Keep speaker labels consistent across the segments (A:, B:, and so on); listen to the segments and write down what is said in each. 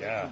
A: Yeah.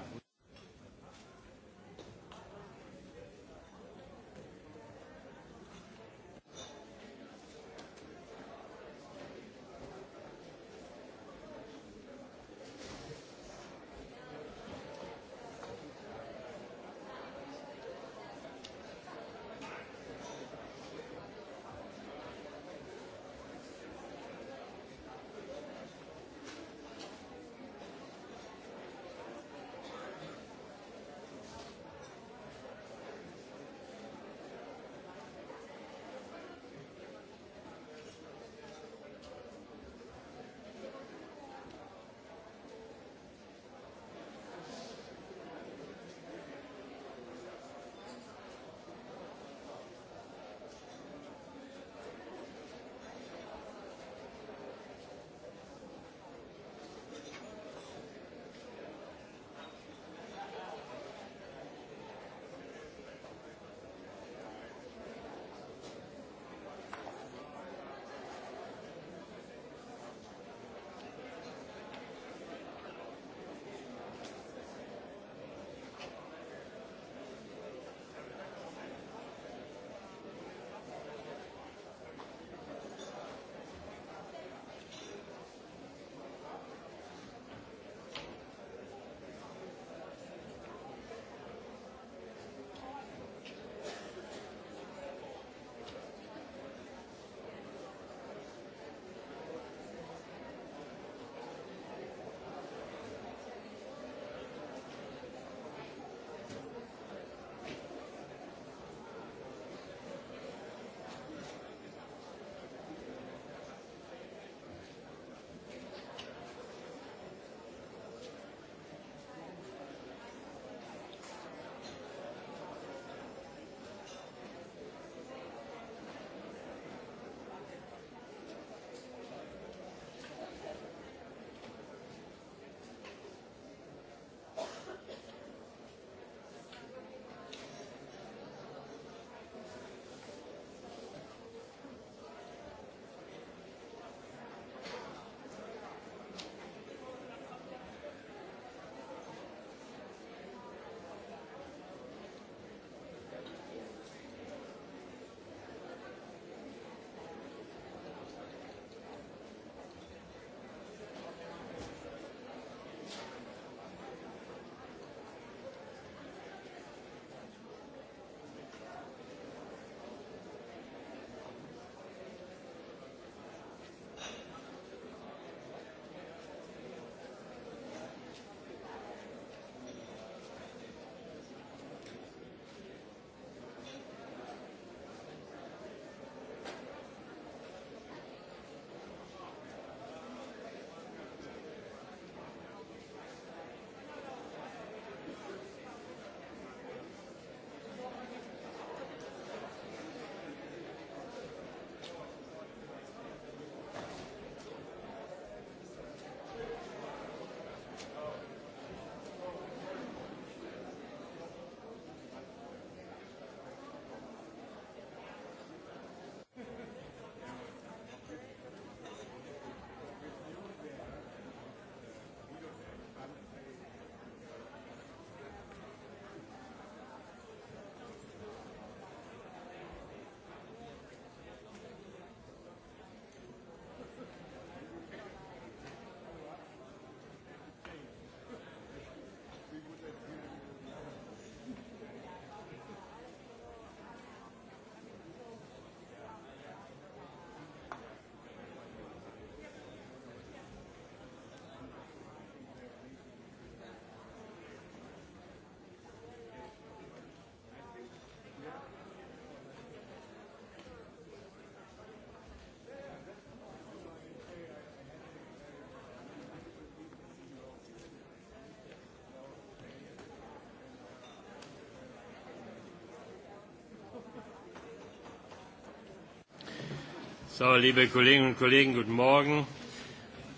A: So, liebe Kolleginnen und Kollegen, guten Morgen.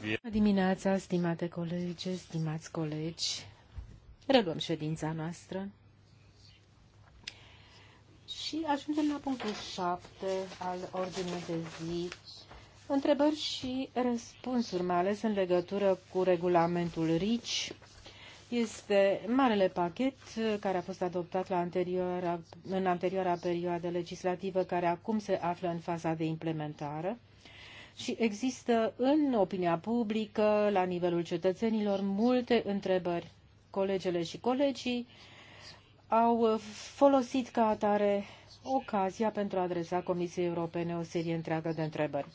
A: Bună
B: dimineața, stimate colegi, stimați colegi. Reluăm ședința noastră. Și ajungem la punctul 7 al ordinii de zi. Întrebări și răspunsuri, mai ales în legătură cu regulamentul RICI, este marele pachet uh, care a fost adoptat la anterioara, în anterioara perioadă legislativă, care acum se află în faza de implementare. Și există în opinia publică, la nivelul cetățenilor, multe întrebări. Colegele și colegii au uh, folosit ca atare ocazia pentru a adresa Comisiei Europene o serie întreagă de întrebări.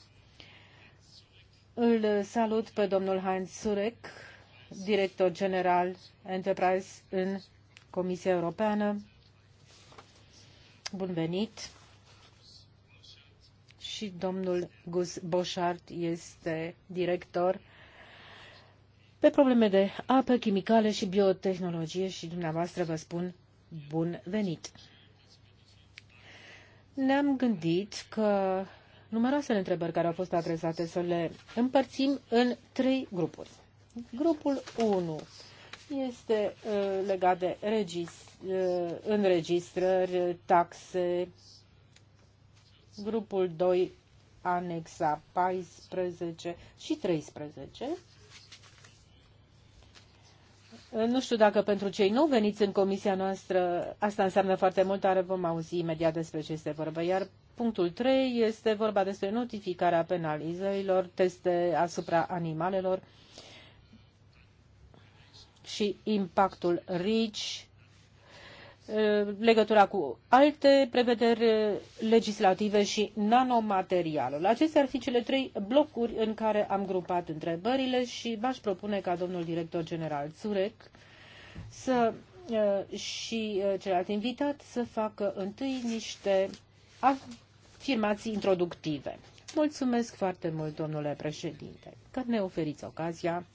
B: Îl salut pe domnul Heinz Surek, director general Enterprise în Comisia Europeană. Bun venit! Și domnul Gus Boșart este director pe probleme de apă, chimicale și biotehnologie și dumneavoastră vă spun bun venit. Ne-am gândit că numeroasele întrebări care au fost adresate să le împărțim în trei grupuri. Grupul 1 este uh, legat de regist, uh, înregistrări, taxe. Grupul 2, anexa 14 și 13. Uh, nu știu dacă pentru cei nou veniți în comisia noastră asta înseamnă foarte mult, dar vom auzi imediat despre ce este vorba. Iar punctul 3 este vorba despre notificarea penalizărilor, teste asupra animalelor. Uh, și impactul RICI, legătura cu alte prevederi legislative și nanomaterialul. Acestea ar fi cele trei blocuri în care am grupat întrebările și v-aș propune ca domnul director general Zurek să uh, și uh, celălalt invitat să facă întâi niște afirmații introductive. Mulțumesc foarte mult, domnule președinte, că ne oferiți ocazia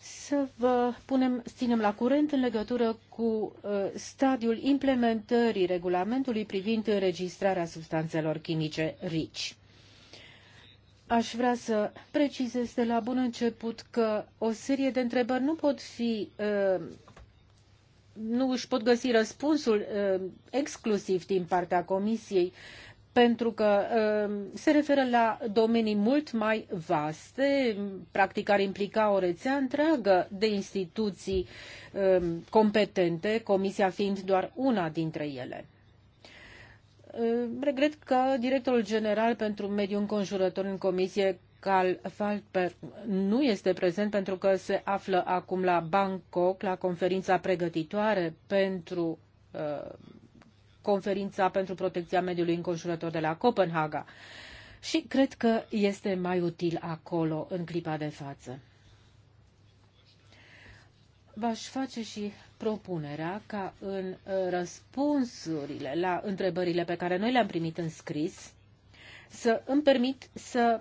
B: să vă punem, ținem la curent în legătură cu uh, stadiul implementării regulamentului privind înregistrarea substanțelor chimice RICI. Aș vrea să precizez de la bun început că o serie de întrebări nu pot fi uh, nu își pot găsi răspunsul uh, exclusiv din partea Comisiei pentru că um, se referă la domenii mult mai vaste, practic ar implica o rețea întreagă de instituții um, competente, comisia fiind doar una dintre ele. Um, regret că directorul general pentru mediul înconjurător în comisie, Carl Falper, nu este prezent pentru că se află acum la Bangkok, la conferința pregătitoare pentru uh, conferința pentru protecția mediului înconjurător de la Copenhaga. Și cred că este mai util acolo, în clipa de față. V-aș face și propunerea ca în uh, răspunsurile la întrebările pe care noi le-am primit în scris, să îmi permit să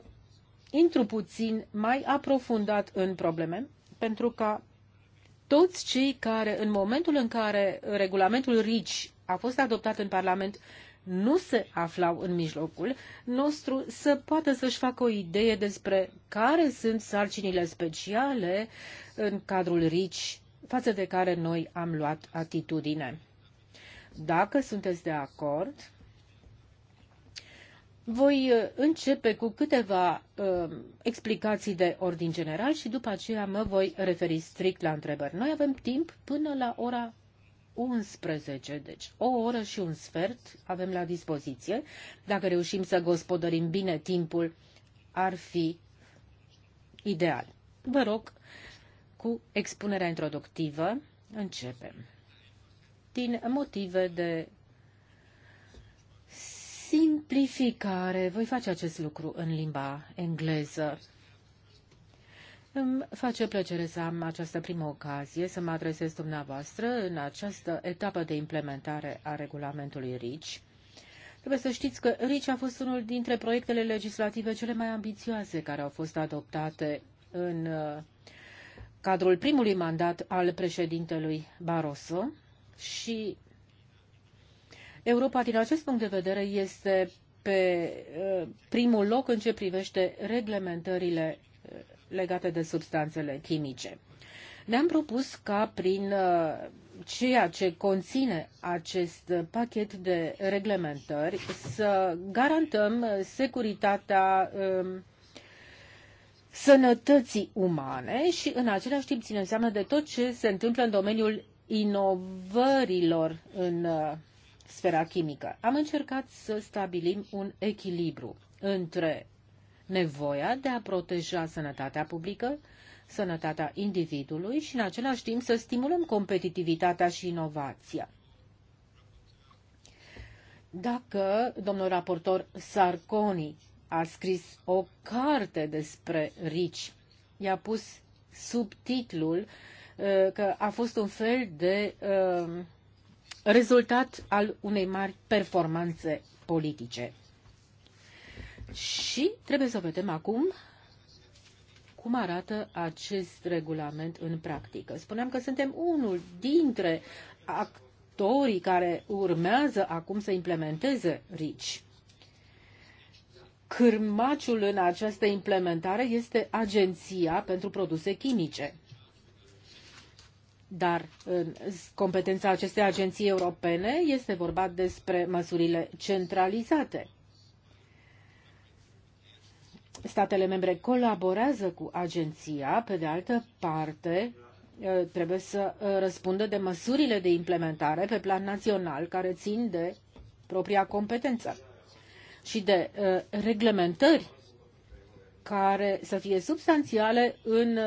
B: intru puțin mai aprofundat în probleme, pentru ca toți cei care, în momentul în care regulamentul RICI a fost adoptat în Parlament nu se aflau în mijlocul nostru să poată să-și facă o idee despre care sunt sarcinile speciale în cadrul RICI față de care noi am luat atitudine. Dacă sunteți de acord, voi uh, începe cu câteva uh, explicații de ordin general și după aceea mă voi referi strict la întrebări. Noi avem timp până la ora 11, deci o oră și un sfert avem la dispoziție. Dacă reușim să gospodărim bine timpul, ar fi ideal. Vă rog, cu expunerea introductivă, începem. Din motive de simplificare, voi face acest lucru în limba engleză. Îmi face plăcere să am această primă ocazie să mă adresez dumneavoastră în această etapă de implementare a regulamentului RICI. Trebuie să știți că RICI a fost unul dintre proiectele legislative cele mai ambițioase care au fost adoptate în uh, cadrul primului mandat al președintelui Barroso și Europa, din acest punct de vedere, este pe uh, primul loc în ce privește reglementările legate de substanțele chimice. Ne-am propus ca prin uh, ceea ce conține acest pachet de reglementări să garantăm securitatea um, sănătății umane și în același timp ținem seama de tot ce se întâmplă în domeniul inovărilor în uh, sfera chimică. Am încercat să stabilim un echilibru între nevoia de a proteja sănătatea publică, sănătatea individului și în același timp să stimulăm competitivitatea și inovația. Dacă domnul raportor Sarconi a scris o carte despre RICI, i-a pus subtitlul uh, că a fost un fel de uh, rezultat al unei mari performanțe politice. Și trebuie să vedem acum cum arată acest regulament în practică. Spuneam că suntem unul dintre actorii care urmează acum să implementeze RICI. Cârmaciul în această implementare este Agenția pentru Produse Chimice. Dar în competența acestei agenții europene este vorba despre măsurile centralizate statele membre colaborează cu agenția, pe de altă parte, trebuie să răspundă de măsurile de implementare pe plan național care țin de propria competență și de reglementări care să fie substanțiale în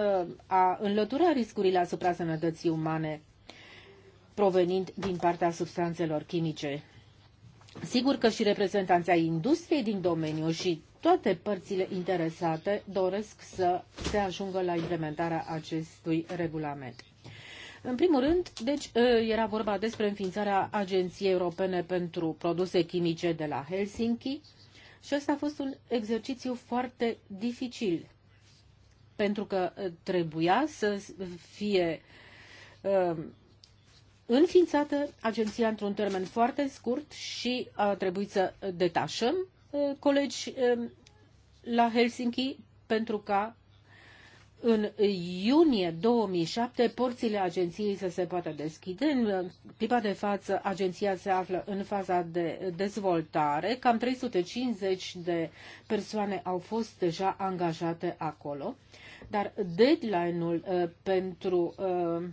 B: a înlătura riscurile asupra sănătății umane provenind din partea substanțelor chimice. Sigur că și reprezentanța industriei din domeniu și toate părțile interesate doresc să se ajungă la implementarea acestui regulament. În primul rând, deci, ă, era vorba despre înființarea Agenției Europene pentru Produse Chimice de la Helsinki și asta a fost un exercițiu foarte dificil, pentru că ă, trebuia să fie ă, înființată agenția într-un termen foarte scurt și a trebuit să detașăm Uh, colegi um, la Helsinki pentru ca în iunie 2007 porțile agenției să se poată deschide. În uh, clipa de față, agenția se află în faza de dezvoltare. Cam 350 de persoane au fost deja angajate acolo, dar deadline-ul uh, pentru uh,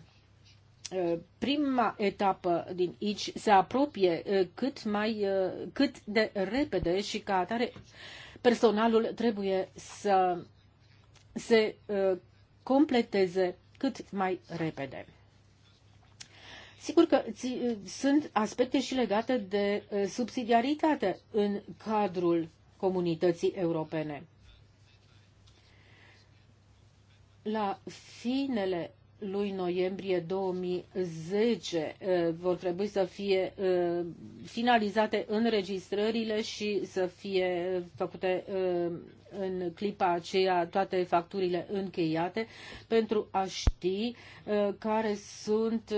B: Eh, prima etapă din aici se apropie eh, cât, mai, eh, cât de repede și ca atare personalul trebuie să se completeze cât mai repede. Sigur că sunt aspecte și legate de subsidiaritate în cadrul comunității europene. La finele lui noiembrie 2010 uh, vor trebui să fie uh, finalizate înregistrările și să fie uh, făcute în clipa aceea toate facturile încheiate pentru a ști care sunt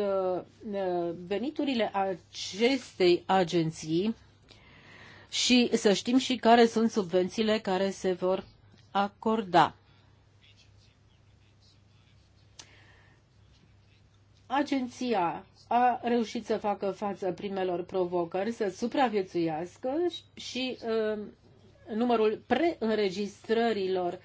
B: veniturile acestei agenții și să știm și care sunt subvențiile care se vor acorda agenția a reușit să facă față primelor provocări, să supraviețuiască și uh, numărul preînregistrărilor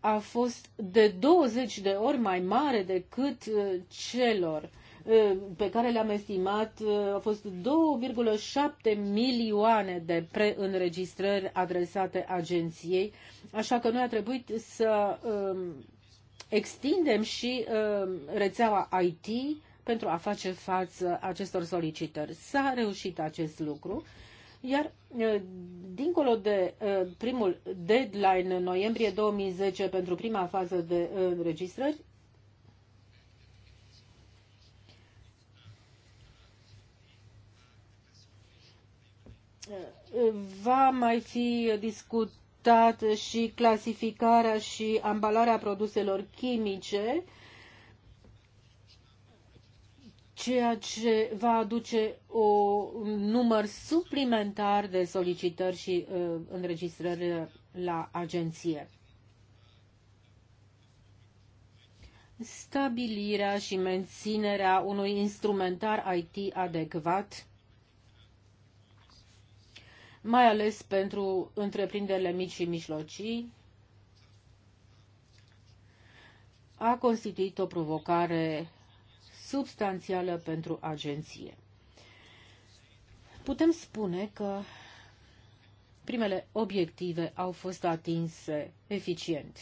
B: a fost de 20 de ori mai mare decât uh, celor uh, pe care le-am estimat, uh, au fost 2,7 milioane de preînregistrări adresate agenției, așa că noi a trebuit să um, extindem și uh, rețeaua IT pentru a face față acestor solicitări. S-a reușit acest lucru, iar uh, dincolo de uh, primul deadline în noiembrie 2010 pentru prima fază de înregistrări, va mai fi discutat adoptat și clasificarea și ambalarea produselor chimice, ceea ce va aduce o, un număr suplimentar de solicitări și uh, înregistrări la agenție. Stabilirea și menținerea unui instrumentar IT adecvat mai ales pentru întreprinderile mici și mijlocii, a constituit o provocare substanțială pentru agenție. Putem spune că primele obiective au fost atinse eficient.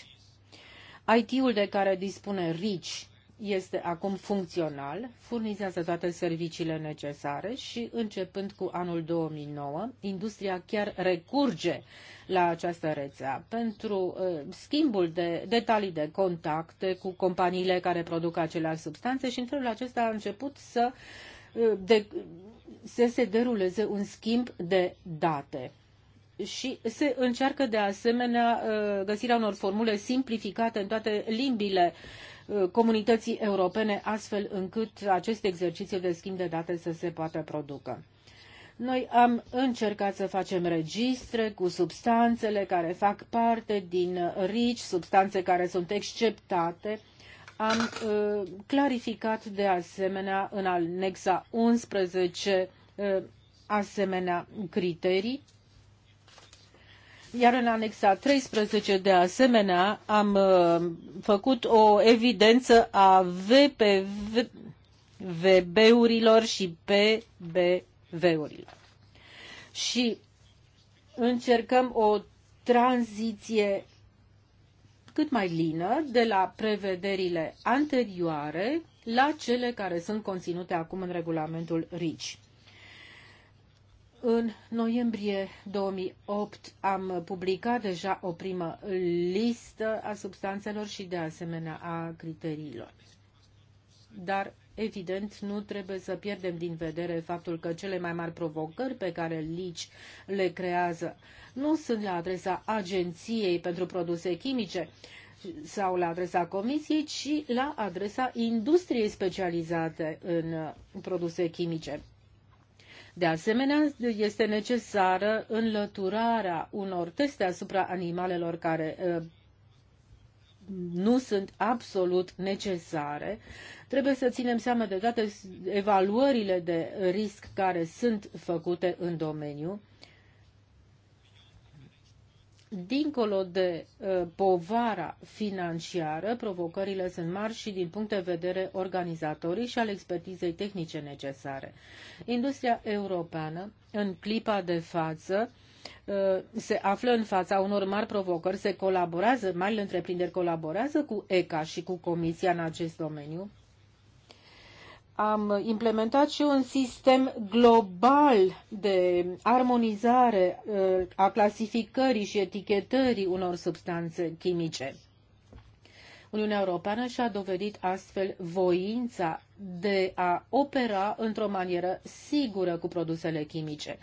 B: IT-ul de care dispune RICI este acum funcțional, furnizează toate serviciile necesare și, începând cu anul 2009, industria chiar recurge la această rețea pentru uh, schimbul de detalii de contacte cu companiile care produc aceleași substanțe și, în felul acesta, a început să, uh, de, să se deruleze un schimb de date și se încearcă de asemenea uh, găsirea unor formule simplificate în toate limbile uh, Uh, comunității europene, astfel încât acest exercițiu de schimb de date să se poată producă. Noi am încercat să facem registre cu substanțele care fac parte din RICI, substanțe care sunt exceptate. Am uh, clarificat de asemenea în anexa 11 uh, asemenea criterii iar în anexa 13, de asemenea, am uh, făcut o evidență a VPV, VB-urilor și PBV-urilor. Și încercăm o tranziție cât mai lină de la prevederile anterioare la cele care sunt conținute acum în regulamentul RICI. În noiembrie 2008 am publicat deja o primă listă a substanțelor și de asemenea a criteriilor. Dar Evident, nu trebuie să pierdem din vedere faptul că cele mai mari provocări pe care LICI le creează nu sunt la adresa Agenției pentru Produse Chimice sau la adresa Comisiei, ci la adresa industriei specializate în produse chimice. De asemenea, este necesară înlăturarea unor teste asupra animalelor care nu sunt absolut necesare. Trebuie să ținem seama de toate evaluările de risc care sunt făcute în domeniu dincolo de uh, povara financiară, provocările sunt mari și din punct de vedere organizatorii și al expertizei tehnice necesare. Industria europeană, în clipa de față, uh, se află în fața unor mari provocări, se colaborează, marile întreprinderi colaborează cu ECA și cu Comisia în acest domeniu, am implementat și un sistem global de armonizare uh, a clasificării și etichetării unor substanțe chimice. Uniunea Europeană și-a dovedit astfel voința de a opera într-o manieră sigură cu produsele chimice.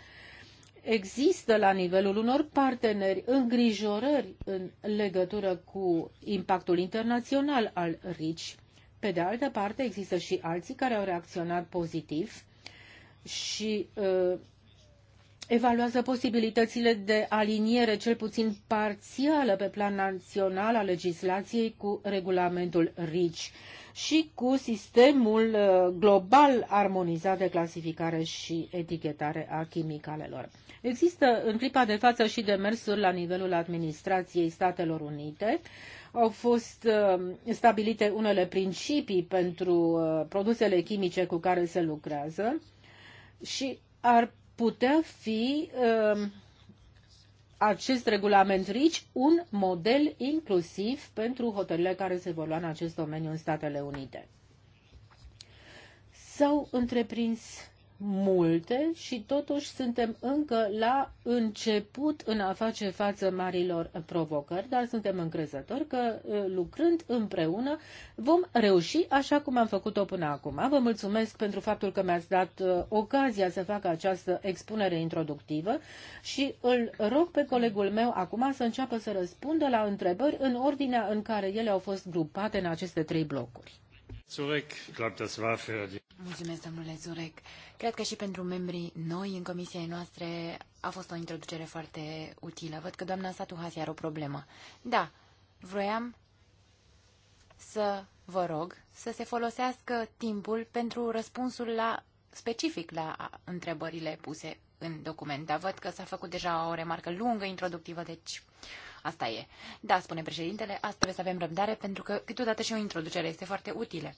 B: Există la nivelul unor parteneri îngrijorări în legătură cu impactul internațional al RICI pe de altă parte, există și alții care au reacționat pozitiv și uh, evaluează posibilitățile de aliniere, cel puțin parțială, pe plan național a legislației cu regulamentul RICI și cu sistemul uh, global armonizat de clasificare și etichetare a chimicalelor. Există în clipa de față și demersuri la nivelul administrației Statelor Unite, uh, au fost uh, stabilite unele principii pentru uh, produsele chimice cu care se lucrează și ar putea fi uh, acest regulament RICI un model inclusiv pentru hotările care se vor lua în acest domeniu în Statele Unite. S-au întreprins multe și totuși suntem încă la început în a face față marilor provocări, dar suntem încrezători că lucrând împreună vom reuși așa cum am făcut-o până acum. Vă mulțumesc pentru faptul că mi-ați dat ocazia să fac această expunere introductivă și îl rog pe colegul meu acum să înceapă să răspundă la întrebări în ordinea
C: în care ele au fost grupate în aceste trei blocuri. Zurek, Mulțumesc, domnule Zurek. Cred că și pentru membrii noi în comisiei noastre a fost o introducere foarte utilă. Văd că doamna Satuhas are o problemă. Da, vroiam să vă rog să se folosească timpul pentru răspunsul la, specific la întrebările puse în document. Dar văd că s-a făcut deja o remarcă lungă, introductivă, deci Asta e. Da, spune președintele, asta trebuie să avem răbdare, pentru că câteodată și o introducere este foarte utilă.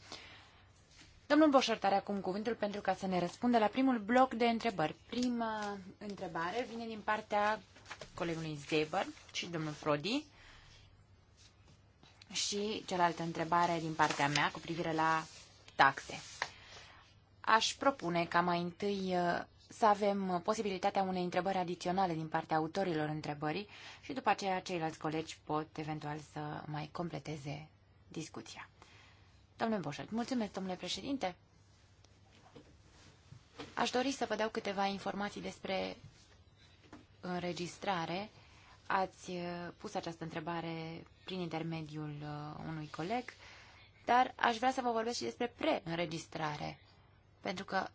C: Domnul Boșort are acum cuvântul pentru ca să ne răspundă la primul bloc de întrebări. Prima întrebare vine din partea colegului Zeber și domnul Prodi și cealaltă întrebare din partea mea cu privire la taxe. Aș propune ca mai întâi să avem uh, posibilitatea unei întrebări adiționale din partea autorilor întrebării și după aceea ceilalți colegi pot eventual să mai completeze discuția. Domnule Boșel, mulțumesc, domnule președinte. Aș dori să vă dau câteva informații despre înregistrare. Ați uh, pus această întrebare prin intermediul uh, unui coleg, dar aș vrea să vă vorbesc și despre pre-înregistrare, pentru că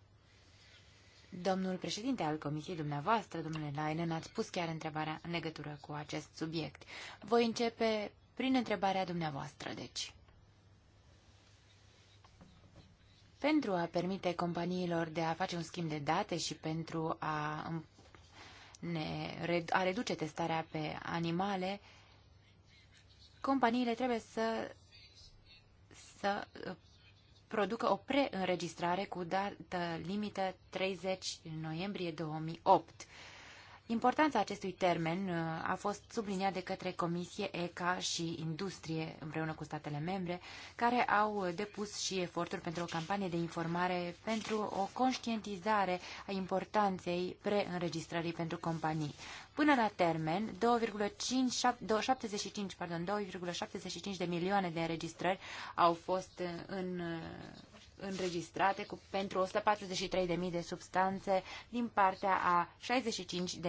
C: Domnul președinte al comisiei dumneavoastră, domnule Lainen, ați pus chiar întrebarea în legătură cu acest subiect. Voi începe prin întrebarea dumneavoastră, deci. Pentru a permite companiilor de a face un schimb de date și pentru a, ne, a reduce testarea pe animale, companiile trebuie să, să producă o preînregistrare cu dată limită 30 noiembrie 2008. Importanța acestui termen uh, a fost subliniat de către Comisie ECA și Industrie împreună cu statele membre, care au depus și eforturi pentru o campanie de informare pentru o conștientizare a importanței preînregistrării pentru companii. Până la termen, 2,75 de milioane de înregistrări au fost uh, în uh, înregistrate cu, pentru 143.000 de substanțe din partea a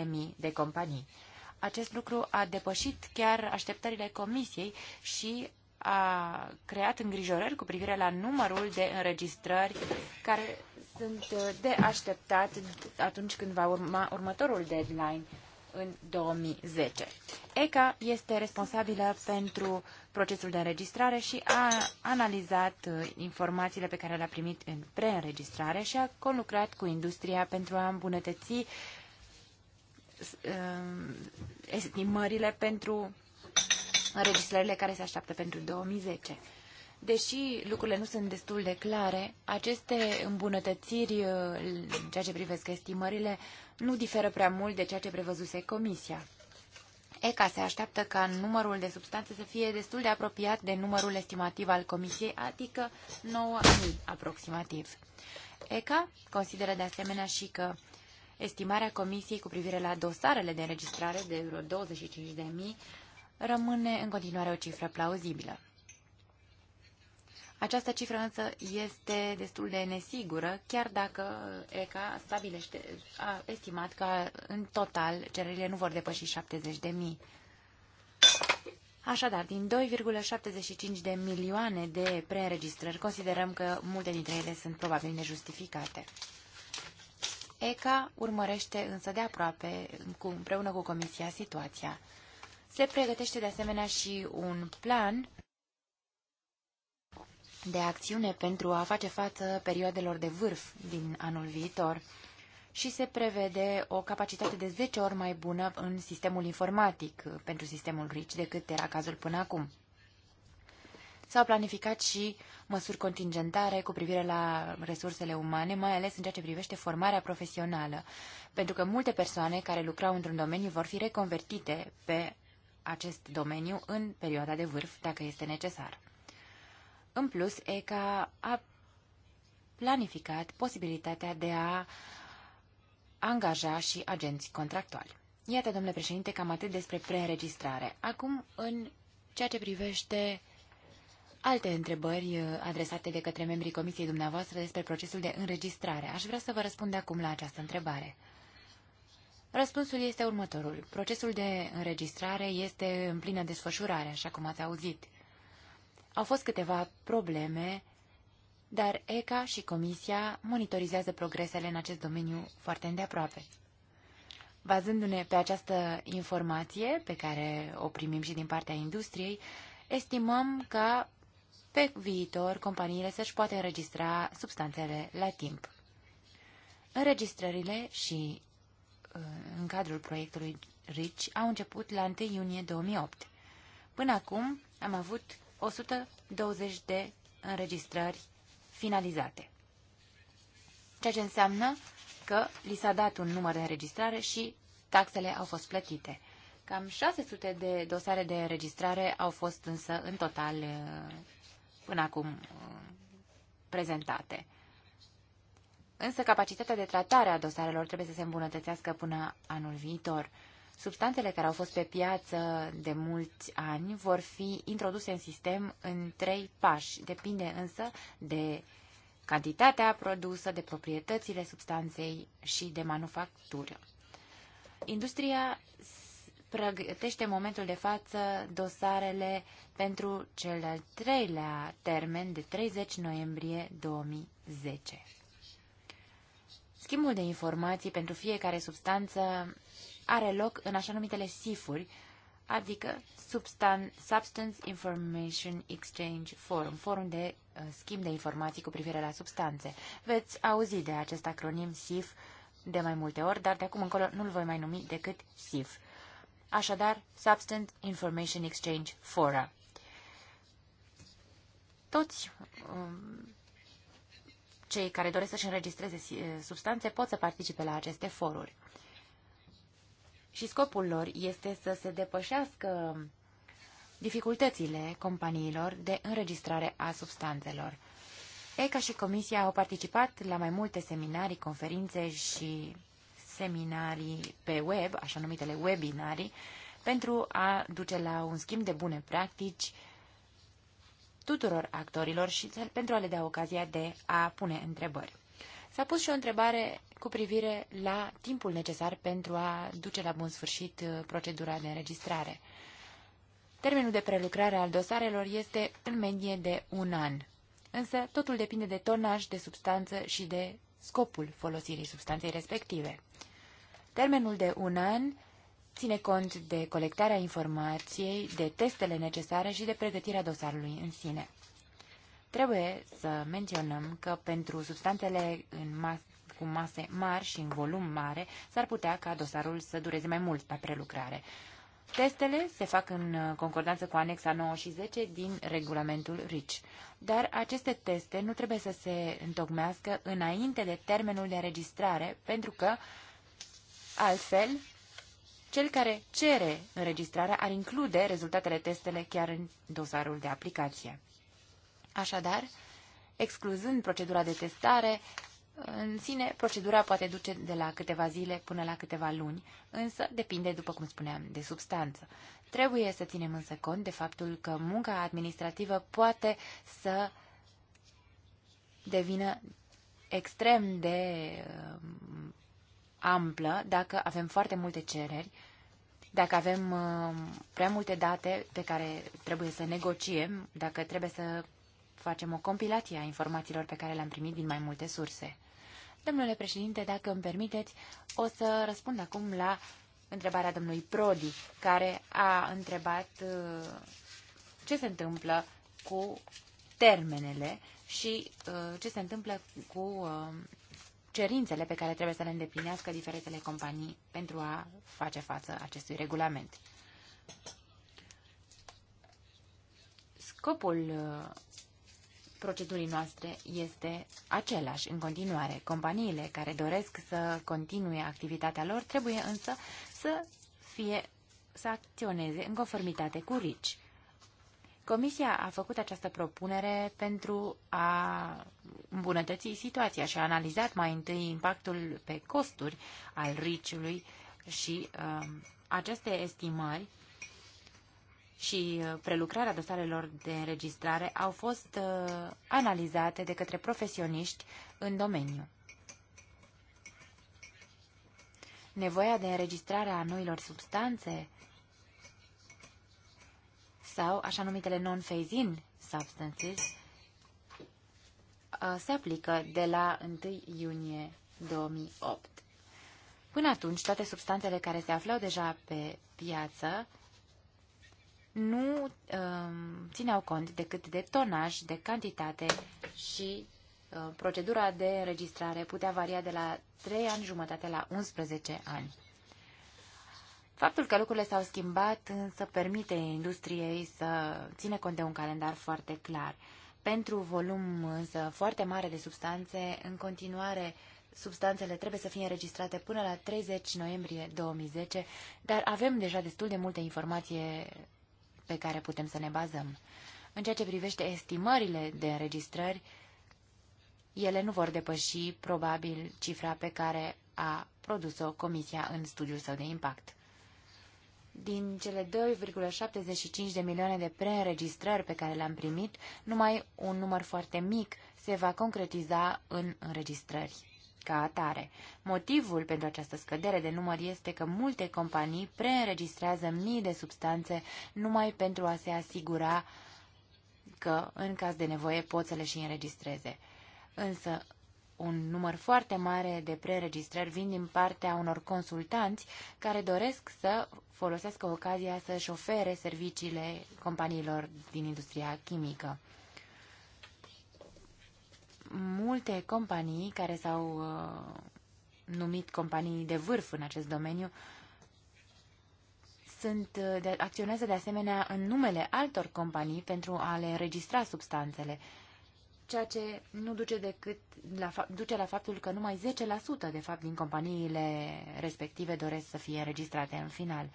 C: 65.000 de companii. Acest lucru a depășit chiar așteptările comisiei și a creat îngrijorări cu privire la numărul de înregistrări care sunt uh, de așteptat atunci când va urma următorul deadline în 2010. ECA este responsabilă pentru procesul de înregistrare și a analizat uh, informațiile pe care le-a primit în preînregistrare și a conlucrat cu industria pentru a îmbunătăți uh, estimările pentru înregistrările care se așteaptă pentru 2010. Deși lucrurile nu sunt destul de clare, aceste îmbunătățiri uh, în ceea ce privesc estimările nu diferă prea mult de ceea ce prevăzuse Comisia. ECA se așteaptă ca numărul de substanțe să fie destul de apropiat de numărul estimativ al Comisiei, adică 9.000 aproximativ. ECA consideră de asemenea și că estimarea Comisiei cu privire la dosarele de înregistrare de vreo 25.000 rămâne în continuare o cifră plauzibilă. Această cifră însă este destul de nesigură, chiar dacă ECA stabilește, a estimat că în total cererile nu vor depăși 70 de mii. Așadar, din 2,75 de milioane de preînregistrări, considerăm că multe dintre ele sunt probabil nejustificate. ECA urmărește însă de aproape, cu, împreună cu Comisia, situația. Se pregătește de asemenea și un plan de acțiune pentru a face față perioadelor de vârf din anul viitor și se prevede o capacitate de 10 ori mai bună în sistemul informatic uh, pentru sistemul RICI decât era cazul până acum. S-au planificat și măsuri contingentare cu privire la resursele umane, mai ales în ceea ce privește formarea profesională, pentru că multe persoane care lucrau într-un domeniu vor fi reconvertite pe acest domeniu în perioada de vârf, dacă este necesar. În plus, ECA a planificat posibilitatea de a angaja și agenți contractuali. Iată, domnule președinte, cam atât despre preregistrare. Acum, în ceea ce privește alte întrebări uh, adresate de către membrii comisiei dumneavoastră despre procesul de înregistrare, aș vrea să vă răspund acum la această întrebare. Răspunsul este următorul. Procesul de înregistrare este în plină desfășurare, așa cum ați auzit. Au fost câteva probleme, dar ECA și Comisia monitorizează progresele în acest domeniu foarte îndeaproape. Bazându-ne pe această informație, pe care o primim și din partea industriei, estimăm că pe viitor companiile să-și poate înregistra substanțele la timp. Înregistrările și uh, în cadrul proiectului RICI au început la 1 iunie 2008. Până acum am avut 120 de înregistrări finalizate. Ceea ce înseamnă că li s-a dat un număr de înregistrare și taxele au fost plătite. Cam 600 de dosare de înregistrare au fost însă în total uh, până acum uh, prezentate. Însă capacitatea de tratare a dosarelor trebuie să se îmbunătățească până anul viitor. Substanțele care au fost pe piață de mulți ani vor fi introduse în sistem în trei pași. Depinde însă de cantitatea produsă, de proprietățile substanței și de manufactură. Industria pregătește în momentul de față dosarele pentru cel al treilea termen de 30 noiembrie 2010. Schimbul de informații pentru fiecare substanță are loc în așa numitele SIF-uri, adică Substan Substance Information Exchange Forum, forum de uh, schimb de informații cu privire la substanțe. Veți auzi de acest acronim SIF de mai multe ori, dar de acum încolo nu-l voi mai numi decât SIF. Așadar, Substance Information Exchange Fora. Toți um, cei care doresc să-și înregistreze uh, substanțe pot să participe la aceste foruri și scopul lor este să se depășească dificultățile companiilor de înregistrare a substanțelor. ECA și Comisia au participat la mai multe seminarii, conferințe și seminarii pe web, așa numitele webinarii, pentru a duce la un schimb de bune practici tuturor actorilor și pentru a le da ocazia de a pune întrebări. S-a pus și o întrebare cu privire la timpul necesar pentru a duce la bun sfârșit uh, procedura de înregistrare. Termenul de prelucrare al dosarelor este în medie de un an, însă totul depinde de tonaj, de substanță și de scopul folosirii substanței respective. Termenul de un an ține cont de colectarea informației, de testele necesare și de pregătirea dosarului în sine. Trebuie să menționăm că pentru substanțele în mas cu mase mari și în volum mare, s-ar putea ca dosarul să dureze mai mult pe prelucrare. Testele se fac în uh, concordanță cu anexa 9 și 10 din regulamentul RICI, dar aceste teste nu trebuie să se întocmească înainte de termenul de înregistrare, pentru că, altfel, cel care cere înregistrarea ar include rezultatele testele chiar în dosarul de aplicație. Așadar, excluzând procedura de testare, în sine, procedura poate duce de la câteva zile până la câteva luni, însă depinde, după cum spuneam, de substanță. Trebuie să ținem însă cont de faptul că munca administrativă poate să devină extrem de um, amplă dacă avem foarte multe cereri, dacă avem um, prea multe date pe care trebuie să negociem, dacă trebuie să facem o compilație a informațiilor pe care le-am primit din mai multe surse. Domnule președinte, dacă îmi permiteți, o să răspund acum la întrebarea domnului Prodi, care a întrebat uh, ce se întâmplă cu termenele și uh, ce se întâmplă cu uh, cerințele pe care trebuie să le îndeplinească diferitele companii pentru a face față acestui regulament. Scopul procedurii noastre este același în continuare. Companiile care doresc să continue activitatea lor trebuie însă să fie să acționeze în conformitate cu RICI. Comisia a făcut această propunere pentru a îmbunătăți situația și a analizat mai întâi impactul pe costuri al RICI-ului și uh, aceste estimări și uh, prelucrarea dosarelor de înregistrare au fost uh, analizate de către profesioniști în domeniu. Nevoia de înregistrare a noilor substanțe sau așa numitele non-phase-in substances uh, se aplică de la 1 iunie 2008. Până atunci, toate substanțele care se aflau deja pe piață nu um, țineau cont decât de tonaj, de cantitate și uh, procedura de înregistrare putea varia de la 3 ani jumătate la 11 ani. Faptul că lucrurile s-au schimbat însă permite industriei să ține cont de un calendar foarte clar. Pentru volum însă foarte mare de substanțe, în continuare substanțele trebuie să fie înregistrate până la 30 noiembrie 2010, dar avem deja destul de multe informație pe care putem să ne bazăm. În ceea ce privește estimările de înregistrări, ele nu vor depăși probabil cifra pe care a produs-o Comisia în studiul său de impact. Din cele 2,75 de milioane de preînregistrări pe care le-am primit, numai un număr foarte mic se va concretiza în înregistrări ca atare. Motivul pentru această scădere de număr este că multe companii preînregistrează mii de substanțe numai pentru a se asigura că, în caz de nevoie, pot să le și înregistreze. Însă, un număr foarte mare de preregistrări vin din partea unor consultanți care doresc să folosească ocazia să-și ofere serviciile companiilor din industria chimică multe companii care s-au uh, numit companii de vârf în acest domeniu sunt, uh, de, acționează de asemenea în numele altor companii pentru a le registra substanțele, ceea ce nu duce decât la, duce la faptul că numai 10% de fapt din companiile respective doresc să fie registrate în final.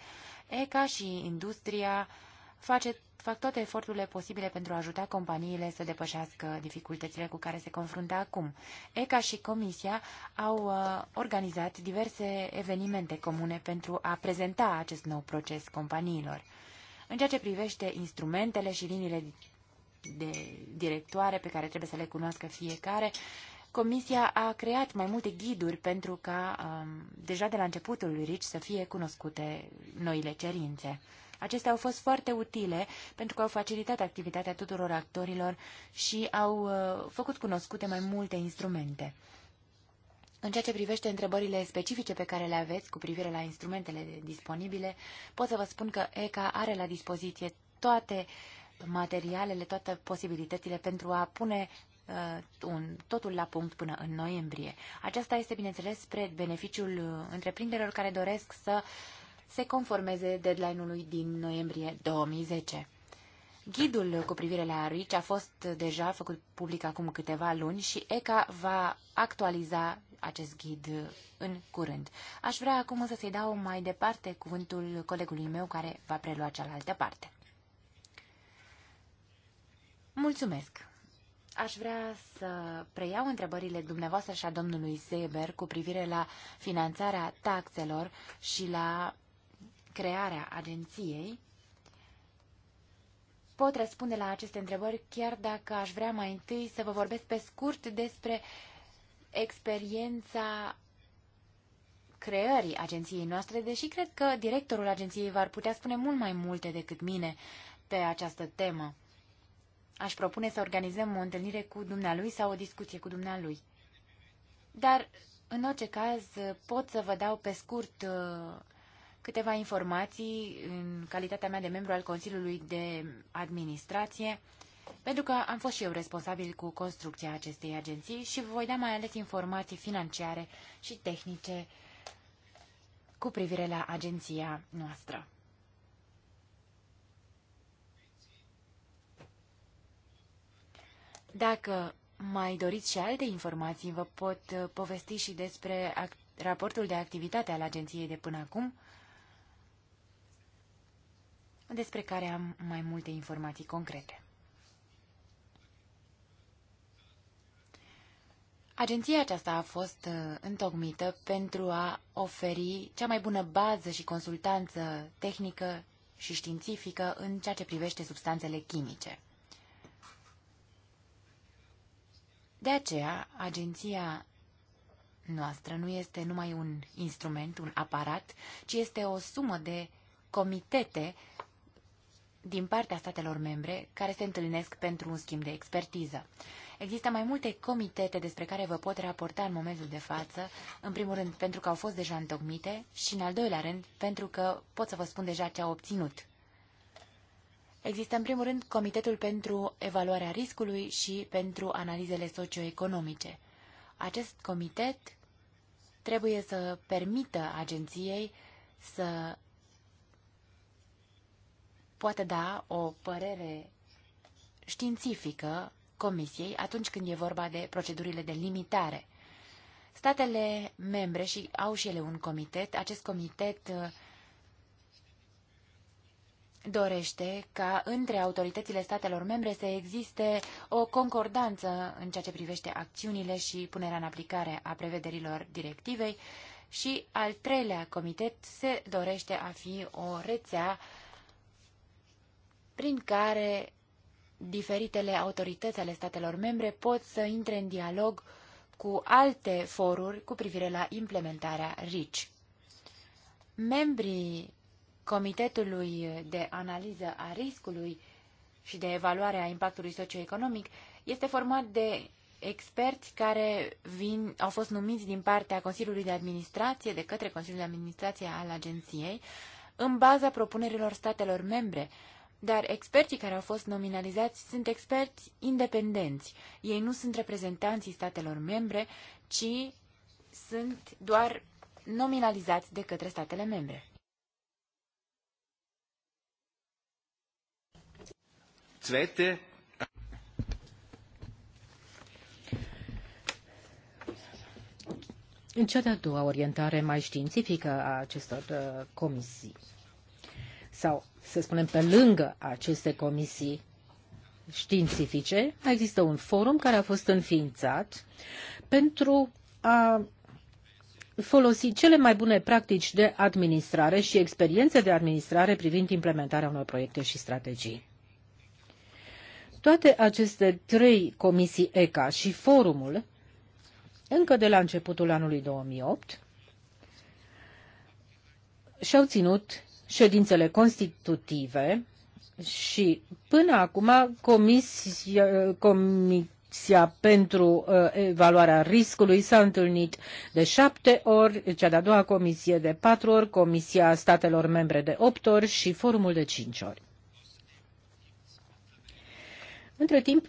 C: ECA și industria uh, face, fac toate eforturile posibile pentru a ajuta companiile să depășească dificultățile cu care se confruntă acum. ECA și Comisia au uh, organizat diverse evenimente comune pentru a prezenta acest nou proces companiilor. În ceea ce privește instrumentele și liniile de directoare pe care trebuie să le cunoască fiecare, Comisia a creat mai multe ghiduri pentru ca um, deja de la începutul RICI să fie cunoscute noile cerințe. Acestea au fost foarte utile pentru că au facilitat activitatea tuturor actorilor și au uh, făcut cunoscute mai multe instrumente. În ceea ce privește întrebările specifice pe care le aveți cu privire la instrumentele disponibile, pot să vă spun că ECA are la dispoziție toate materialele, toate posibilitățile pentru a pune uh, un, totul la punct până în noiembrie. Aceasta este, bineînțeles, spre beneficiul uh, întreprinderilor care doresc să uh, se conformeze deadline-ului din noiembrie 2010. Ghidul cu privire la RICI a fost deja făcut public acum câteva luni și ECA va actualiza acest ghid în curând. Aș vrea acum să să-i dau mai departe cuvântul colegului meu care va prelua cealaltă parte. Mulțumesc! Aș vrea să preiau întrebările dumneavoastră și a domnului Seber cu privire la finanțarea taxelor și la crearea agenției, pot răspunde la aceste întrebări chiar dacă aș vrea mai întâi să vă vorbesc pe scurt despre experiența creării agenției noastre, deși cred că directorul agenției v-ar putea spune mult mai multe decât mine pe această temă. Aș propune să organizăm o întâlnire cu dumnealui sau o discuție cu dumnealui. Dar, în orice caz, pot să vă dau pe scurt uh, câteva informații în calitatea mea de membru al Consiliului de Administrație, pentru că am fost și eu responsabil cu construcția acestei agenții și vă voi da mai ales informații financiare și tehnice cu privire la agenția noastră. Dacă mai doriți și alte informații, vă pot uh, povesti și despre raportul de activitate al agenției de până acum, despre care am mai multe informații concrete. Agenția aceasta a fost uh, întocmită pentru a oferi cea mai bună bază și consultanță tehnică și științifică în ceea ce privește substanțele chimice. De aceea, agenția noastră nu este numai un instrument, un aparat, ci este o sumă de comitete din partea statelor membre care se întâlnesc pentru un schimb de expertiză. Există mai multe comitete despre care vă pot raporta în momentul de față, în primul rând pentru că au fost deja întocmite și în al doilea rând pentru că pot să vă spun deja ce au obținut. Există în primul rând Comitetul pentru Evaluarea Riscului și pentru Analizele Socioeconomice. Acest comitet trebuie să permită agenției să poate da o părere științifică Comisiei atunci când e vorba de procedurile de limitare. Statele membre și au și ele un comitet. Acest comitet uh, dorește ca între autoritățile statelor membre să existe o concordanță în ceea ce privește acțiunile și punerea în aplicare a prevederilor directivei și al treilea comitet se dorește a fi o rețea uh, prin care diferitele autorități ale statelor membre pot să intre în dialog cu alte foruri cu privire la implementarea RICI. Membrii Comitetului de Analiză a Riscului și de Evaluare a Impactului Socioeconomic este format de experți care vin, au fost numiți din partea Consiliului de Administrație, de către Consiliul de Administrație al Agenției, în baza propunerilor statelor membre, dar experții care au fost nominalizați sunt experți independenți. Ei nu sunt reprezentanții statelor membre, ci sunt doar nominalizați de către statele membre.
D: Zweite.
B: În cea de-a doua orientare mai științifică a acestor uh, comisii sau, să spunem, pe lângă aceste comisii științifice, există un forum care a fost înființat pentru a folosi cele mai bune practici de administrare și experiențe de administrare privind implementarea unor proiecte și strategii. Toate aceste trei comisii ECA și forumul, încă de la începutul anului 2008, și-au ținut ședințele constitutive și până acum comisia, comisia pentru uh, evaluarea riscului s-a întâlnit de șapte ori, cea de-a doua comisie de patru ori, comisia statelor membre de opt ori și forumul de cinci ori. Între timp,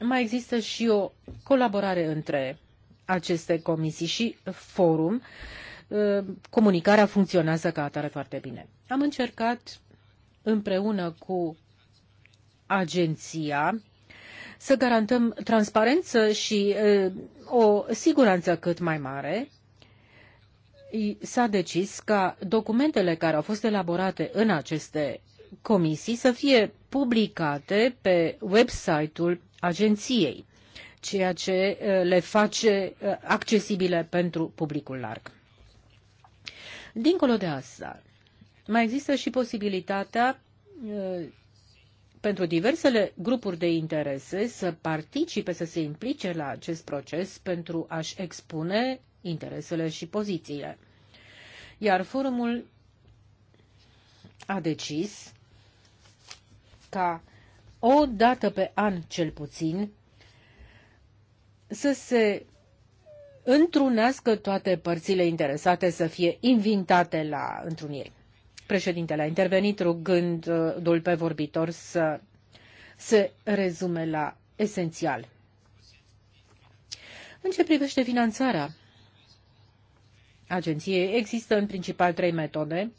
B: mai există și o colaborare între aceste comisii și forum Uh, comunicarea funcționează ca atare foarte bine. Am încercat împreună cu agenția să garantăm transparență și uh, o siguranță cât mai mare. S-a decis ca documentele care au fost elaborate în aceste comisii să fie publicate pe website-ul agenției, ceea ce uh, le face accesibile pentru publicul larg. Dincolo de asta, mai există și posibilitatea uh, pentru diversele grupuri de interese să participe, să se implice la acest proces pentru a-și expune interesele și pozițiile. Iar forumul a decis ca o dată pe an cel puțin să se întrunească toate părțile interesate să fie invitate la întruniri. Președintele a intervenit rugându-l pe vorbitor să se rezume la esențial. În ce privește finanțarea agenției, există în principal trei metode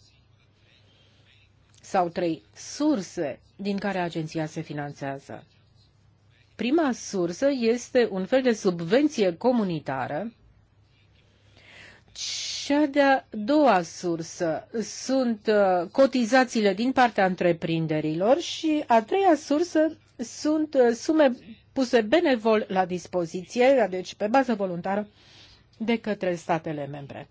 B: sau trei surse din care agenția se finanțează. Prima sursă este un fel de subvenție comunitară cea de-a doua sursă sunt uh, cotizațiile din partea întreprinderilor și a treia sursă sunt uh, sume puse benevol la dispoziție, da, deci pe bază voluntară, de către statele membre.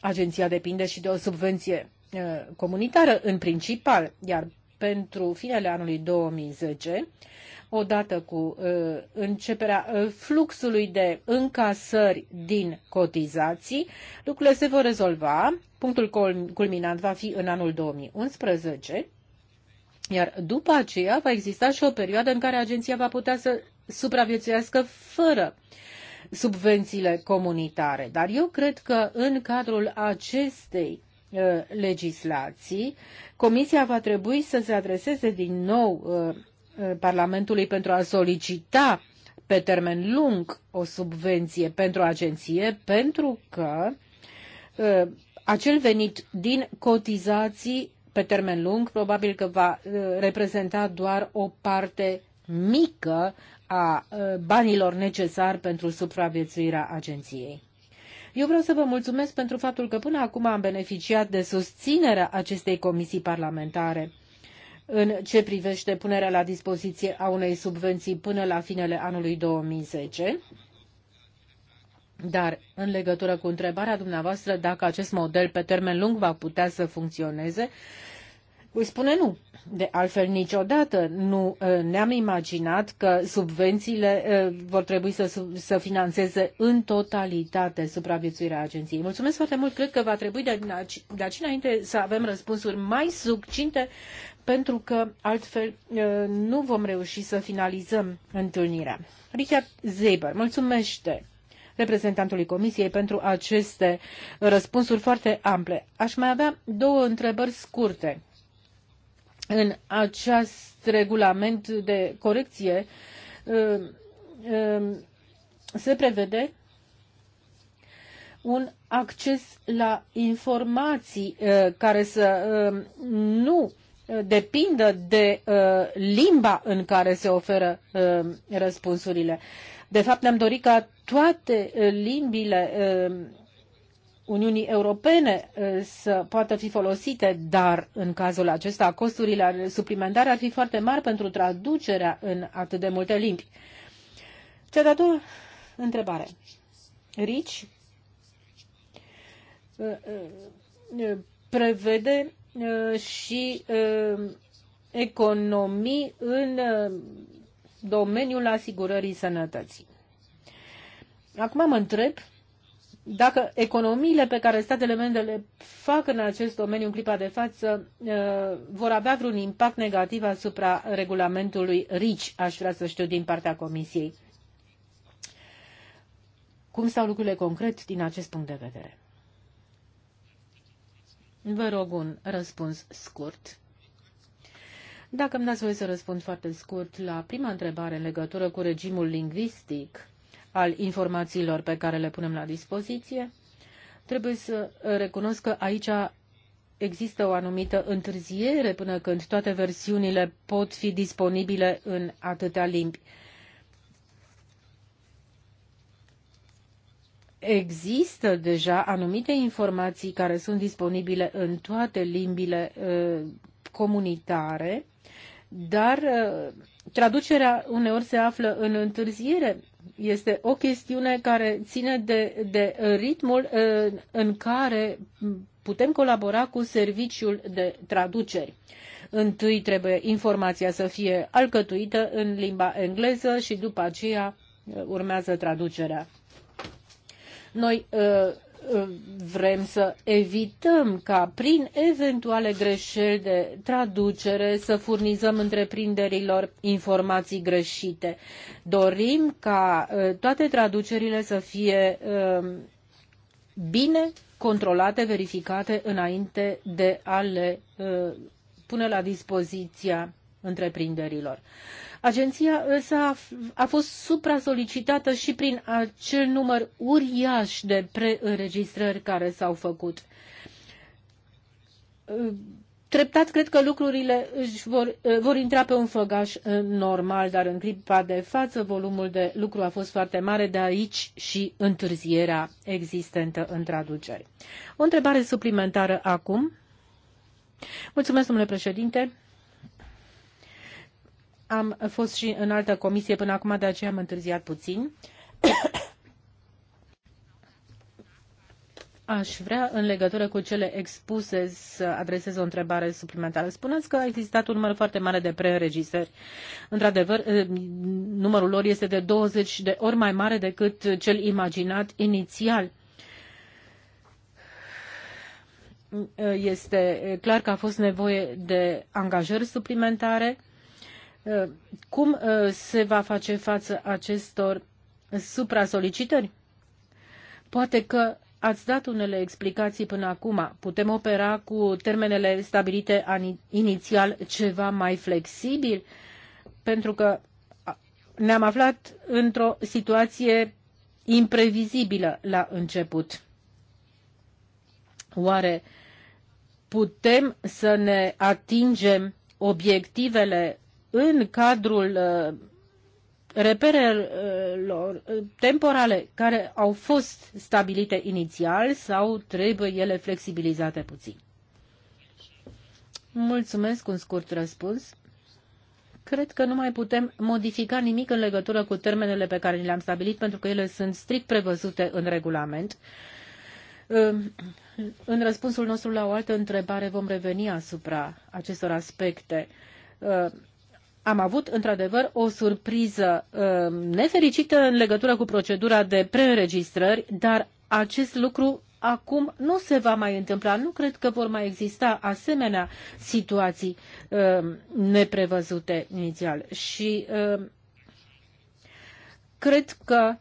B: Agenția depinde și de o subvenție uh, comunitară în principal, iar pentru finele anului 2010 odată cu uh, începerea uh, fluxului de încasări din cotizații, lucrurile se vor rezolva. Punctul culminant va fi în anul 2011, iar după aceea va exista și o perioadă în care agenția va putea să supraviețuiască fără subvențiile comunitare. Dar eu cred că în cadrul acestei uh, legislații, Comisia va trebui să se adreseze din nou Uh, Parlamentului pentru a solicita pe termen lung o subvenție pentru agenție, pentru că uh, acel venit din cotizații pe termen lung probabil că va uh, reprezenta doar o parte mică a banilor necesari pentru supraviețuirea agenției. Eu vreau să vă mulțumesc pentru faptul că până acum am beneficiat de susținerea acestei comisii parlamentare în ce privește punerea la dispoziție a unei subvenții până la finele anului 2010. Dar în legătură cu întrebarea dumneavoastră dacă acest model pe termen lung va putea să funcționeze, voi spune nu. De altfel, niciodată nu ă, ne-am imaginat că subvențiile ă, vor trebui să, să financeze în totalitate supraviețuirea agenției. Mulțumesc foarte mult. Cred că va trebui de, de aici înainte să avem răspunsuri mai succinte pentru că altfel nu vom reuși să finalizăm întâlnirea. Richard Zeber mulțumește reprezentantului Comisiei pentru aceste răspunsuri foarte ample. Aș mai avea două întrebări scurte. În acest regulament de corecție se prevede un acces la informații care să nu depindă de uh, limba în care se oferă uh, răspunsurile. De fapt, ne-am dorit ca toate uh, limbile uh, Uniunii Europene uh, să poată fi folosite, dar în cazul acesta costurile suplimentare ar fi foarte mari pentru traducerea în atât de multe limbi. Cea de-a doua întrebare. Rich uh, prevede Uh, și uh, economii în uh, domeniul asigurării sănătății. Acum mă întreb dacă economiile pe care statele membre le fac în acest domeniu în clipa de față vor avea vreun impact negativ asupra regulamentului RICI, aș vrea să știu din partea Comisiei. Cum stau lucrurile concret din acest punct de vedere? Vă rog un răspuns scurt. Dacă îmi dați voie să răspund foarte scurt la prima întrebare în legătură cu regimul lingvistic al informațiilor pe care le punem la dispoziție, trebuie să recunosc că aici există o anumită întârziere până când toate versiunile pot fi disponibile în atâtea limbi. există deja anumite informații care sunt disponibile în toate limbile uh, comunitare, dar uh, traducerea uneori se află în întârziere. Este o chestiune care ține de, de ritmul uh, în care putem colabora cu serviciul de traduceri. Întâi trebuie informația să fie alcătuită în limba engleză și după aceea urmează traducerea. Noi uh, uh, vrem să evităm ca prin eventuale greșeli de traducere să furnizăm întreprinderilor informații greșite. Dorim ca uh, toate traducerile să fie bine controlate, verificate înainte de a le pune la dispoziția întreprinderilor. Agenția ESA a, a fost supra-solicitată și prin acel număr uriaș de preînregistrări care s-au făcut. Treptat cred că lucrurile își vor, eh, vor intra pe un făgaș eh, normal, dar în clipa de față volumul de lucru a fost foarte mare, de aici și întârzierea existentă în traduceri. O întrebare suplimentară acum. Mulțumesc, domnule președinte. Am fost și în altă comisie până acum, de aceea am întârziat puțin. Aș vrea, în legătură cu cele expuse, să adresez o întrebare suplimentară. Spuneți că a existat un număr foarte mare de preregistrări. Într-adevăr, eh, numărul lor este de 20 de ori mai mare decât cel imaginat inițial. Eh, este clar că a fost nevoie de angajări suplimentare cum uh, se va face față acestor supra-solicitări? Poate că ați dat unele explicații până acum. Putem opera cu termenele stabilite inițial ceva mai flexibil? Pentru că ne-am aflat într-o situație imprevizibilă la început. Oare putem să ne atingem obiectivele în cadrul uh, reperelor uh, temporale care au fost stabilite inițial sau trebuie ele flexibilizate puțin? Mulțumesc, un scurt răspuns. Cred că nu mai putem modifica nimic în legătură cu termenele pe care le-am stabilit, pentru că ele sunt strict prevăzute în regulament. Um, în răspunsul nostru la o altă întrebare vom reveni asupra acestor aspecte. Uh, am avut într-adevăr o surpriză um, nefericită în legătură cu procedura de preînregistrări, dar acest lucru acum nu se va mai întâmpla. Nu cred că vor mai exista asemenea situații um, neprevăzute inițial. Și um, cred că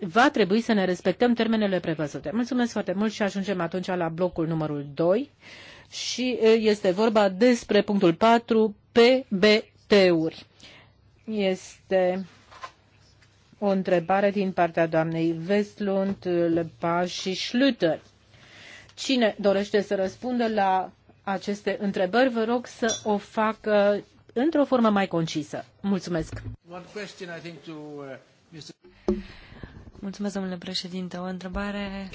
B: va trebui să ne respectăm termenele prevăzute. Mulțumesc foarte mult și ajungem atunci la blocul numărul 2 și uh, este vorba despre punctul 4, PBT-uri. Este o întrebare din partea doamnei Vestlund, Lepa și Schlüter. Cine dorește să răspundă la aceste întrebări, vă rog să o facă într-o
D: formă mai concisă. Mulțumesc.
B: Uh,
D: Mulțumesc, domnule președinte. O întrebare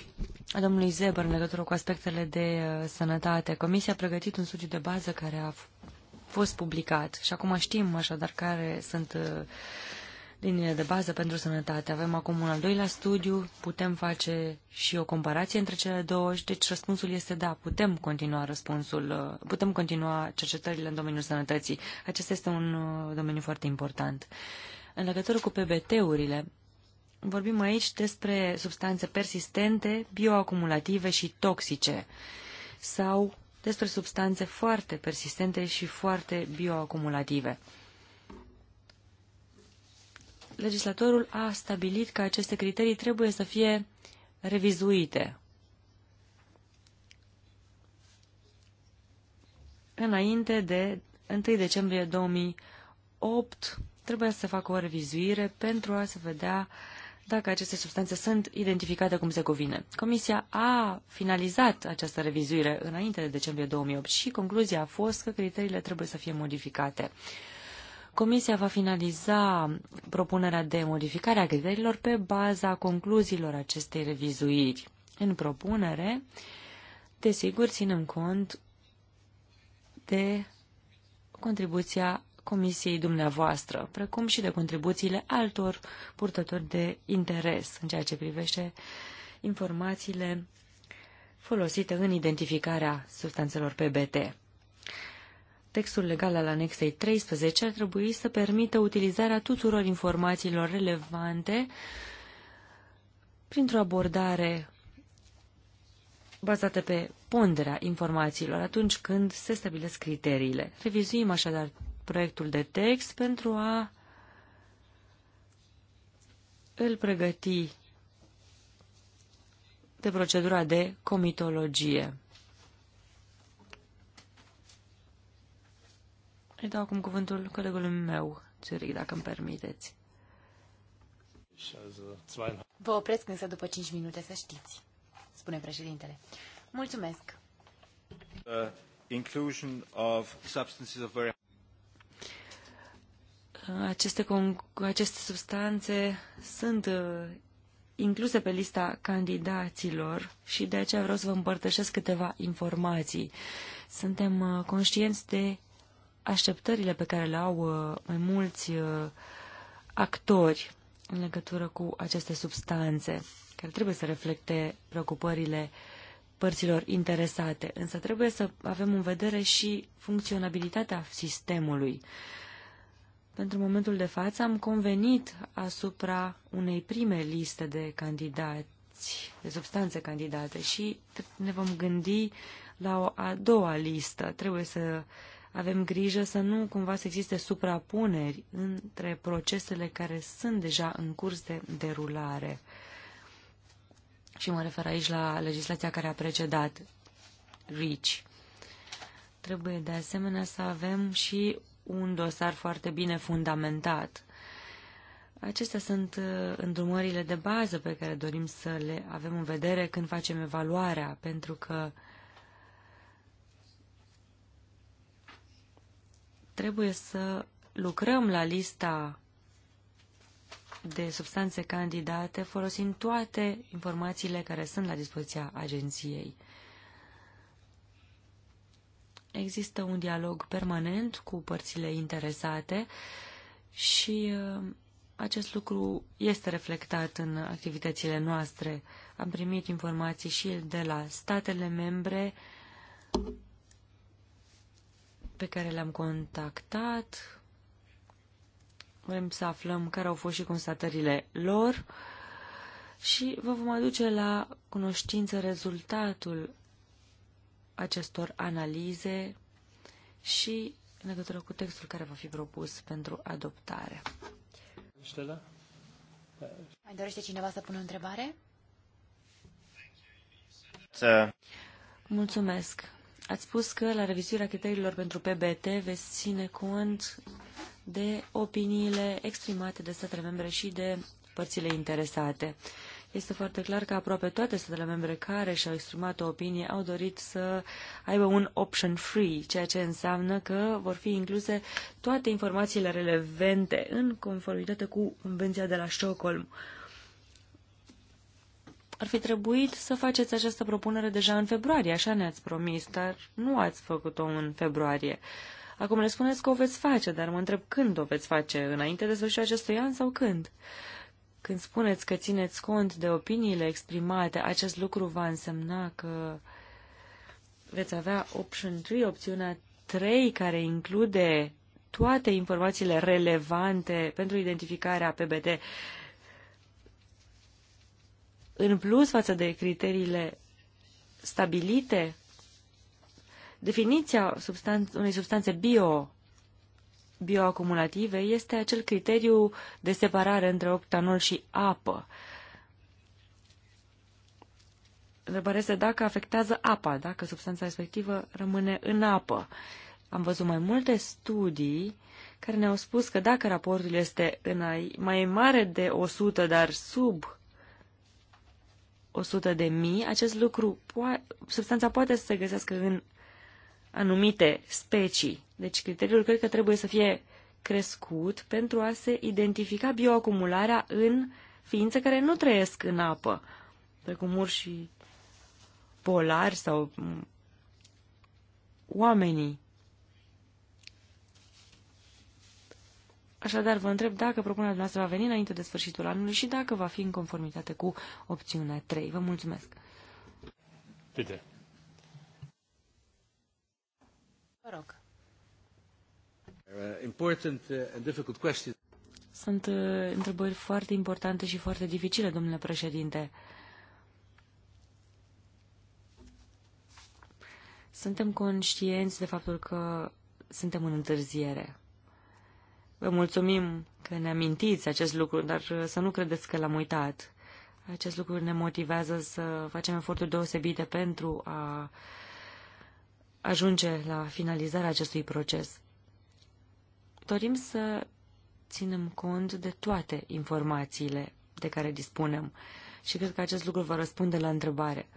D: a domnului Zeber în legătură cu aspectele de uh, sănătate. Comisia a pregătit un studiu de bază care a fost publicat și acum știm așadar care sunt uh, liniile de bază pentru sănătate. Avem acum un al doilea studiu, putem face și o comparație între cele două și deci răspunsul este da, putem continua răspunsul, uh, putem continua cercetările în domeniul sănătății. Acesta este un uh, domeniu foarte important. În legătură cu PBT-urile, vorbim aici despre substanțe persistente, bioacumulative și toxice sau despre substanțe foarte persistente și foarte bioacumulative. Legislatorul a stabilit că aceste criterii trebuie să fie revizuite înainte de 1 decembrie 2008 trebuie să facă o revizuire pentru a se vedea uh, dacă aceste substanțe sunt identificate cum se cuvine. Comisia a finalizat această revizuire înainte de decembrie 2008 și concluzia a fost că criteriile trebuie să fie modificate. Comisia va finaliza propunerea de modificare a criteriilor pe baza concluziilor acestei revizuiri. În propunere, desigur, ținând cont de contribuția comisiei dumneavoastră, precum și de contribuțiile altor purtători de interes în ceea ce privește informațiile folosite în identificarea substanțelor PBT. Textul legal al anexei 13 ar trebui să permită utilizarea tuturor informațiilor relevante printr-o abordare bazată pe ponderea informațiilor atunci când se stabilesc criteriile. Revizuim așadar proiectul de text pentru a îl pregăti de procedura de comitologie. Îi dau acum cuvântul colegului meu, Țuric, dacă îmi permiteți.
C: Vă opresc însă după 5 minute, să știți, spune președintele. Mulțumesc.
B: Uh, inclusion of substances of very
D: aceste, aceste substanțe sunt uh, incluse pe lista candidaților și de aceea vreau să vă împărtășesc câteva informații. Suntem uh, conștienți de așteptările pe care le au uh, mai mulți actori în legătură cu aceste substanțe, care trebuie să reflecte preocupările părților interesate, însă trebuie să avem în vedere și funcționabilitatea sistemului. Pentru momentul de față am convenit asupra unei prime liste de candidați, de substanțe candidate și ne vom gândi la o a doua listă. Trebuie să avem grijă să nu cumva să existe suprapuneri între procesele care sunt deja în curs de derulare. Și mă refer aici la legislația care a precedat RICI. Trebuie de asemenea să avem și un dosar foarte bine fundamentat. Acestea sunt uh, îndrumările de bază pe care dorim să le avem în vedere când facem evaluarea, pentru că trebuie să lucrăm la lista de substanțe candidate folosind toate informațiile care sunt la dispoziția agenției. Există un dialog permanent cu părțile interesate și uh, acest lucru este reflectat în activitățile noastre. Am primit informații și de la statele membre pe care le-am contactat. Vrem să aflăm care au fost și constatările lor și vă vom aduce la cunoștință rezultatul acestor analize și în legătură cu textul care va fi propus pentru adoptare.
C: Mai dorește cineva
D: să pună o întrebare? Mulțumesc. Ați spus că la revizuirea criteriilor pentru PBT veți ține cont de opiniile exprimate de statele membre și de părțile interesate. Este foarte clar că aproape toate statele membre care și-au exprimat o opinie au dorit să aibă un option free, ceea ce înseamnă că vor fi incluse toate informațiile relevante în conformitate cu Convenția de la Stockholm. Ar fi trebuit să faceți această propunere deja în februarie, așa ne-ați promis, dar nu ați făcut-o în februarie. Acum le spuneți că o veți face, dar mă întreb când o veți face, înainte de sfârșitul acestui an sau când? Uh, când spuneți că țineți cont de opiniile exprimate, acest lucru va însemna că veți avea option 3, opțiunea 3, care include toate informațiile relevante pentru identificarea PBT. În plus față de criteriile stabilite, definiția substanț- unei substanțe bio bioacumulative este acel criteriu de separare între octanol și apă. Întrebarea este dacă afectează apa, dacă substanța respectivă rămâne în apă. Am văzut mai multe studii care ne-au spus că dacă raportul este în mai mare de 100, dar sub 100 de mii, acest lucru, substanța poate să se găsească în anumite specii. Deci criteriul cred că trebuie să fie crescut pentru a se identifica bioacumularea în ființe care nu trăiesc în apă, precum urși polari sau oamenii. Așadar, vă întreb dacă propunerea noastră va veni înainte de sfârșitul anului și dacă va fi în conformitate cu opțiunea 3. Vă mulțumesc!
A: Peter.
C: Vă rog.
D: Uh, uh, Sunt uh, întrebări foarte importante și foarte dificile, domnule președinte. Suntem conștienți de faptul că suntem în întârziere. Vă mulțumim că ne amintiți acest lucru, dar să nu credeți că l-am uitat. Acest lucru ne motivează să facem eforturi deosebite pentru a ajunge la finalizarea acestui proces dorim să ținem cont de toate informațiile de care dispunem și cred că acest lucru va răspunde la întrebare.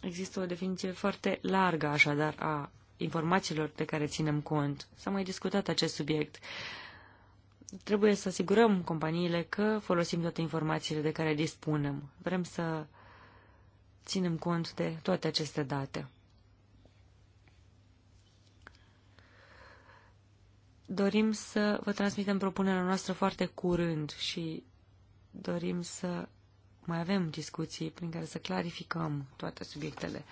D: Există o definiție foarte largă, așadar, a informațiilor de care ținem cont. S-a mai discutat acest subiect. Trebuie să asigurăm companiile că folosim toate informațiile de care dispunem. Vrem să ținem cont de toate aceste date. dorim să vă transmitem propunerea noastră foarte curând și dorim să mai avem discuții prin care să clarificăm toate subiectele.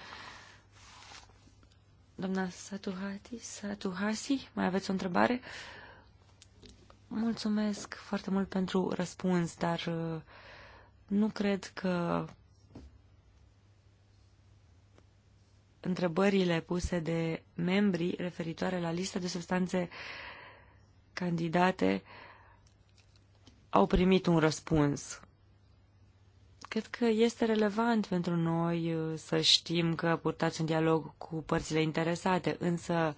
D: Doamna Satuhati, Satuhasi, mai aveți o întrebare? Mulțumesc foarte mult pentru răspuns, dar uh, nu cred că întrebările puse de membrii referitoare la lista de substanțe uh, candidate au primit un răspuns. Cred că este relevant pentru noi uh, să știm că purtați un dialog cu părțile interesate, însă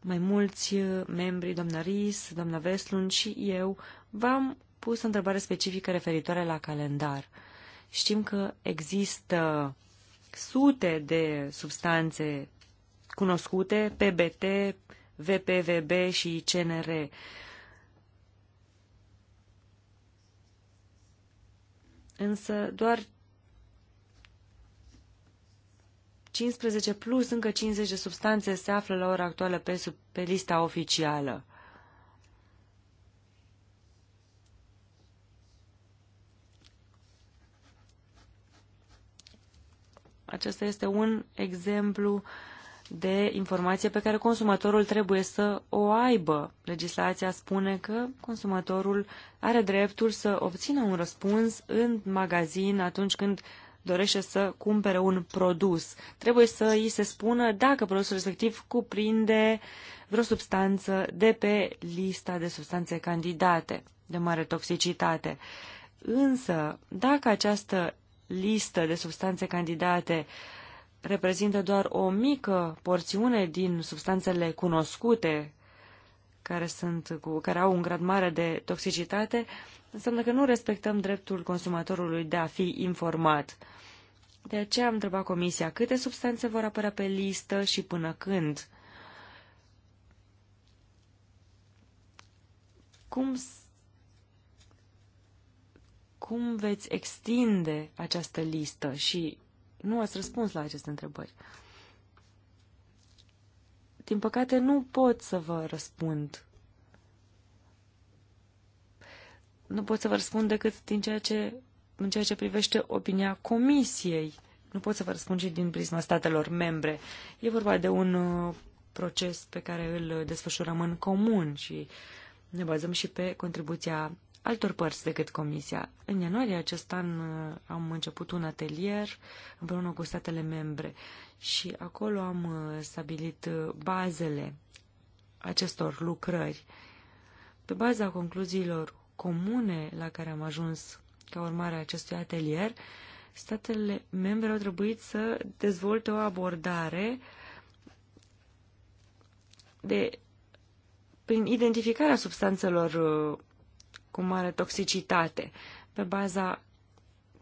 D: mai mulți uh, membri, doamna Ris, doamna Veslun și eu, v-am pus o întrebare specifică referitoare la calendar. Știm că există sute de substanțe cunoscute, PBT, VPVB și CNR. Însă doar 15 plus încă 50 de substanțe se află la ora actuală pe, sub, pe lista oficială. Acesta este un exemplu uh, de informație pe care consumatorul trebuie să o aibă. Legislația spune că consumatorul are dreptul să obțină un răspuns în magazin atunci când dorește să cumpere un produs. Trebuie să îi se spună dacă produsul respectiv cuprinde vreo substanță de pe lista de substanțe candidate de mare toxicitate. Însă, dacă această listă de substanțe candidate uh, reprezintă doar o mică porțiune din substanțele cunoscute care, sunt, cu, care au un grad mare de toxicitate, înseamnă că nu respectăm dreptul consumatorului de a fi informat. De aceea am întrebat Comisia câte substanțe vor apărea pe listă și până când. Cum, cum veți extinde această listă și nu ați răspuns la aceste întrebări. Din păcate, nu pot să vă răspund. Nu pot să vă răspund decât din ceea ce, în ceea ce privește opinia Comisiei. Nu pot să vă răspund și din prisma statelor membre. E vorba de un uh, proces pe care îl desfășurăm în comun și ne bazăm și pe contribuția altor părți decât Comisia. În ianuarie acest an uh, am început un atelier împreună cu statele membre și acolo am uh, stabilit uh, bazele acestor lucrări. Pe baza concluziilor comune la care am ajuns ca urmare a acestui atelier, statele membre au trebuit să dezvolte o abordare de, prin identificarea substanțelor cu mare toxicitate, pe baza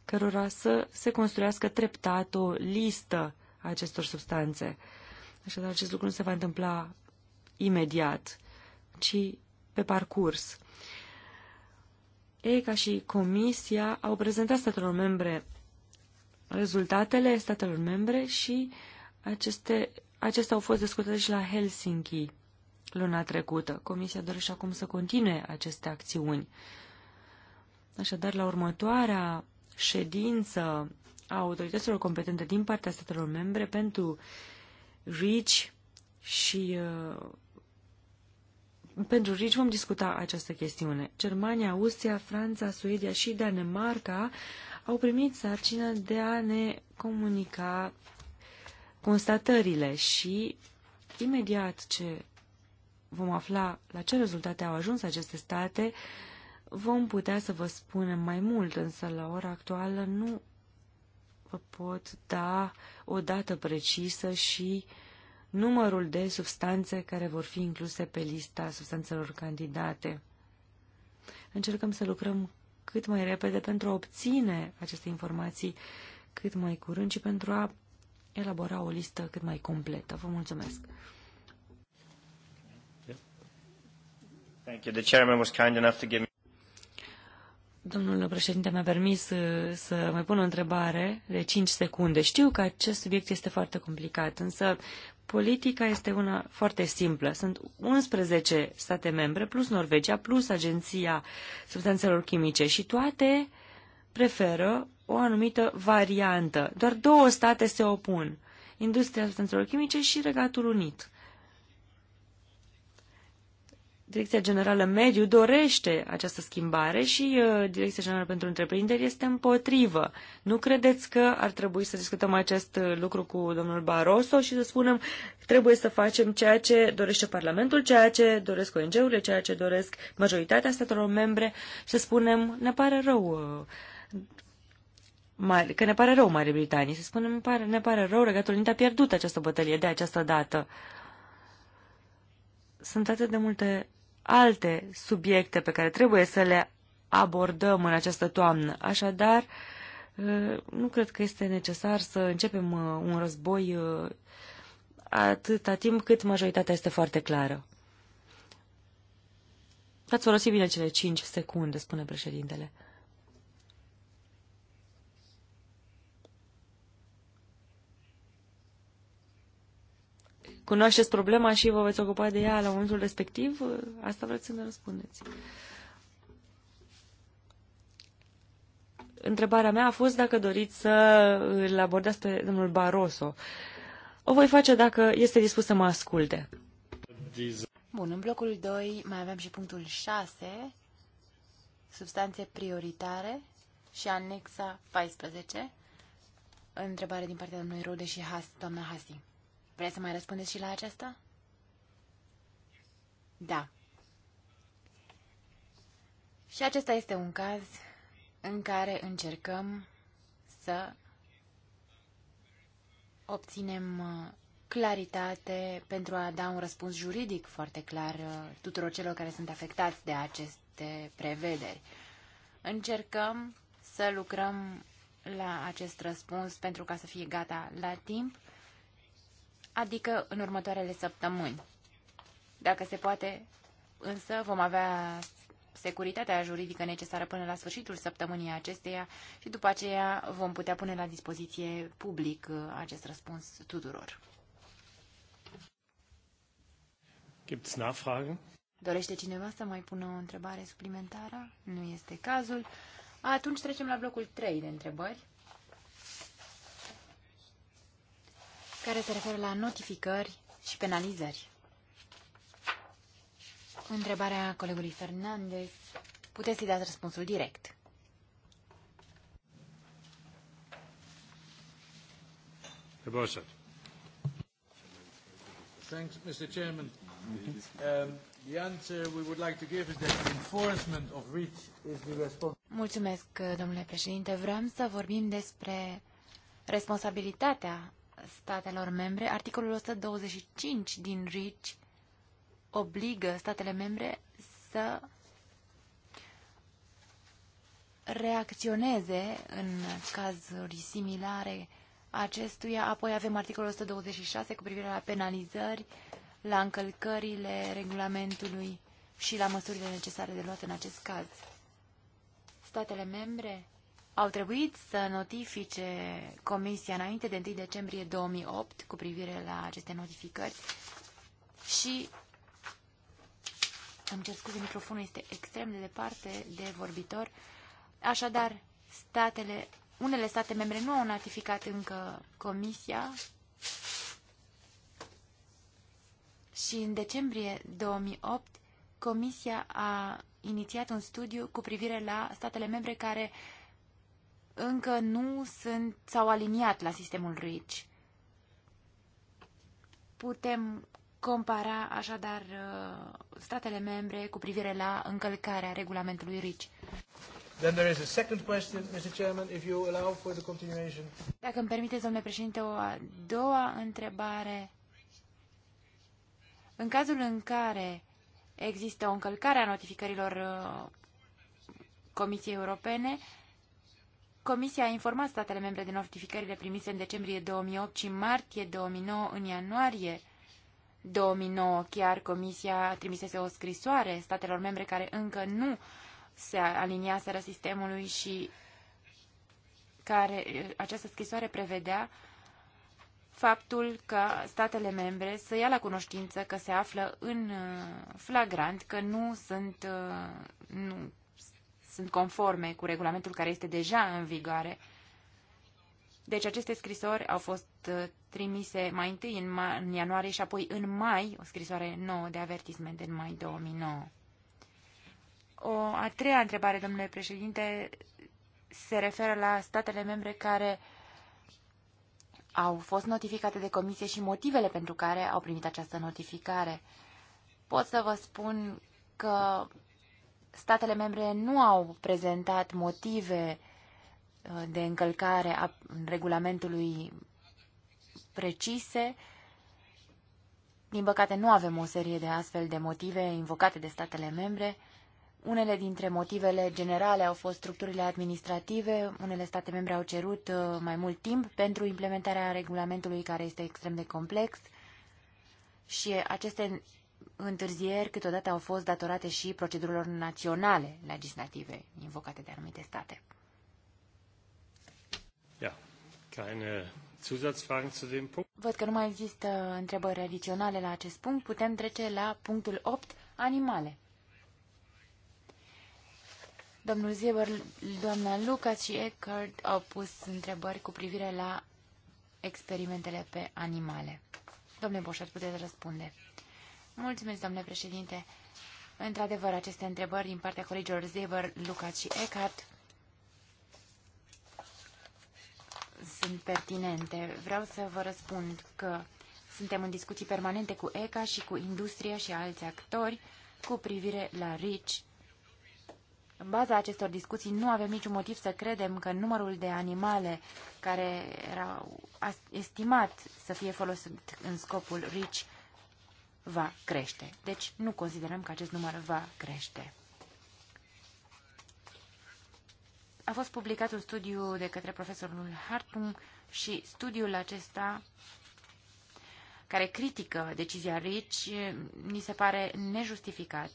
D: cărora să se construiască treptat o listă a acestor substanțe. Așadar, acest lucru nu se va întâmpla imediat, ci pe parcurs. Ei, ca și Comisia, au prezentat statelor membre rezultatele statelor membre și aceste, acestea au fost discutate și la Helsinki luna trecută. Comisia dorește acum să continue aceste acțiuni. Așadar, la următoarea ședință a autorităților competente din partea statelor membre pentru RICI și uh, pentru RICI vom discuta această chestiune. Germania, Austria, Franța, Suedia și Danemarca au primit sarcină de a ne comunica constatările și imediat ce vom afla la ce rezultate au ajuns aceste state, vom putea să vă spunem mai mult, însă la ora actuală nu vă pot da o dată precisă și numărul de substanțe care vor fi incluse pe lista substanțelor candidate. Încercăm să lucrăm cât mai repede pentru a obține aceste informații cât mai curând și pentru a elabora o listă cât mai completă. Vă mulțumesc!
B: Thank you. The chairman was kind enough to give me...
D: Domnule președinte, mi-a permis să, uh, să mai pun o întrebare de 5 secunde. Știu că acest subiect este foarte complicat, însă politica este una foarte simplă. Sunt 11 state membre, plus Norvegia, plus Agenția Substanțelor Chimice și toate preferă o anumită variantă. Doar două state se opun, industria substanțelor chimice și Regatul Unit. Direcția Generală Mediu dorește această schimbare și uh, Direcția Generală pentru Întreprinderi este împotrivă. Nu credeți că ar trebui să discutăm acest uh, lucru cu domnul Barroso și să spunem trebuie să facem ceea ce dorește Parlamentul, ceea ce doresc ONG-urile, ceea ce doresc majoritatea statelor membre și să spunem ne pare rău uh, că ne pare rău Marii Britanii, să spunem, ne pare, rău, Regatul Unit a pierdut această bătălie de această dată sunt atât de multe alte subiecte pe care trebuie să le abordăm în această toamnă. Așadar, uh, nu cred că este necesar să începem uh, un război uh, atâta timp cât majoritatea este foarte clară. Ați folosit bine cele 5 secunde, spune președintele. cunoașteți problema și vă veți ocupa de ea la momentul respectiv? Asta vreți să ne răspundeți. Întrebarea mea a fost dacă doriți să îl abordați pe domnul Barroso. O voi face dacă este dispus să mă asculte.
C: Bun, în blocul 2 mai avem și punctul 6, substanțe prioritare și anexa 14, întrebare din partea domnului Rude și Has, doamna Hasi. Vreți să mai răspundeți și la aceasta? Da. Și acesta este un caz în care încercăm să obținem uh, claritate pentru a da un răspuns juridic foarte clar uh, tuturor celor care sunt afectați de aceste prevederi. Încercăm să lucrăm la acest răspuns pentru ca să fie gata la timp adică în următoarele săptămâni. Dacă se poate, însă vom avea securitatea juridică necesară până la sfârșitul săptămânii acesteia și după aceea vom putea pune la dispoziție public uh, acest răspuns tuturor.
A: Gibt's Nachfragen?
C: Dorește cineva să mai pună o întrebare suplimentară? Nu este cazul. Atunci trecem la blocul 3 de întrebări. care se referă la notificări și penalizări. Întrebarea colegului Fernandez. Puteți să-i dați răspunsul direct.
A: Thanks, Mr. Chairman. Um, the answer we would like to give is that enforcement of REACH is the response.
C: Mulțumesc, domnule președinte. Vrem să vorbim despre responsabilitatea statelor membre, articolul 125 din RICI obligă statele membre să reacționeze în cazuri similare acestuia. Apoi avem articolul 126 cu privire la penalizări, la încălcările regulamentului și la măsurile necesare de luat în acest caz. Statele membre au trebuit să notifice Comisia înainte de 1 decembrie 2008 cu privire la aceste notificări și îmi cer scuze, microfonul este extrem de departe de vorbitor. Așadar, statele, unele state membre nu au notificat încă Comisia și în decembrie 2008 Comisia a inițiat un studiu cu privire la statele membre care uh, încă nu sunt, s-au aliniat la sistemul RICH. Putem compara așadar uh, statele membre cu privire la încălcarea regulamentului RICH.
B: Then there is a second question, Mr. Chairman, if you allow for the continuation.
C: Dacă îmi permiteți, domnule președinte, o a doua întrebare. În cazul în care există o încălcare a notificărilor uh, Comisiei Europene, Comisia a informat statele membre de notificările primise în decembrie 2008 și martie 2009, în ianuarie 2009 chiar Comisia trimisese o scrisoare statelor membre care încă nu se aliniaseră sistemului și care această scrisoare prevedea faptul că statele membre să ia la cunoștință că se află în uh, flagrant, că nu sunt, uh, nu sunt conforme cu regulamentul care este deja în vigoare. Deci aceste scrisori au fost uh, trimise mai întâi în, ma- în ianuarie și apoi în mai, o scrisoare nouă de avertisment în mai 2009. O a treia întrebare, domnule președinte, se referă la statele membre care au fost notificate de comisie și motivele pentru care au primit această notificare. Pot să vă spun că statele membre nu au prezentat motive uh, de încălcare a regulamentului precise. Din păcate, nu avem o serie de astfel de motive invocate de statele membre. Unele dintre motivele generale au fost structurile administrative. Unele state membre au cerut uh, mai mult timp pentru implementarea regulamentului, care este extrem de complex. Și aceste întârzieri câteodată au fost datorate și procedurilor naționale legislative invocate de anumite state.
A: Ja, keine Zusatzfragen zu dem Punkt.
C: Văd că nu mai există întrebări adiționale la acest punct. Putem trece la punctul 8, animale. Domnul Zieber, doamna Lucas și Eckert au pus întrebări cu privire la experimentele pe animale. Domnule Boșat, puteți răspunde. Mulțumesc, domnule președinte. Într-adevăr, aceste întrebări din partea colegilor Zeber, Lucat și Eckhart sunt pertinente. Vreau să vă răspund că suntem în discuții permanente cu ECA și cu industria și alți actori cu privire la rich. În baza acestor discuții nu avem niciun motiv să credem că numărul de animale care erau estimat să fie folosit în scopul rich va crește. Deci nu considerăm că acest număr va crește. A fost publicat un studiu de către profesorul Hartung și studiul acesta care critică decizia RICI ni se pare nejustificat.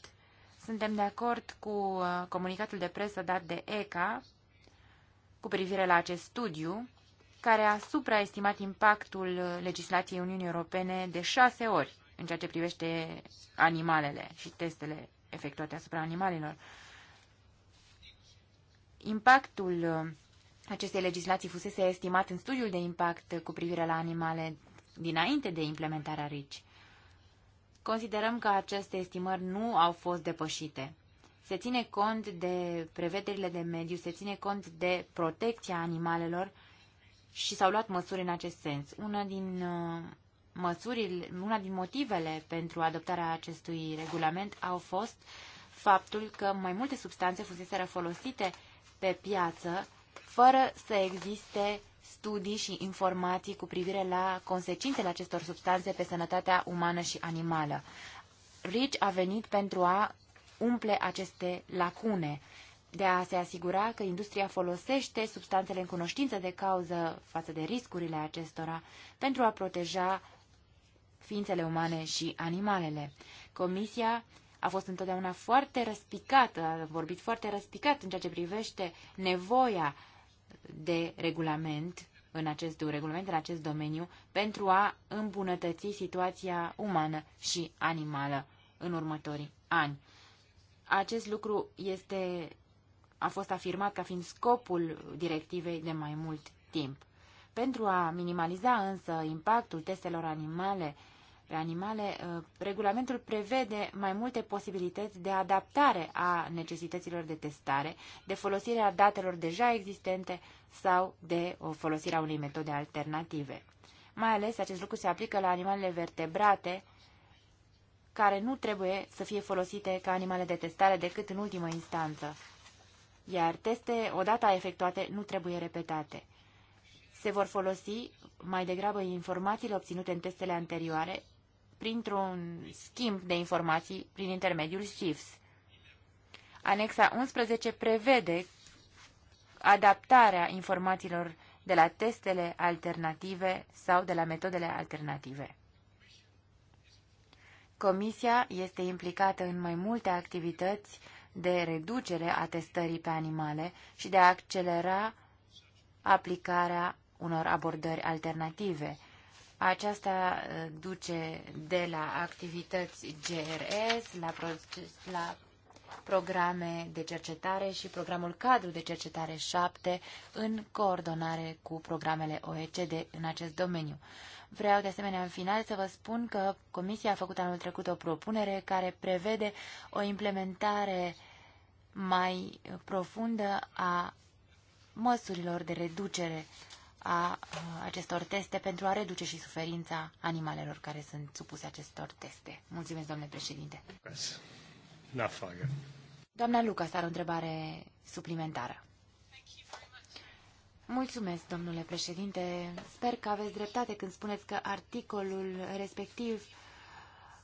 C: Suntem de acord cu uh, comunicatul de presă dat de ECA cu privire la acest studiu, care a supraestimat impactul uh, legislației Uniunii Europene de șase ori în ceea ce privește animalele și testele efectuate asupra animalelor. Impactul uh, acestei legislații fusese estimat în studiul de impact cu privire la animale dinainte de implementarea RICI. Considerăm că aceste estimări nu au fost depășite. Se ține cont de prevederile de mediu, se ține cont de protecția animalelor și s-au luat măsuri în acest sens. Una din uh, măsurile, una din motivele pentru adoptarea acestui regulament au fost faptul că mai multe substanțe fuseseră folosite pe piață fără să existe studii și informații cu privire la consecințele acestor substanțe pe sănătatea umană și animală. Rich a venit pentru a umple aceste lacune, de a se asigura că industria folosește substanțele în cunoștință de cauză față de riscurile acestora pentru a proteja ființele umane și animalele. Comisia a fost întotdeauna foarte răspicată, a vorbit foarte răspicat în ceea ce privește nevoia de regulament în acest regulament, în acest domeniu, pentru a îmbunătăți situația umană și animală în următorii ani. Acest lucru este, a fost afirmat ca fiind scopul directivei de mai mult timp. Pentru a minimaliza însă impactul testelor animale pe animale, uh, regulamentul prevede mai multe posibilități de adaptare a necesităților de testare, de folosirea datelor deja existente sau de folosirea unei metode alternative. Mai ales acest lucru se aplică la animalele vertebrate, care nu trebuie să fie folosite ca animale de testare decât în ultimă instanță, iar teste odată efectuate nu trebuie repetate. Se vor folosi mai degrabă informațiile obținute în testele anterioare printr-un schimb de informații prin intermediul SIFS. Anexa 11 prevede adaptarea informațiilor de la testele alternative sau de la metodele alternative. Comisia este implicată în mai multe activități de reducere a testării pe animale și de a accelera aplicarea unor abordări alternative. Aceasta uh, duce de la activități GRS, la, proces, la programe de cercetare și programul cadru de cercetare 7 în coordonare cu programele OECD în acest domeniu. Vreau de asemenea în final să vă spun că Comisia a făcut anul trecut o propunere care prevede o implementare mai profundă a măsurilor de reducere a acestor teste pentru a reduce și suferința animalelor care sunt supuse acestor teste. Mulțumesc, domnule președinte. Nachfrage. Doamna Lucas are o întrebare suplimentară. Mulțumesc, domnule președinte. Sper că aveți dreptate când spuneți că articolul respectiv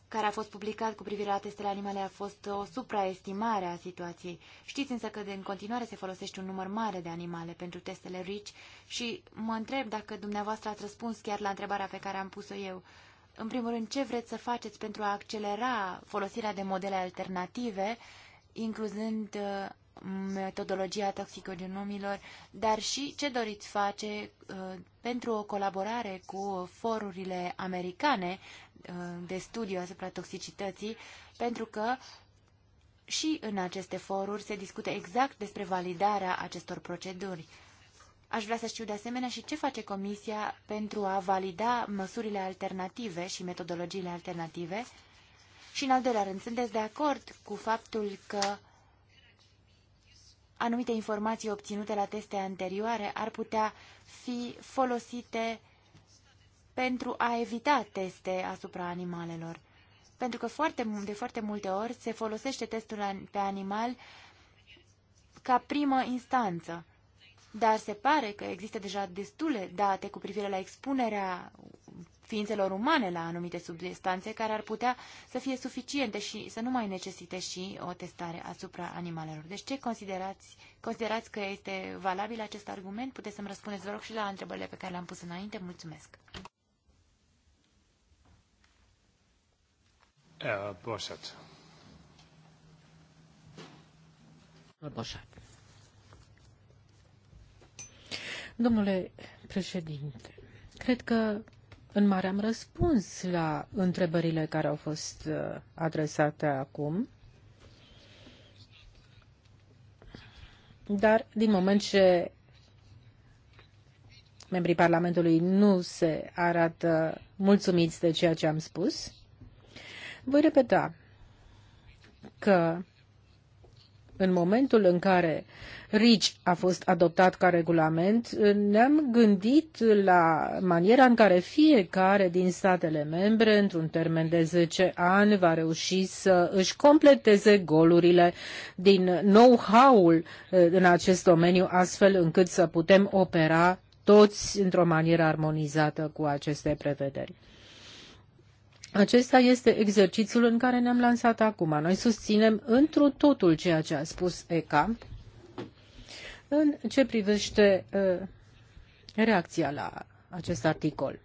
C: care a fost publicat cu privire la testele animale a fost o supraestimare a situației. Știți însă că de, în continuare se folosește un număr mare de animale pentru testele RICI și mă întreb dacă dumneavoastră ați răspuns chiar la întrebarea pe care am pus-o eu. În primul rând, ce vreți să faceți pentru a accelera folosirea de modele alternative, incluzând uh, metodologia toxicogenomilor, dar și ce doriți face uh, pentru o colaborare cu forurile americane Uh, de studiu asupra toxicității, pentru că și în aceste foruri se discute exact despre validarea acestor proceduri. Aș vrea să știu de asemenea și ce face Comisia pentru a valida măsurile alternative și metodologiile alternative. Și în al doilea rând, sunteți de acord cu faptul că anumite informații obținute la teste anterioare ar putea fi folosite pentru a evita teste asupra animalelor. Pentru că foarte, de foarte multe ori se folosește testul pe animal ca primă instanță. Dar se pare că există deja destule date cu privire la expunerea ființelor umane la anumite substanțe care ar putea să fie suficiente și să nu mai necesite și o testare asupra animalelor. Deci ce considerați, considerați că este valabil acest argument? Puteți să-mi răspundeți, vă rog, și la întrebările pe care le-am pus înainte. Mulțumesc!
A: Herr
B: Domnule președinte, cred că în mare am răspuns la întrebările care au fost uh, adresate acum. Dar din moment ce membrii Parlamentului nu se arată mulțumiți de ceea ce am spus, voi repeta că în momentul în care RICI a fost adoptat ca regulament, ne-am gândit la maniera în care fiecare din statele membre, într-un termen de 10 ani, va reuși să își completeze golurile din know-how-ul eh, în acest domeniu, astfel încât să putem opera toți într-o manieră armonizată cu aceste prevederi. Acesta este exercițiul în care ne-am lansat acum. Noi susținem întru totul ceea ce a spus ECA în ce privește uh, reacția la acest articol.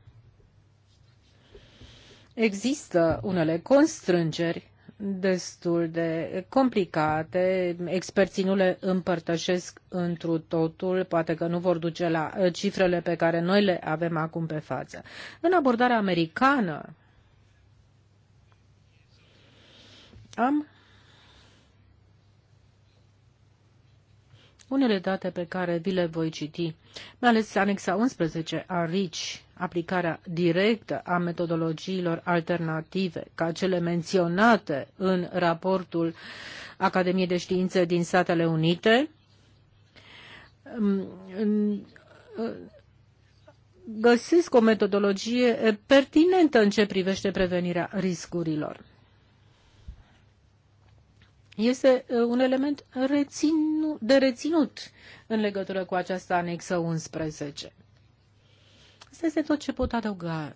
B: Există unele constrângeri destul de complicate, experții nu le împărtășesc întru totul, poate că nu vor duce la uh, cifrele pe care noi le avem acum pe față. În abordarea americană Am unele date pe care vi le voi citi, mai ales anexa 11 a RICI, aplicarea directă a metodologiilor alternative, ca cele menționate în raportul Academiei de Științe din Statele Unite, mm, găsesc o metodologie pertinentă în ce privește prevenirea riscurilor este uh, un element reținu, de reținut în legătură cu această anexă 11. Asta este tot ce pot adăuga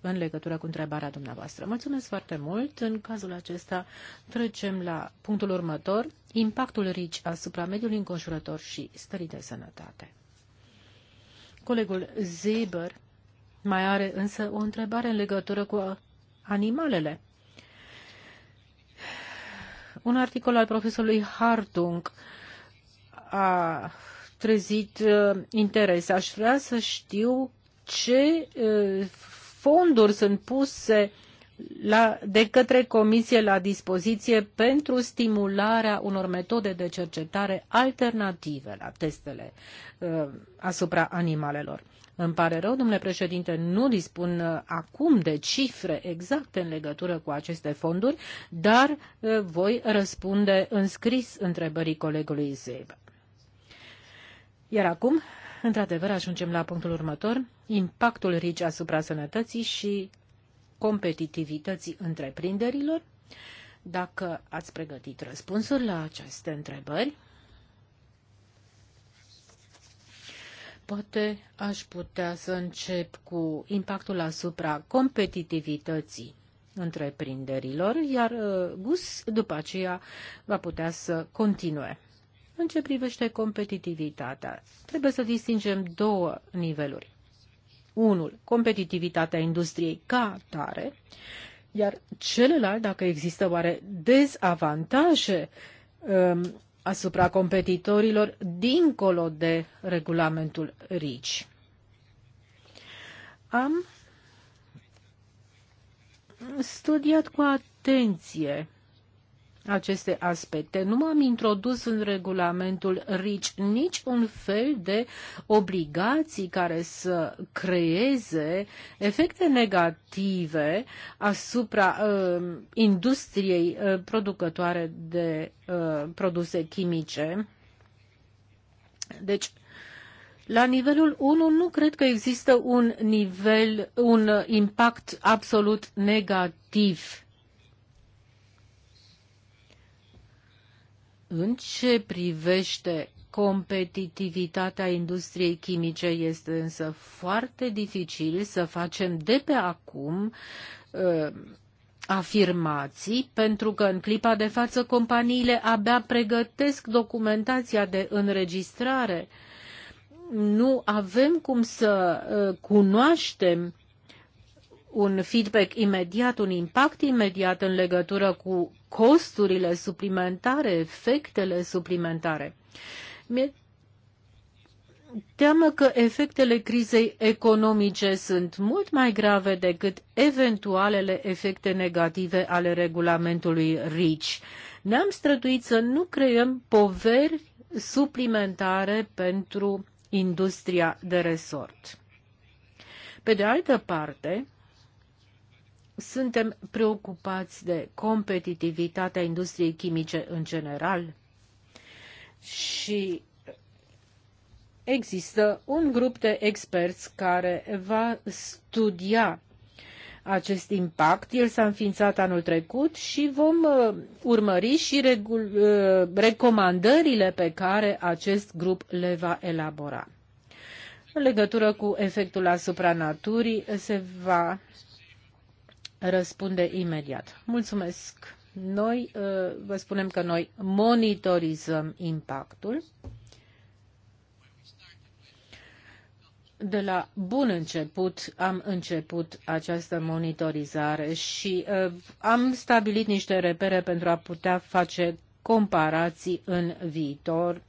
B: în legătură cu întrebarea dumneavoastră. Mulțumesc foarte mult. În cazul acesta trecem la punctul următor, impactul RICI asupra mediului înconjurător și stării de sănătate. Colegul Zeber mai are însă o întrebare în legătură cu animalele. Un articol al profesorului Hartung a trezit uh, interes. Aș vrea să știu ce uh, fonduri sunt puse la, de către Comisie la dispoziție pentru stimularea unor metode de cercetare alternative la testele uh, asupra animalelor. Îmi pare rău, domnule președinte, nu dispun uh, acum de cifre exacte în legătură cu aceste fonduri, dar uh, voi răspunde în scris întrebării colegului Zeib. Iar acum, într-adevăr, ajungem la punctul următor, impactul RICI asupra sănătății și competitivității întreprinderilor. Dacă ați pregătit răspunsuri la aceste întrebări, Poate aș putea să încep cu impactul asupra competitivității întreprinderilor, iar uh, GUS după aceea va putea să continue. În ce privește competitivitatea, trebuie să distingem două niveluri. Unul, competitivitatea industriei ca tare, iar celălalt, dacă există oare dezavantaje um, asupra competitorilor dincolo de regulamentul RICI. Am studiat cu atenție aceste aspecte. Nu am introdus în regulamentul RICI nici un fel de obligații care să creeze efecte negative asupra uh, industriei uh, producătoare de uh, produse chimice. Deci, la nivelul 1 nu cred că există un nivel, un impact absolut negativ În ce privește competitivitatea industriei chimice, este însă foarte dificil să facem de pe acum uh, afirmații, pentru că în clipa de față companiile abia pregătesc documentația de înregistrare. Nu avem cum să uh, cunoaștem un feedback imediat, un impact imediat în legătură cu costurile suplimentare, efectele suplimentare. Mi-e teamă că efectele crizei economice sunt mult mai grave decât eventualele efecte negative ale regulamentului RICI. Ne-am străduit să nu creăm poveri suplimentare pentru industria de resort. Pe de altă parte, suntem preocupați de competitivitatea industriei chimice în general și există un grup de experți care va studia acest impact. El s-a înființat anul trecut și vom uh, urmări și uh, recomandările pe care acest grup le va elabora. În legătură cu efectul asupra naturii, se va răspunde imediat. Mulțumesc! Noi uh, vă spunem că noi monitorizăm impactul. De la bun început am început această monitorizare și uh, am stabilit niște repere pentru a putea face comparații în viitor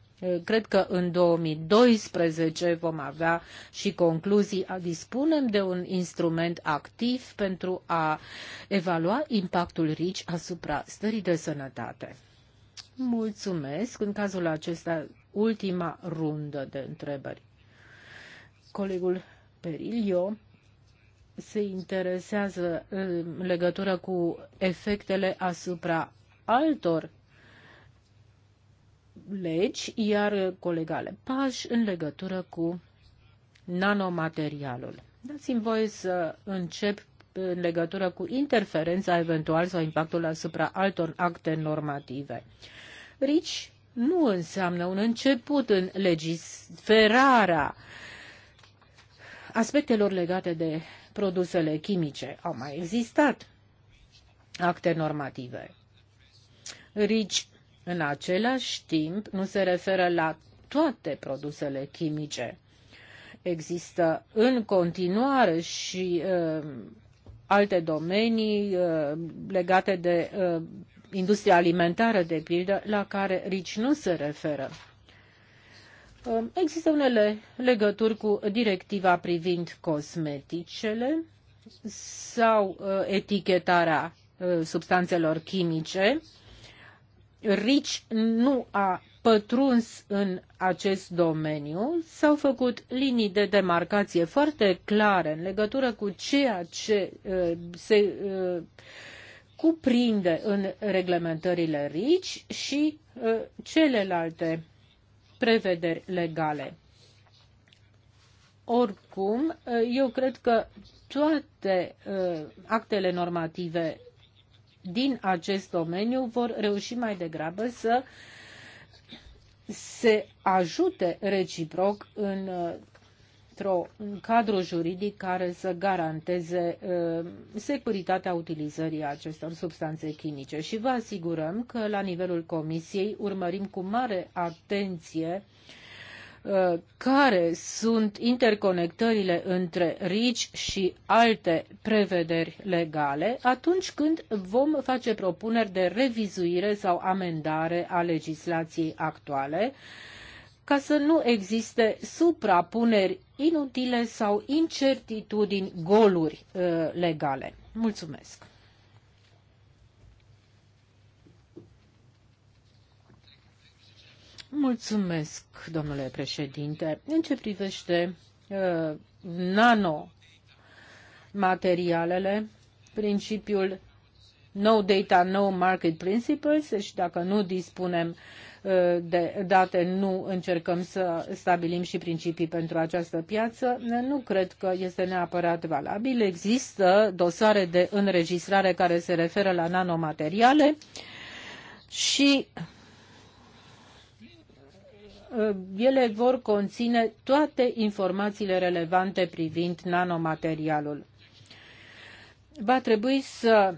B: Cred că în 2012 vom avea și concluzii. Dispunem de un instrument activ pentru a evalua impactul RICI asupra stării de sănătate. Mulțumesc. În cazul acesta, ultima rundă de întrebări. Colegul Perilio se interesează în legătură cu efectele asupra altor legi, iar colegale pași în legătură cu nanomaterialul. Dați-mi voie să încep în legătură cu interferența eventual sau impactul asupra altor acte normative. RICI nu înseamnă un început în legiferarea aspectelor legate de produsele chimice. Au mai existat acte normative. RICI în același timp nu se referă la toate produsele chimice. Există în continuare și uh, alte domenii uh, legate de uh, industria alimentară, de pildă, la care RICI nu se referă. Uh, există unele legături cu directiva privind cosmeticele sau uh, etichetarea uh, substanțelor chimice, uh, RIC nu a pătruns în acest domeniu, s-au făcut linii de demarcație foarte clare în legătură cu ceea ce uh, se uh, cuprinde în reglementările RICI și uh, celelalte prevederi legale. Oricum, uh, eu cred că toate uh, actele normative din acest domeniu vor reuși mai degrabă să se ajute reciproc în un cadru juridic care să garanteze uh, securitatea utilizării acestor substanțe chimice și vă asigurăm că la nivelul Comisiei urmărim cu mare atenție uh, care sunt interconectările între RICI și alte prevederi legale atunci când vom face propuneri de revizuire sau amendare a legislației actuale ca să nu existe suprapuneri inutile sau incertitudini goluri uh, legale. Mulțumesc! Mulțumesc, domnule președinte. În ce privește uh, nanomaterialele, principiul No Data, No Market Principles, deci dacă nu dispunem uh, de date, nu încercăm să stabilim și principii pentru această piață, nu cred că este neapărat valabil. Există dosare de înregistrare care se referă la nanomateriale și Uh, ele vor conține toate informațiile relevante privind nanomaterialul. Va trebui să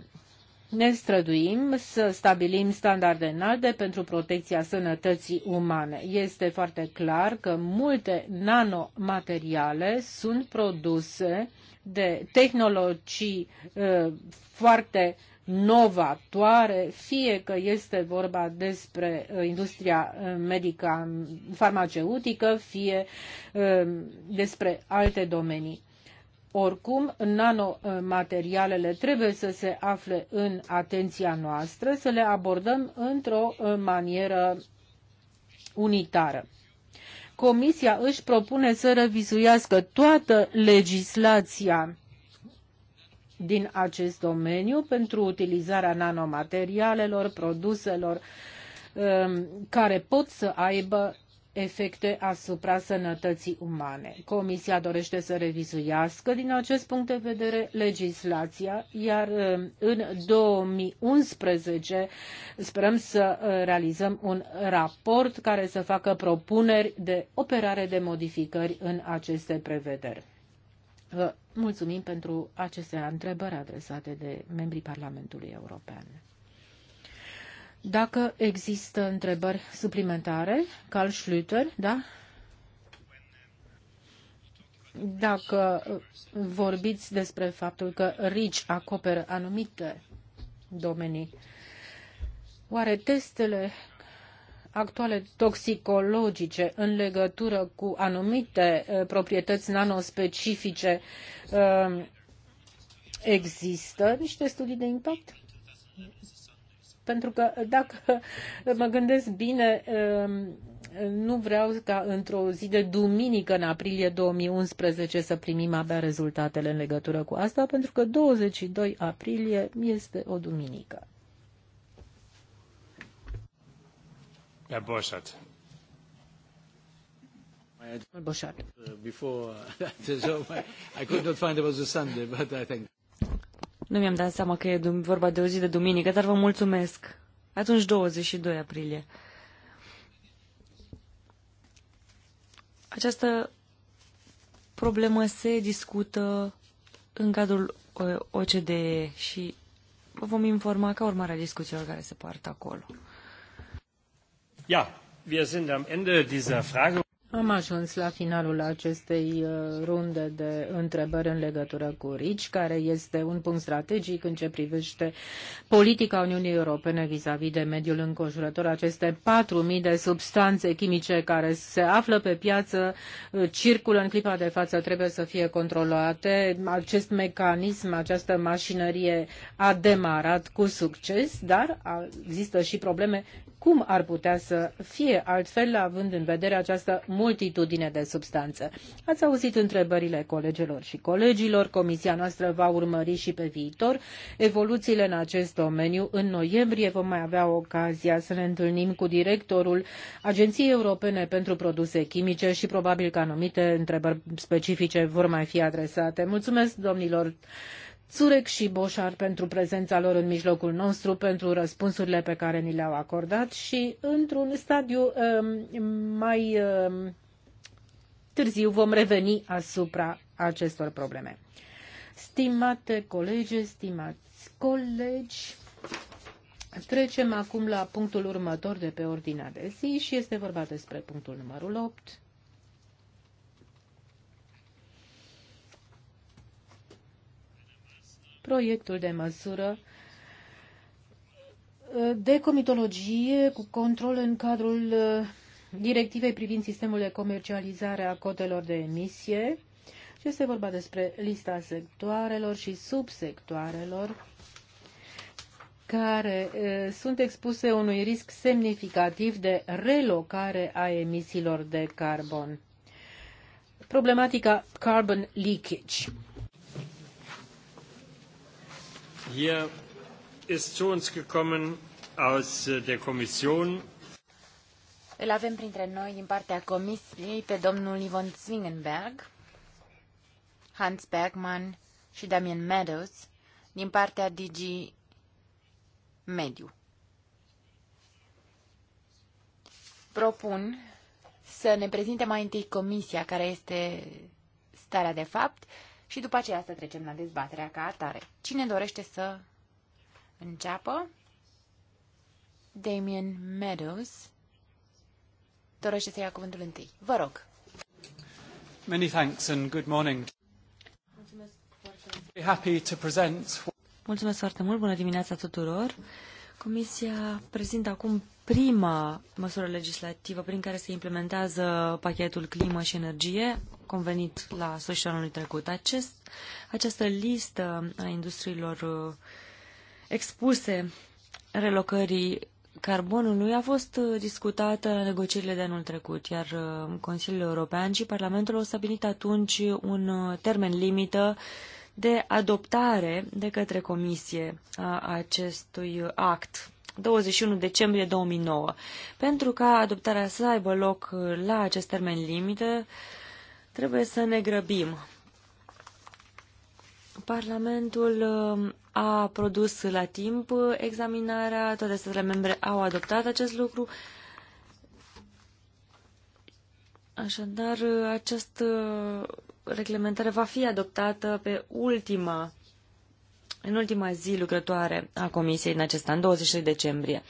B: ne străduim să stabilim standarde înalte pentru protecția sănătății umane. Este foarte clar că multe nanomateriale sunt produse de tehnologii uh, foarte novatoare, fie că este vorba despre uh, industria uh, medica farmaceutică, fie uh, despre alte domenii. Oricum, nanomaterialele trebuie să se afle în atenția noastră, să le abordăm într-o manieră unitară. Comisia își propune să revizuiască toată legislația din acest domeniu pentru utilizarea nanomaterialelor, produselor um, care pot să aibă efecte asupra sănătății umane. Comisia dorește să revizuiască din acest punct de vedere legislația, iar um, în 2011 sperăm să uh, realizăm un raport care să facă propuneri de operare de modificări în aceste prevederi. Vă mulțumim pentru aceste întrebări adresate de membrii Parlamentului European. Dacă există întrebări suplimentare, Carl Schlüter, da? Dacă vorbiți despre faptul că RICI acoperă anumite domenii, oare testele actuale toxicologice în legătură cu anumite uh, proprietăți nanospecifice um, există niște studii de impact? Pentru că dacă mă gândesc bine, um, nu vreau ca într-o zi de duminică în aprilie 2011 să primim abia rezultatele în legătură cu asta, pentru că 22 aprilie este o duminică.
A: Herr Borchert.
D: Uh, before uh, I could
C: not find it was a Sunday, but I think.
D: Nu mi-am dat seama că e vorba de o zi de duminică, dar vă mulțumesc. Atunci 22 aprilie. Această problemă se discută în cadrul uh, OCDE și vă vom informa ca urmare a discuțiilor care se poartă acolo.
A: Ja, wir sind am Ende dieser Frage.
D: Am ajuns la finalul
B: acestei uh, runde de întrebări în legătură cu RICI, care este un punct strategic în ce privește politica Uniunii Europene vis-a-vis de mediul înconjurător. Aceste 4.000 de substanțe chimice care se află pe piață, uh, circulă în clipa de față, trebuie să fie controlate. Acest mecanism, această mașinărie a demarat cu succes, dar există și probleme cum ar putea să fie altfel, având în vedere această multitudine de substanțe. Ați auzit întrebările colegilor și colegilor. Comisia noastră va urmări și pe viitor evoluțiile în acest domeniu. În noiembrie vom mai avea ocazia să ne întâlnim cu directorul Agenției Europene pentru Produse Chimice și probabil că anumite întrebări specifice vor mai fi adresate. Mulțumesc domnilor Surek și Boșar pentru prezența lor în mijlocul nostru, pentru răspunsurile pe care ni le-au acordat și într-un stadiu um, mai um, târziu vom reveni asupra acestor probleme. Stimate colegi, stimați colegi, trecem acum la punctul următor de pe ordinea de zi și este vorba despre punctul numărul 8, proiectul de măsură uh, de comitologie cu control în cadrul uh, directivei privind sistemul de comercializare a cotelor de emisie și este vorba despre lista sectoarelor și subsectoarelor care uh, sunt expuse unui risc semnificativ de relocare a emisiilor de carbon. Problematica carbon leakage
A: Hier ist zu uns gekommen aus äh, der Kommission.
C: Îl avem printre noi din partea Comisiei pe domnul Ivon Zwingenberg, Hans Bergman și Damien Meadows din partea DG Mediu. Propun să ne prezinte mai întâi comisia care este starea de fapt și după aceea să trecem la dezbaterea ca atare. Cine dorește să înceapă? Damien Meadows dorește să ia cuvântul întâi. Vă rog. Many thanks and good morning. Mulțumesc foarte mult.
D: Mulțumesc foarte mult. Bună dimineața tuturor. Comisia prezintă acum prima măsură legislativă prin care se implementează pachetul climă și energie, convenit la sfârșitul anului trecut. Acest, această listă a industriilor uh, expuse relocării carbonului a fost uh, discutată la negocierile de anul trecut, iar uh, Consiliul European și Parlamentul au stabilit atunci un termen limită de adoptare de către Comisie a acestui act 21 decembrie 2009. Pentru ca adoptarea să aibă loc la acest termen limită, trebuie să ne grăbim. Parlamentul um, a produs la timp examinarea, toate statele membre au adoptat acest lucru. Așadar, acest uh, reglementare va fi adoptată pe ultima, în ultima zi lucrătoare a Comisiei în acest an, 23 decembrie.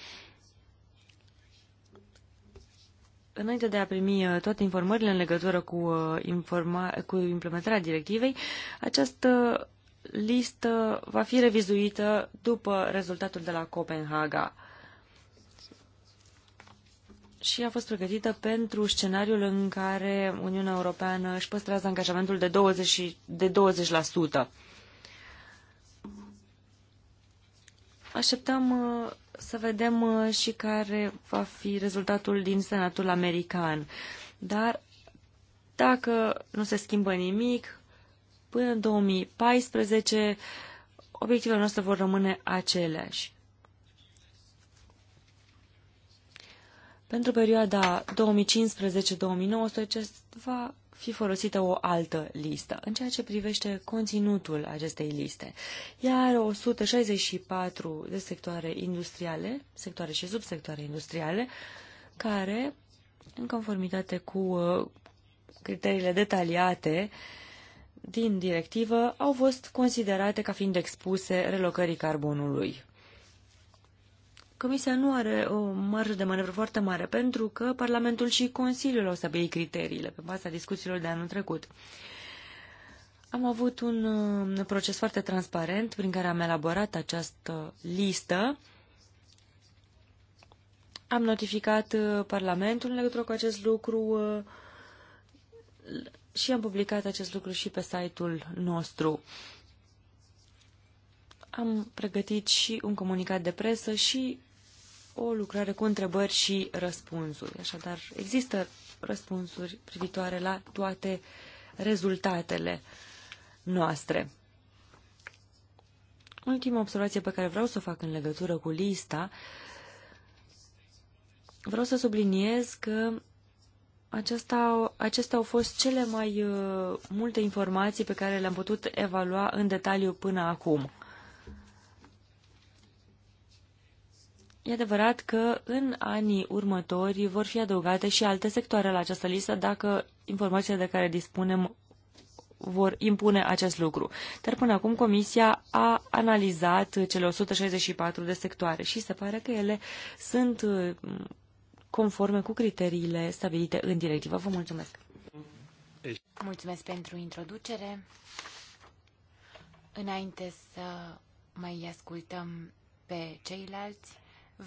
D: Înainte de a primi uh, toate informările în legătură cu, uh, informa- cu implementarea directivei, această listă va fi revizuită după rezultatul de la Copenhaga și a fost pregătită pentru scenariul în care Uniunea Europeană își păstrează angajamentul de 20%. De 20%. Așteptăm uh, să vedem uh, și care va fi rezultatul din Senatul American. Dar dacă nu se schimbă nimic, până în 2014 obiectivele noastre vor rămâne aceleași. Pentru perioada 2015-2019 va fi folosită o altă listă, în ceea ce privește conținutul acestei liste. Ea are 164 de sectoare industriale, sectoare și subsectoare industriale, care, în conformitate cu uh, criteriile detaliate din directivă, au fost considerate ca fiind expuse relocării carbonului. Comisia nu are o marjă de manevră foarte mare, pentru că Parlamentul și Consiliul au stabilit criteriile pe baza discuțiilor de anul trecut. Am avut un uh, proces foarte transparent prin care am elaborat această listă. Am notificat uh, Parlamentul în legătură cu acest lucru uh, și am publicat acest lucru și pe site-ul nostru. Am pregătit și un comunicat de presă și o lucrare cu întrebări și răspunsuri. Așadar, există răspunsuri privitoare la toate rezultatele noastre. Ultima observație pe care vreau să o fac în legătură cu lista, vreau să subliniez că aceasta, acestea au fost cele mai uh, multe informații pe care le-am putut evalua în detaliu până acum. E adevărat că în anii următori vor fi adăugate și alte sectoare la această listă dacă informațiile de care dispunem vor impune acest lucru. Dar până acum Comisia a analizat cele 164 de sectoare și se pare că ele sunt uh, conforme cu criteriile stabilite în directivă. Vă mulțumesc!
C: Mulțumesc pentru introducere. Înainte să mai ascultăm pe ceilalți,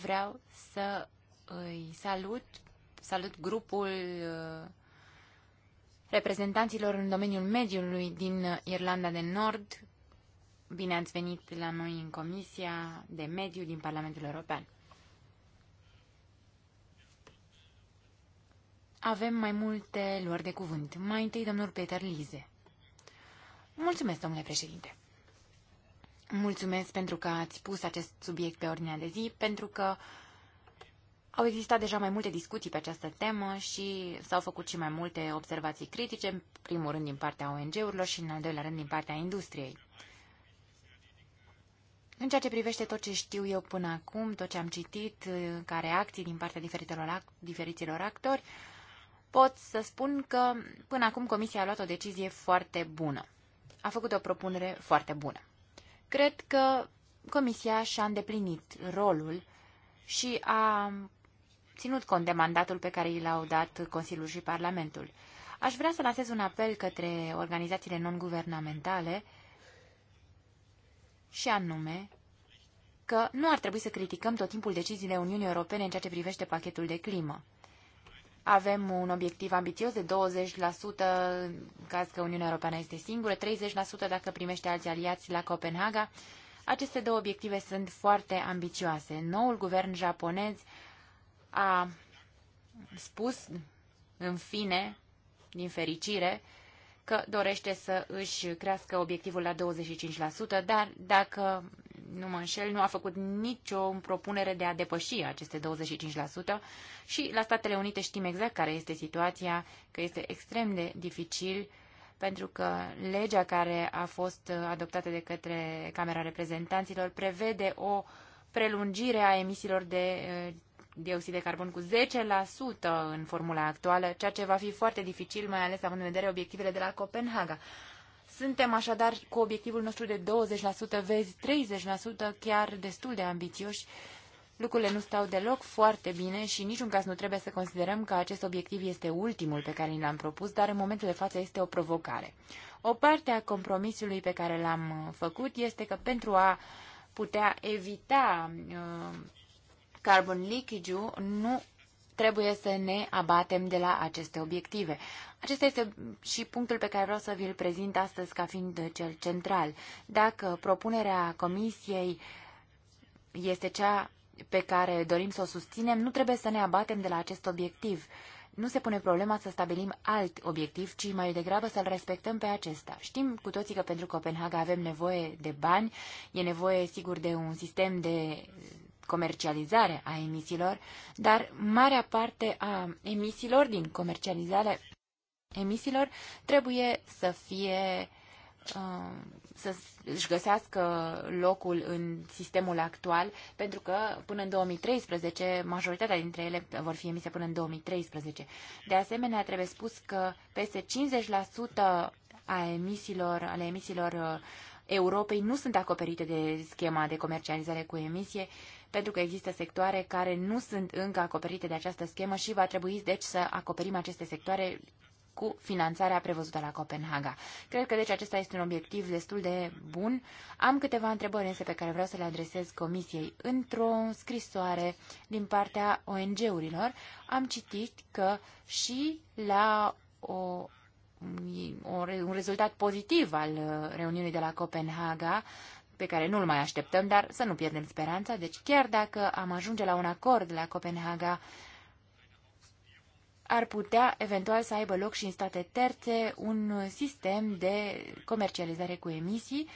C: vreau să îi salut, salut grupul uh, reprezentanților în domeniul mediului din Irlanda de Nord. Bine ați venit la noi în Comisia de Mediu din Parlamentul European. Avem mai multe luări de cuvânt. Mai întâi, domnul Peter Lize. Mulțumesc, domnule președinte. Mulțumesc pentru că ați pus acest subiect pe ordinea de zi, pentru că au existat deja mai multe discuții pe această temă și s-au făcut și mai multe observații critice, în primul rând din partea ONG-urilor și în al doilea rând din partea industriei. În ceea ce privește tot ce știu eu până acum, tot ce am citit uh, ca reacții din partea diferitelor act- diferiților actori, pot să spun că până acum Comisia a luat o decizie foarte bună. A făcut o propunere foarte bună. Cred că Comisia și-a îndeplinit rolul și a ținut cont de mandatul pe care i l-au dat Consiliul și Parlamentul. Aș vrea să lansez un apel către organizațiile non-guvernamentale și anume că nu ar trebui să criticăm tot timpul deciziile Uniunii Europene în ceea ce privește pachetul de climă. Avem un obiectiv ambițios de 20% în caz că Uniunea Europeană este singură, 30% dacă primește alți aliați la Copenhaga. Aceste două obiective sunt foarte ambițioase. Noul guvern japonez a spus, în fine, din fericire, că dorește să își crească obiectivul la 25%, dar dacă nu mă înșel, nu a făcut nicio propunere de a depăși aceste 25% și la Statele Unite știm exact care este situația, că este extrem de dificil pentru că legea care a fost adoptată de către Camera Reprezentanților prevede o prelungire a emisiilor de dioxid de carbon cu 10% în formula actuală, ceea ce va fi foarte dificil, mai ales având în vedere obiectivele de la Copenhaga. Suntem așadar cu obiectivul nostru de 20%, vezi 30%, chiar destul de ambițioși. Lucrurile nu stau deloc foarte bine și niciun caz nu trebuie să considerăm că acest obiectiv este ultimul pe care l-am propus, dar în momentul de față este o provocare. O parte a compromisului pe care l-am făcut este că pentru a putea evita uh, carbon leakage-ul, nu trebuie să ne abatem de la aceste obiective. Acesta este și punctul pe care vreau să vi-l prezint astăzi ca fiind cel central. Dacă propunerea Comisiei este cea pe care dorim să o susținem, nu trebuie să ne abatem de la acest obiectiv. Nu se pune problema să stabilim alt obiectiv, ci mai degrabă să-l respectăm pe acesta. Știm cu toții că pentru Copenhaga avem nevoie de bani, e nevoie, sigur, de un sistem de comercializare a emisiilor, dar marea parte a emisiilor din comercializare emisiilor trebuie să fie um, să își găsească locul în sistemul actual, pentru că până în 2013, majoritatea dintre ele vor fi emise până în 2013. De asemenea, trebuie spus că peste 50% a emisiilor, ale emisiilor uh, Europei nu sunt acoperite de schema de comercializare cu emisie pentru că există sectoare care nu sunt încă acoperite de această schemă și va trebui deci să acoperim aceste sectoare cu finanțarea prevăzută la Copenhaga. Cred că deci acesta este un obiectiv destul de bun. Am câteva întrebări însă pe care vreau să le adresez Comisiei. Într-o scrisoare din partea ONG-urilor am citit că și la o un rezultat pozitiv al reuniunii de la Copenhaga, pe care nu-l mai așteptăm, dar să nu pierdem speranța. Deci chiar dacă am ajunge la un acord la Copenhaga, ar putea eventual să aibă loc și în state terțe un sistem de comercializare cu emisii,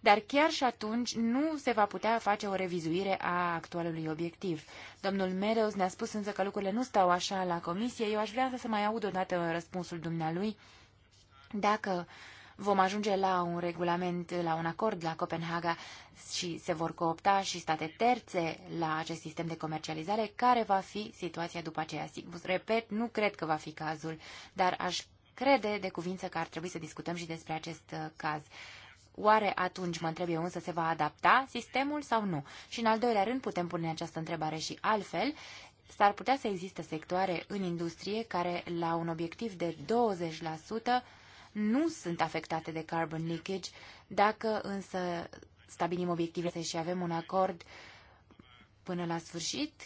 C: dar chiar și atunci nu se va putea face o revizuire a actualului obiectiv. Domnul Mereus ne-a spus însă că lucrurile nu stau așa la comisie. Eu aș vrea să mai aud odată răspunsul dumnealui. Dacă uh, vom ajunge la un regulament, la un acord la Copenhaga și se vor coopta și state terțe la acest sistem de comercializare, care va fi situația după aceea. Sigur, repet, nu cred că va fi cazul, dar aș crede de cuvință că ar trebui să discutăm și despre acest uh, caz. Oare atunci, mă întreb eu, însă se va adapta sistemul sau nu? Și în al doilea rând putem pune această întrebare și altfel. S-ar putea să existe sectoare în industrie care, la un obiectiv de 20%, nu sunt afectate de carbon leakage. Dacă însă stabilim obiectivele și avem un acord până la sfârșit,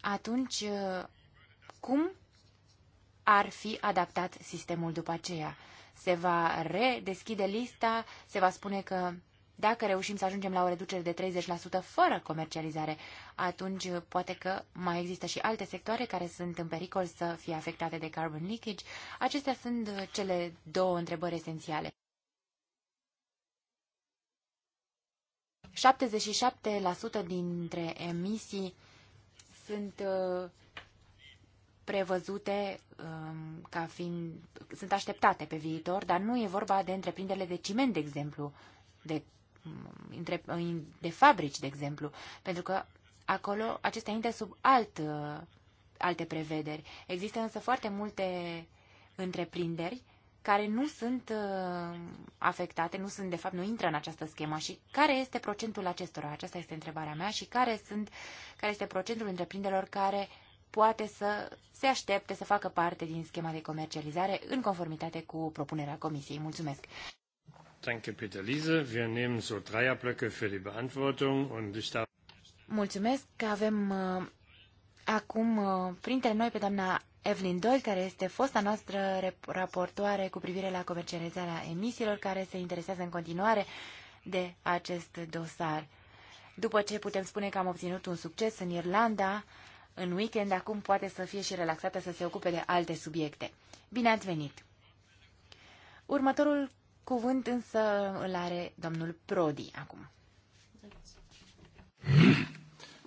C: atunci cum ar fi adaptat sistemul după aceea? Se va redeschide lista, se va spune că dacă reușim să ajungem la o reducere de 30% fără comercializare, atunci poate că mai există și alte sectoare care sunt în pericol să fie afectate de carbon leakage. Acestea sunt cele două întrebări esențiale. 77% dintre emisii sunt uh, prevăzute um, ca fiind, sunt așteptate pe viitor, dar nu e vorba de întreprinderile de ciment, de exemplu, de de fabrici, de exemplu, pentru că acolo acestea intră sub alt, uh, alte prevederi. Există însă foarte multe întreprinderi care nu sunt uh, afectate, nu sunt, de fapt, nu intră în această schemă. Și care este procentul acestora? Aceasta este întrebarea mea. Și care, sunt, care este procentul întreprinderilor care poate să se aștepte să facă parte din schema de comercializare în conformitate cu propunerea Comisiei. Mulțumesc!
A: Danke, Peter Liese. Wir nehmen so Dreierblöcke für die Beantwortung und ich darf...
C: Mulțumesc că avem uh, acum uh, printre noi pe doamna Evelyn Doyle, care este fosta noastră raportoare cu privire la comercializarea emisiilor, care se interesează în continuare de acest dosar. După ce putem spune că am obținut un succes în Irlanda, în weekend acum poate să fie și relaxată să se ocupe de alte subiecte. Bine ați venit! Următorul Cuvânt însă îl are domnul Prodi
D: acum.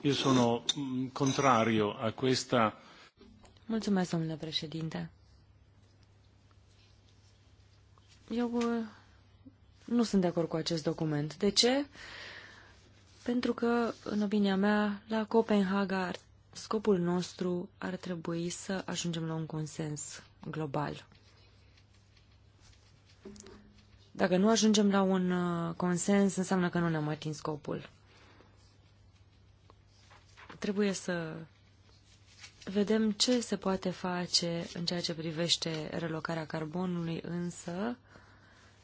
A: Eu sunt mm, contrario a questa...
D: Mulțumesc, domnule președinte. Eu uh, nu sunt de acord cu acest document. De ce? Pentru că, în opinia mea, la Copenhaga scopul nostru ar trebui să ajungem la un consens global. Dacă nu ajungem la un uh, consens, înseamnă că nu ne-am atins scopul. Trebuie să vedem ce se poate face în ceea ce privește relocarea carbonului, însă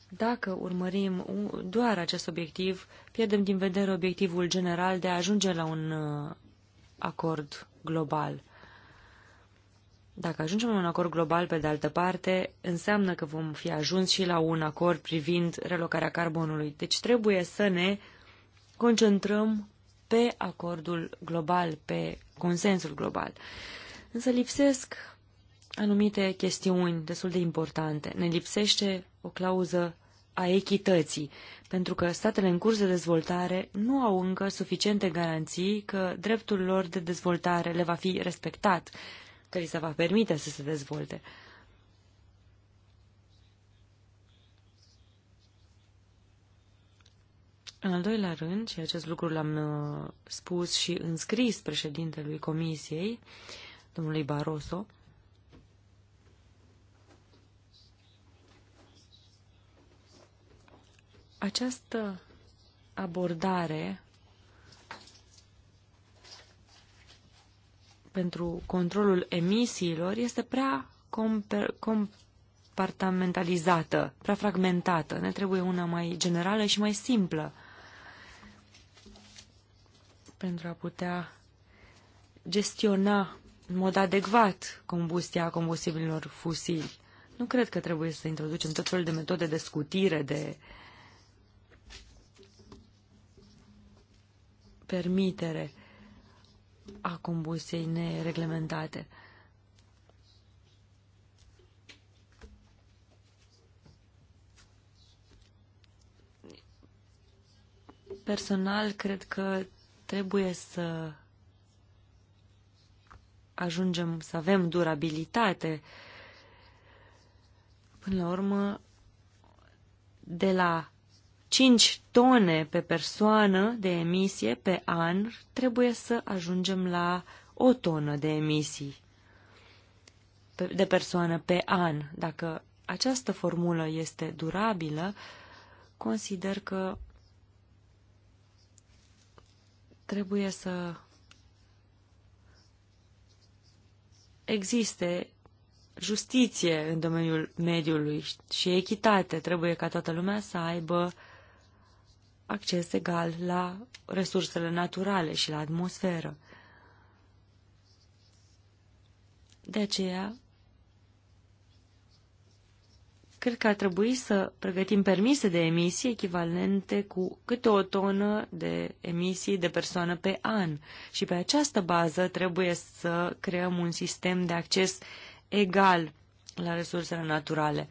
D: dacă urmărim doar acest obiectiv, pierdem din vedere obiectivul general de a ajunge la un uh, acord global. Dacă ajungem la un acord global, pe de altă parte, înseamnă că vom fi ajuns și la un acord privind relocarea carbonului. Deci trebuie să ne concentrăm pe acordul global, pe consensul global. Însă lipsesc anumite chestiuni destul de importante. Ne lipsește o clauză a echității, pentru că statele în curs de dezvoltare nu au încă suficiente garanții că dreptul lor de dezvoltare le va fi respectat că li se va permite să se dezvolte. În al doilea rând, și acest lucru l-am uh, spus și înscris președintelui Comisiei, domnului Barroso, această abordare pentru controlul emisiilor este prea compartamentalizată, prea fragmentată. Ne trebuie una mai generală și mai simplă pentru a putea gestiona în mod adecvat combustia combustibililor fusili. Nu cred că trebuie să introducem tot felul de metode de scutire, de permitere a combustiei nereglementate. Personal, cred că trebuie să ajungem să avem durabilitate. Până la urmă, de la 5 tone pe persoană de emisie pe an, trebuie să ajungem la o tonă de emisii de persoană pe an. Dacă această formulă este durabilă, consider că trebuie să existe justiție în domeniul mediului și echitate. Trebuie ca toată lumea să aibă acces egal la resursele naturale și la atmosferă. De aceea, cred că ar trebui să pregătim permise de emisie echivalente cu câte o tonă de emisii de persoană pe an. Și pe această bază trebuie să creăm un sistem de acces egal la resursele naturale.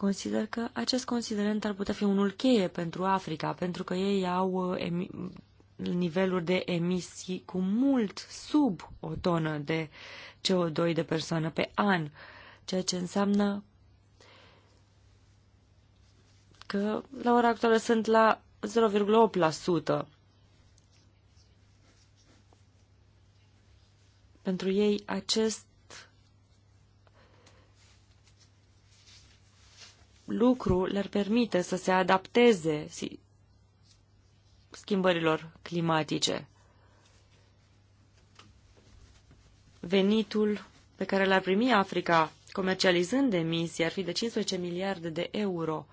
D: Consider că acest considerent ar putea fi unul cheie pentru Africa, pentru că ei au uh, niveluri de emisii cu mult sub o tonă de CO2 de persoană pe an, ceea ce înseamnă că la ora actuală sunt la 0,8%. Pentru ei acest lucru le-ar permite să se adapteze schimbărilor climatice. Venitul pe care l-ar primi Africa comercializând emisii ar fi de 15 miliarde de euro.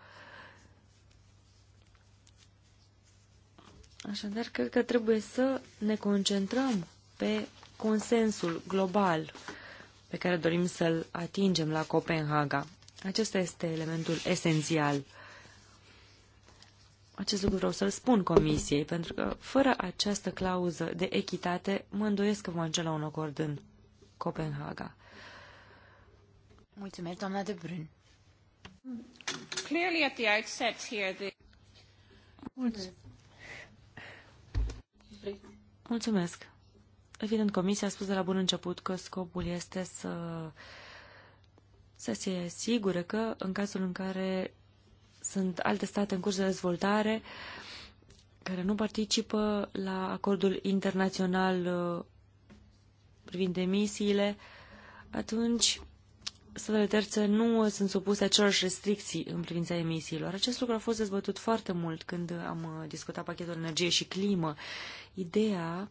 D: Așadar, cred că trebuie să ne concentrăm pe consensul global pe care dorim să-l atingem la Copenhaga. Acesta este elementul esențial. Acest lucru vreau să-l spun comisiei, pentru că fără această clauză de echitate, mă îndoiesc că vom ajunge la un acord în Copenhaga. Mulțumesc, doamna de Brun.
B: Clearly at the outset here the...
D: Mulțumesc. Evident, comisia a spus de la bun început că scopul este să uh, să se asigure că, în cazul în care sunt alte state în curs de dezvoltare care nu participă la acordul internațional uh, privind emisiile, atunci statele terțe nu sunt supuse acelorși restricții în privința emisiilor. Acest lucru a fost dezbătut foarte mult când am uh, discutat pachetul energie și climă. Ideea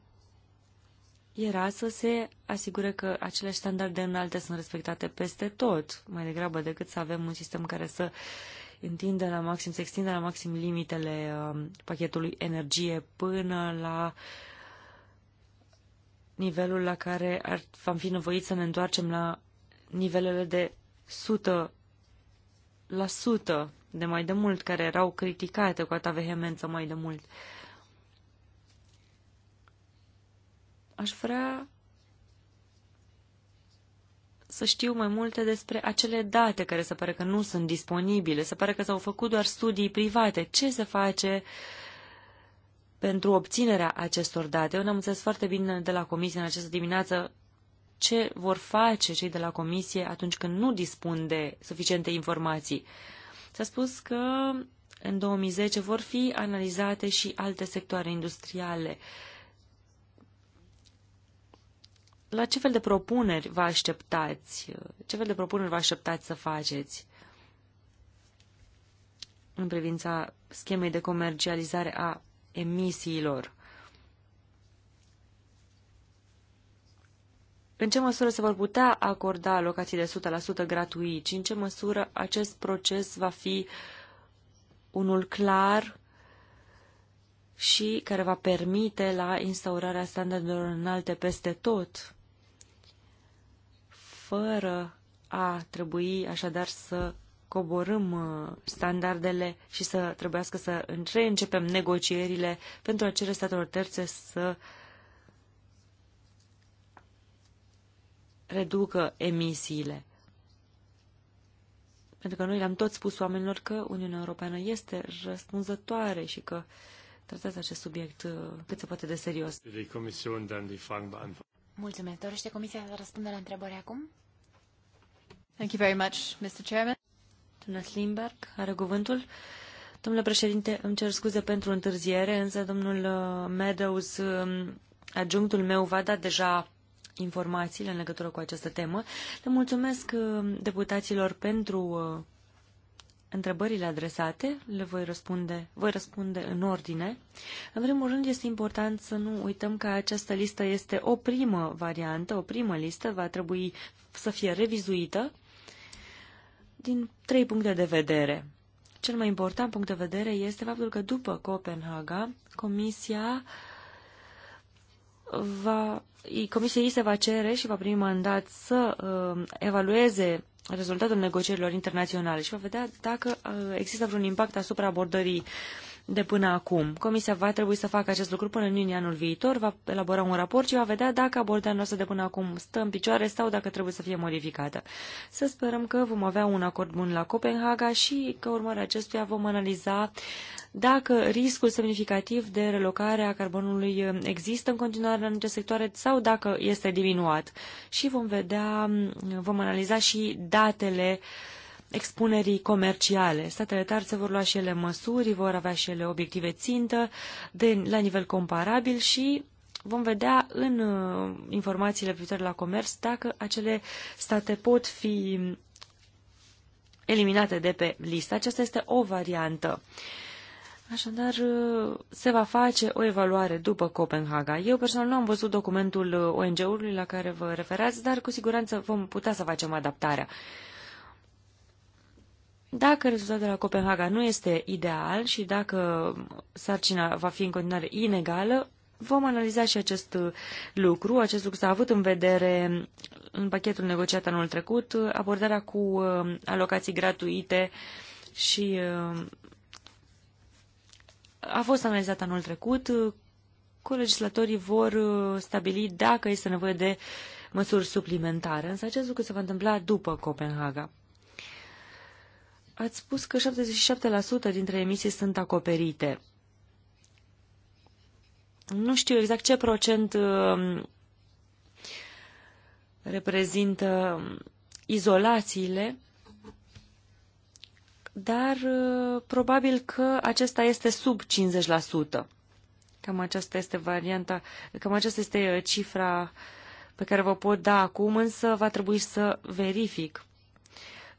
D: era să se asigure că aceleași standarde înalte sunt respectate peste tot, mai degrabă decât să avem un sistem care să întindă la maxim, să extindă la maxim limitele um, pachetului energie până la nivelul la care ar, am fi nevoit să ne întoarcem la nivelele de 100% la sută de mai de mult, care erau criticate cu atâta vehemență mai de mult. Uh, Aș vrea să știu mai multe despre acele date care se pare că nu sunt disponibile, se pare că s-au făcut doar studii private. Ce se face pentru obținerea acestor date? Eu n-am înțeles foarte bine de la comisie în această dimineață ce vor face cei de la comisie atunci când nu dispun de suficiente informații. S-a spus că în 2010 vor fi analizate și alte sectoare industriale. Uh, la ce fel de propuneri vă așteptați? Ce fel de propuneri vă așteptați să faceți în privința schemei de comercializare a emisiilor? În ce măsură se vor putea acorda locații de 100% gratuit și în ce măsură acest proces va fi unul clar și care va permite la instaurarea standardelor înalte peste tot? fără a trebui așadar să coborâm uh, standardele și să trebuiască să într-începem negocierile pentru a cere statelor terțe să reducă emisiile. Pentru că noi le-am tot spus oamenilor că Uniunea Europeană este răspunzătoare și că tratați acest subiect uh, cât se poate de serios.
C: Mulțumesc. Dorește Comisia să răspundă la întrebări acum?
D: Doamna Slimberg are cuvântul. Domnule președinte, îmi cer scuze pentru întârziere, însă domnul uh, Meadows, um, adjunctul meu, va da deja informațiile în legătură cu această temă. Le mulțumesc uh, deputaților pentru uh, întrebările adresate, le voi răspunde, voi răspunde în ordine. În primul rând, este important să nu uităm că această listă este o primă variantă, o primă listă, va trebui să fie revizuită din trei puncte de vedere. Cel mai important punct de vedere este faptul că după Copenhaga, Comisia va, Comisiei se va cere și va primi mandat să uh, evalueze rezultatul negocierilor internaționale și va vedea dacă uh, există vreun impact asupra abordării uh, de până acum. Comisia va trebui să facă acest lucru până în iunie anul viitor, va elabora un raport și va vedea dacă abordarea noastră de până acum stă în picioare sau dacă trebuie să fie modificată. Să sperăm că vom avea un acord bun la Copenhaga și că urmare acestuia vom analiza dacă riscul semnificativ de relocare a carbonului există în continuare în aceste sectoare sau dacă este diminuat. Și vom vedea, vom analiza și datele uh, expunerii comerciale. Statele se vor lua și ele măsuri, vor avea și ele obiective țintă de, la nivel comparabil și vom vedea în uh, informațiile privitoare la comerț dacă acele state pot fi eliminate de pe listă. Aceasta este o variantă. Așadar, uh, se va face o evaluare după Copenhaga. Eu personal nu am văzut documentul uh, ONG-ului la care vă referați, dar cu siguranță vom putea să facem adaptarea. Dacă rezultatul la Copenhaga nu este ideal și dacă sarcina va fi în continuare inegală, vom analiza și acest lucru. Acest lucru s-a avut în vedere în pachetul negociat anul trecut, abordarea cu uh, alocații gratuite și uh, a fost analizat anul trecut. Colegislatorii vor uh, stabili dacă este nevoie de măsuri suplimentare, însă acest lucru se va întâmpla după Copenhaga. Ați spus că 77% dintre emisii sunt acoperite. Nu știu exact ce procent um, reprezintă um, izolațiile, dar uh, probabil că acesta este sub 50%. Cam aceasta este varianta, cam aceasta este uh, cifra pe care vă pot da acum, însă va trebui să verific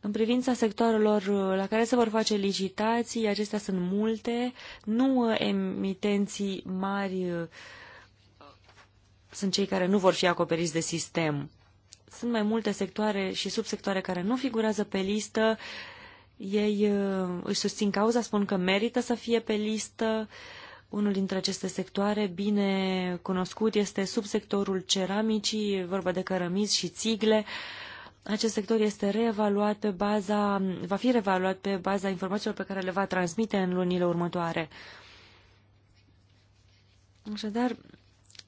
D: în privința sectoarelor uh, la care se vor face licitații, acestea sunt multe, nu uh, emitenții mari uh, sunt cei care nu vor fi acoperiți de sistem. Sunt mai multe sectoare și subsectoare care nu figurează pe listă, ei își susțin cauza, spun că merită să fie pe listă. Unul dintre aceste sectoare bine cunoscut este subsectorul ceramicii, vorba de cărămizi și țigle. Uh, acest sector este reevaluat pe baza, va fi reevaluat pe baza informațiilor pe care le va transmite în lunile următoare. Așadar,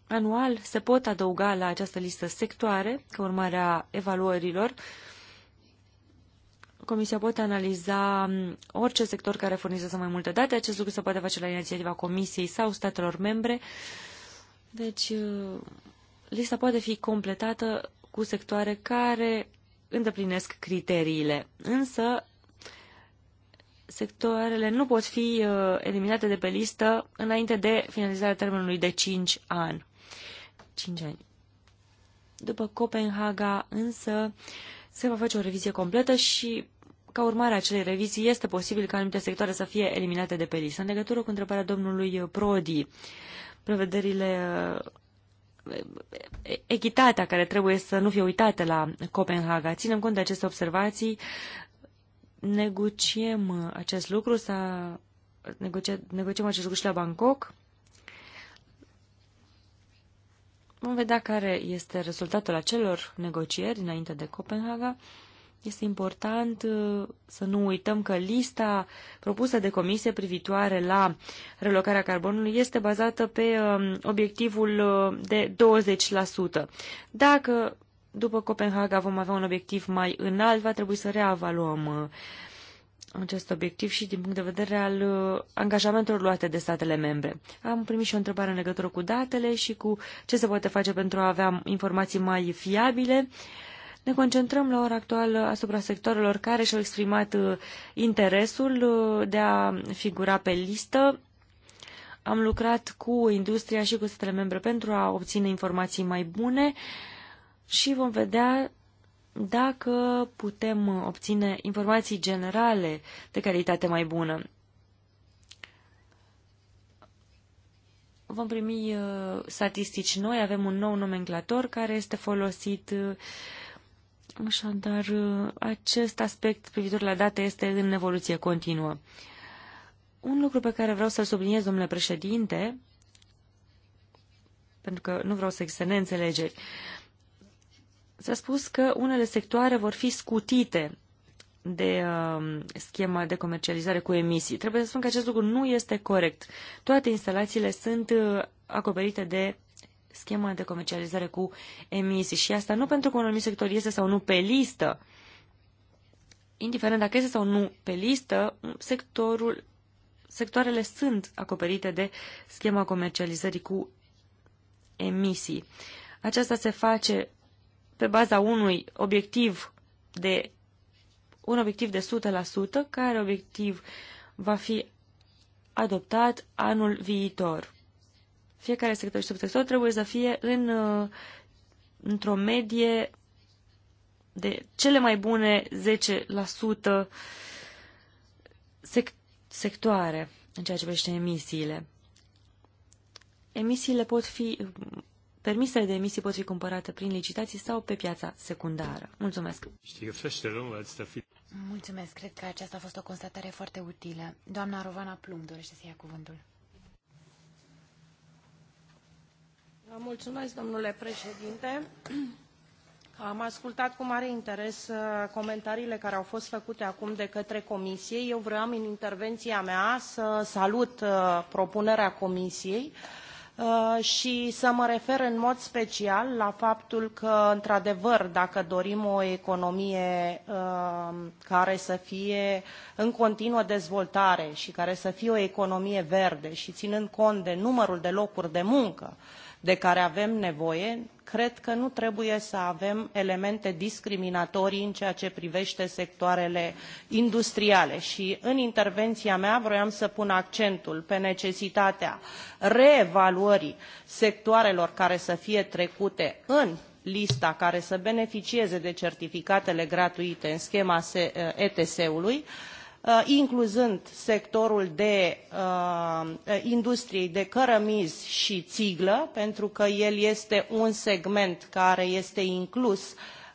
D: anual se pot adăuga la această listă sectoare, ca urmare a evaluărilor. Comisia poate analiza orice sector care furnizează mai multe date. Acest lucru se poate face la inițiativa Comisiei sau statelor membre. Deci, lista poate fi completată cu sectoare care îndeplinesc criteriile. Însă, sectoarele nu pot fi uh, eliminate de pe listă înainte de finalizarea termenului de 5 ani. 5 ani. După Copenhaga, însă, se va face o revizie completă și, ca urmare a acelei revizii, este posibil ca anumite sectoare să fie eliminate de pe listă. În legătură cu întrebarea domnului Prodi, prevederile echitatea care trebuie să nu fie uitată la Copenhaga. Ținem cont de aceste observații, negociem acest lucru, să negocie, negociem acest lucru și la Bangkok. Vom vedea care este rezultatul acelor negocieri înainte de Copenhaga. Este important uh, să nu uităm că lista propusă de comisie privitoare la relocarea carbonului este bazată pe um, obiectivul uh, de 20%. Dacă după Copenhaga vom avea un obiectiv mai înalt, va trebui să reavaluăm uh, acest obiectiv și din punct de vedere al angajamentelor luate de statele membre. Am primit și o întrebare în legătură cu datele și cu ce se poate face pentru a avea informații mai fiabile. Uh, ne concentrăm la ora actuală asupra sectorilor care și-au exprimat uh, interesul uh, de a figura pe listă. Am lucrat cu industria și cu statele membre pentru a obține informații mai bune și vom vedea dacă putem obține informații generale de calitate mai bună. Vom primi uh, statistici noi, avem un nou nomenclator care este folosit uh, Așadar, uh, acest aspect privitor la date este în evoluție continuă. Un lucru pe care vreau să-l subliniez, domnule președinte, pentru că nu vreau să existe neînțelegeri, s-a spus că unele sectoare vor fi scutite de uh, schema de comercializare cu emisii. Trebuie să spun că acest lucru nu este corect. Toate instalațiile sunt uh, acoperite de schema de comercializare cu emisii și asta nu pentru că un anumit sector este sau nu pe listă. Indiferent dacă este sau nu pe listă, sectorul, sectoarele sunt acoperite de schema comercializării cu emisii. Aceasta se face pe baza unui obiectiv de un obiectiv de 100%, care obiectiv va fi adoptat anul viitor. Fiecare sector și subsector trebuie să fie în, uh, într-o medie de cele mai bune 10% sec- sectoare în ceea ce privește emisiile. Emisiile pot fi, permisele de emisii pot fi cumpărate prin licitații sau pe piața secundară. Mulțumesc!
C: Mulțumesc, cred că aceasta a fost o constatare foarte utilă. Doamna Rovana Plum dorește să ia cuvântul.
A: Da, mulțumesc, domnule președinte. Am ascultat cu mare interes uh, comentariile care au fost făcute acum de către Comisie. Eu vreau în intervenția mea să salut uh, propunerea Comisiei uh, și să mă refer în mod special la faptul că, într-adevăr, dacă dorim o economie care să fie în continuă dezvoltare și care să fie o economie verde și ținând cont de numărul de locuri de muncă, de care avem nevoie cred că nu trebuie să avem elemente discriminatorii în ceea ce privește sectoarele industriale și în intervenția mea vroiam să pun accentul pe necesitatea reevaluării sectoarelor care să fie trecute în lista care să beneficieze de certificatele gratuite în schema ETS-ului, eh, Uh, incluzând sectorul de uh, industriei de cărămizi și țiglă, pentru că el este un segment care este inclus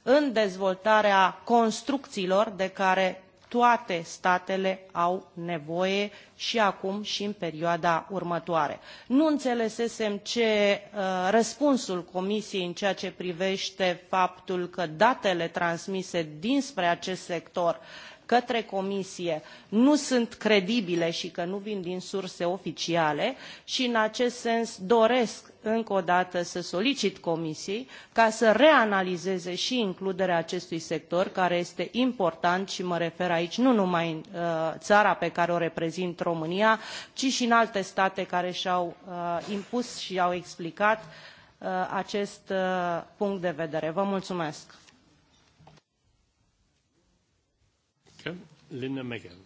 A: în dezvoltarea construcțiilor de care toate statele au nevoie și acum și în perioada următoare. Nu înțelesesem ce uh, răspunsul Comisiei în ceea ce privește faptul că datele transmise dinspre acest sector uh, către Comisie nu sunt credibile și că nu vin din surse oficiale și în acest sens doresc încă o dată să solicit Comisiei ca să reanalizeze și includerea acestui sector care este important și mă refer aici nu numai în uh, țara pe care o reprezint România, ci și în alte state care și-au uh, impus și au explicat uh, acest uh, punct de vedere. Vă mulțumesc! Linda McEwen.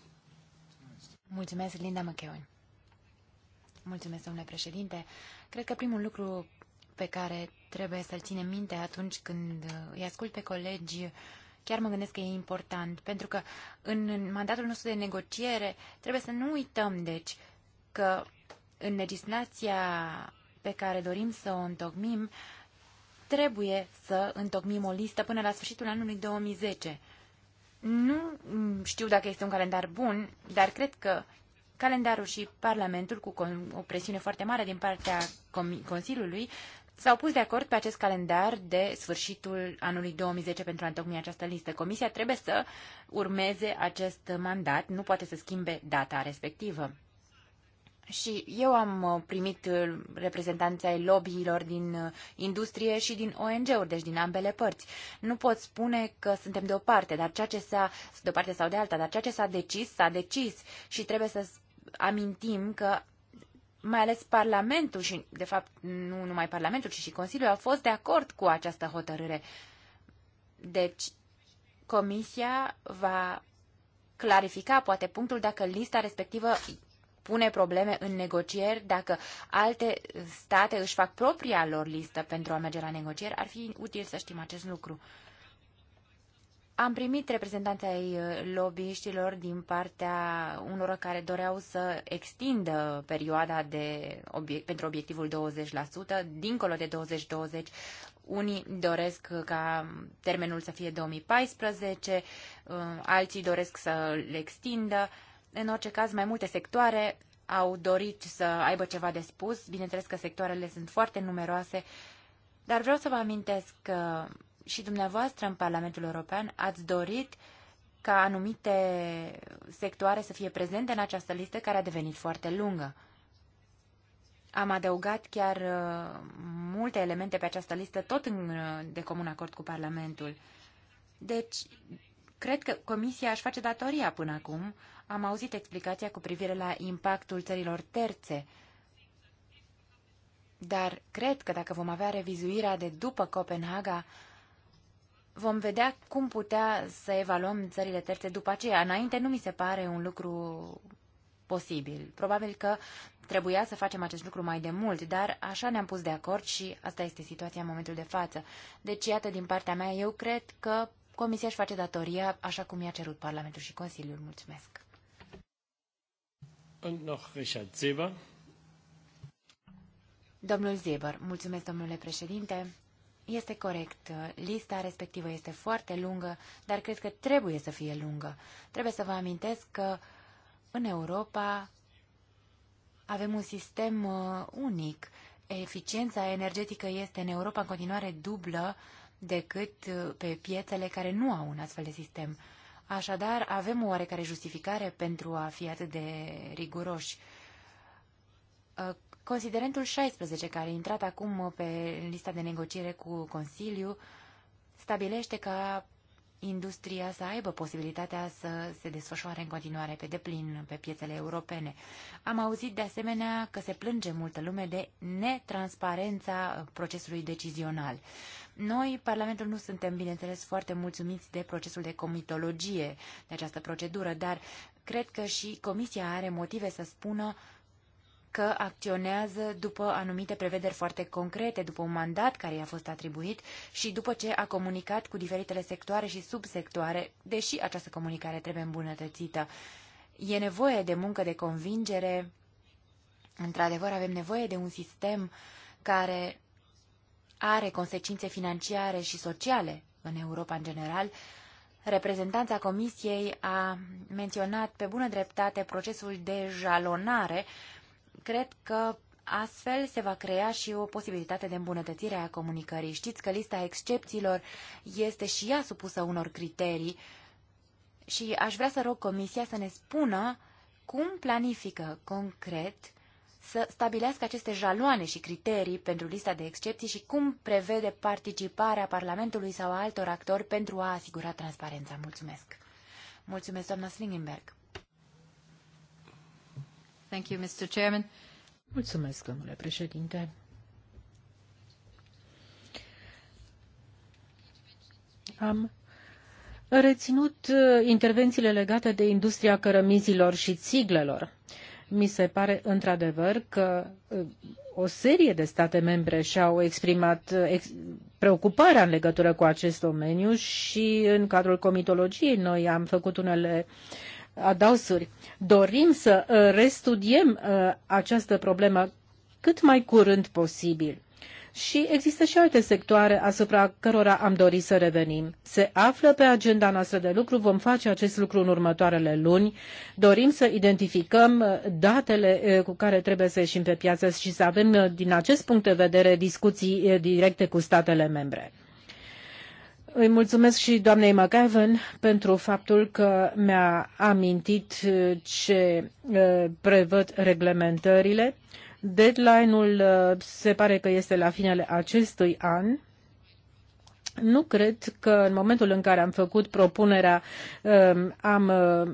C: Mulțumesc, Linda McEwen. Mulțumesc, domnule președinte. Cred că primul lucru pe care trebuie să-l ținem minte atunci când îi ascult pe colegi chiar mă gândesc că e important, pentru că în mandatul nostru de negociere trebuie să nu uităm, deci, că în legislația pe care dorim să o întocmim, trebuie să întocmim o listă până la sfârșitul anului 2010. Nu mm, știu dacă este un calendar bun, dar cred că calendarul și Parlamentul, cu o presiune foarte mare din partea Consiliului, S-au pus de acord pe acest calendar de sfârșitul anului 2010 pentru a întocmi această listă. Comisia trebuie să urmeze acest mandat, nu poate să schimbe data respectivă. Și eu am uh, primit uh, reprezentanța ai lobbyilor din uh, industrie și din ONG-uri, deci din ambele părți. Nu pot spune că suntem de o parte, dar ceea ce s-a, de o parte sau de alta, dar ceea ce s-a decis, s-a decis și trebuie să amintim că mai ales Parlamentul și, de fapt, nu numai Parlamentul, ci și Consiliul a fost de acord cu această hotărâre. Deci, Comisia va clarifica, poate, punctul dacă lista respectivă pune probleme în negocieri dacă alte state își fac propria lor listă pentru a merge la negocieri. Ar fi util să știm acest lucru. Am primit reprezentanții ai uh, lobbyiștilor din partea unor care doreau să extindă perioada de obiect, pentru obiectivul 20%, dincolo de 2020. -20, unii doresc ca termenul să fie 2014, uh, alții doresc să le extindă. În orice caz, mai multe sectoare au dorit să aibă ceva de spus. Bineînțeles că sectoarele sunt foarte numeroase, dar vreau să vă amintesc că și dumneavoastră în Parlamentul European ați dorit ca anumite sectoare să fie prezente în această listă care a devenit foarte lungă. Am adăugat chiar uh, multe elemente pe această listă, tot în, uh, de comun acord cu Parlamentul. Deci, cred că Comisia își face datoria până acum am auzit explicația cu privire la impactul țărilor terțe, dar cred că dacă vom avea revizuirea de după Copenhaga, vom vedea cum putea să evaluăm țările terțe după aceea. Înainte nu mi se pare un lucru posibil. Probabil că trebuia să facem acest lucru mai de mult, dar așa ne-am pus de acord și asta este situația în momentul de față. Deci, iată, din partea mea, eu cred că Comisia își face datoria așa cum i-a cerut Parlamentul și Consiliul. Mulțumesc!
A: Und noch Richard Seber.
C: Domnul Zeber, mulțumesc, domnule președinte. Este corect. Lista respectivă este foarte lungă, dar cred că trebuie să fie lungă. Trebuie să vă amintesc că în Europa avem un sistem uh, unic. Eficiența energetică este în Europa în continuare dublă decât uh, pe piețele care nu au un astfel de sistem. Așadar, avem o oarecare justificare pentru a fi atât de riguroși. Uh, considerentul 16, care a intrat acum uh, pe lista de negociere cu Consiliu, stabilește ca industria să aibă posibilitatea să se desfășoare în continuare pe deplin pe piețele europene. Am auzit de asemenea că se plânge multă lume de netransparența procesului decizional. Noi, Parlamentul, nu suntem, bineînțeles, foarte mulțumiți de procesul de comitologie, de această procedură, dar cred că și Comisia are motive să spună că acționează după anumite prevederi foarte concrete, după un mandat care i-a fost atribuit și după ce a comunicat cu diferitele sectoare și subsectoare, deși această comunicare trebuie îmbunătățită. E nevoie de muncă de convingere. Într-adevăr, avem nevoie de un sistem care are consecințe financiare și sociale în Europa în general, reprezentanța Comisiei a menționat pe bună dreptate procesul de jalonare. Cred că Astfel se va crea și o posibilitate de îmbunătățire a comunicării. Știți că lista excepțiilor este și ea supusă unor criterii și aș vrea să rog Comisia să ne spună cum planifică concret să stabilească aceste jaloane și criterii pentru lista de excepții și cum prevede participarea Parlamentului sau a altor actori pentru a asigura transparența. Mulțumesc. Mulțumesc, doamna Slingenberg. Thank you, Mr. Chairman.
B: Mulțumesc, domnule președinte. Am reținut uh, intervențiile legate de industria cărămizilor și țiglelor mi se pare într-adevăr că uh, o serie de state membre și-au exprimat uh, ex- preocuparea în legătură cu acest domeniu și în cadrul comitologiei noi am făcut unele adausuri. Dorim să uh, restudiem această problemă cât mai curând posibil și există și alte sectoare asupra cărora am dorit să revenim. Se află pe agenda noastră de lucru, vom face acest lucru în următoarele luni. Dorim să identificăm uh, datele uh, cu care trebuie să ieșim pe piață și să avem, uh, din acest punct de vedere, discuții directe cu statele membre. Îi mulțumesc și doamnei McGavin pentru faptul că mi-a amintit ce prevăd reglementările. Deadline-ul uh, se pare că este la finele acestui an. Nu cred că în momentul în care am făcut propunerea um, am uh,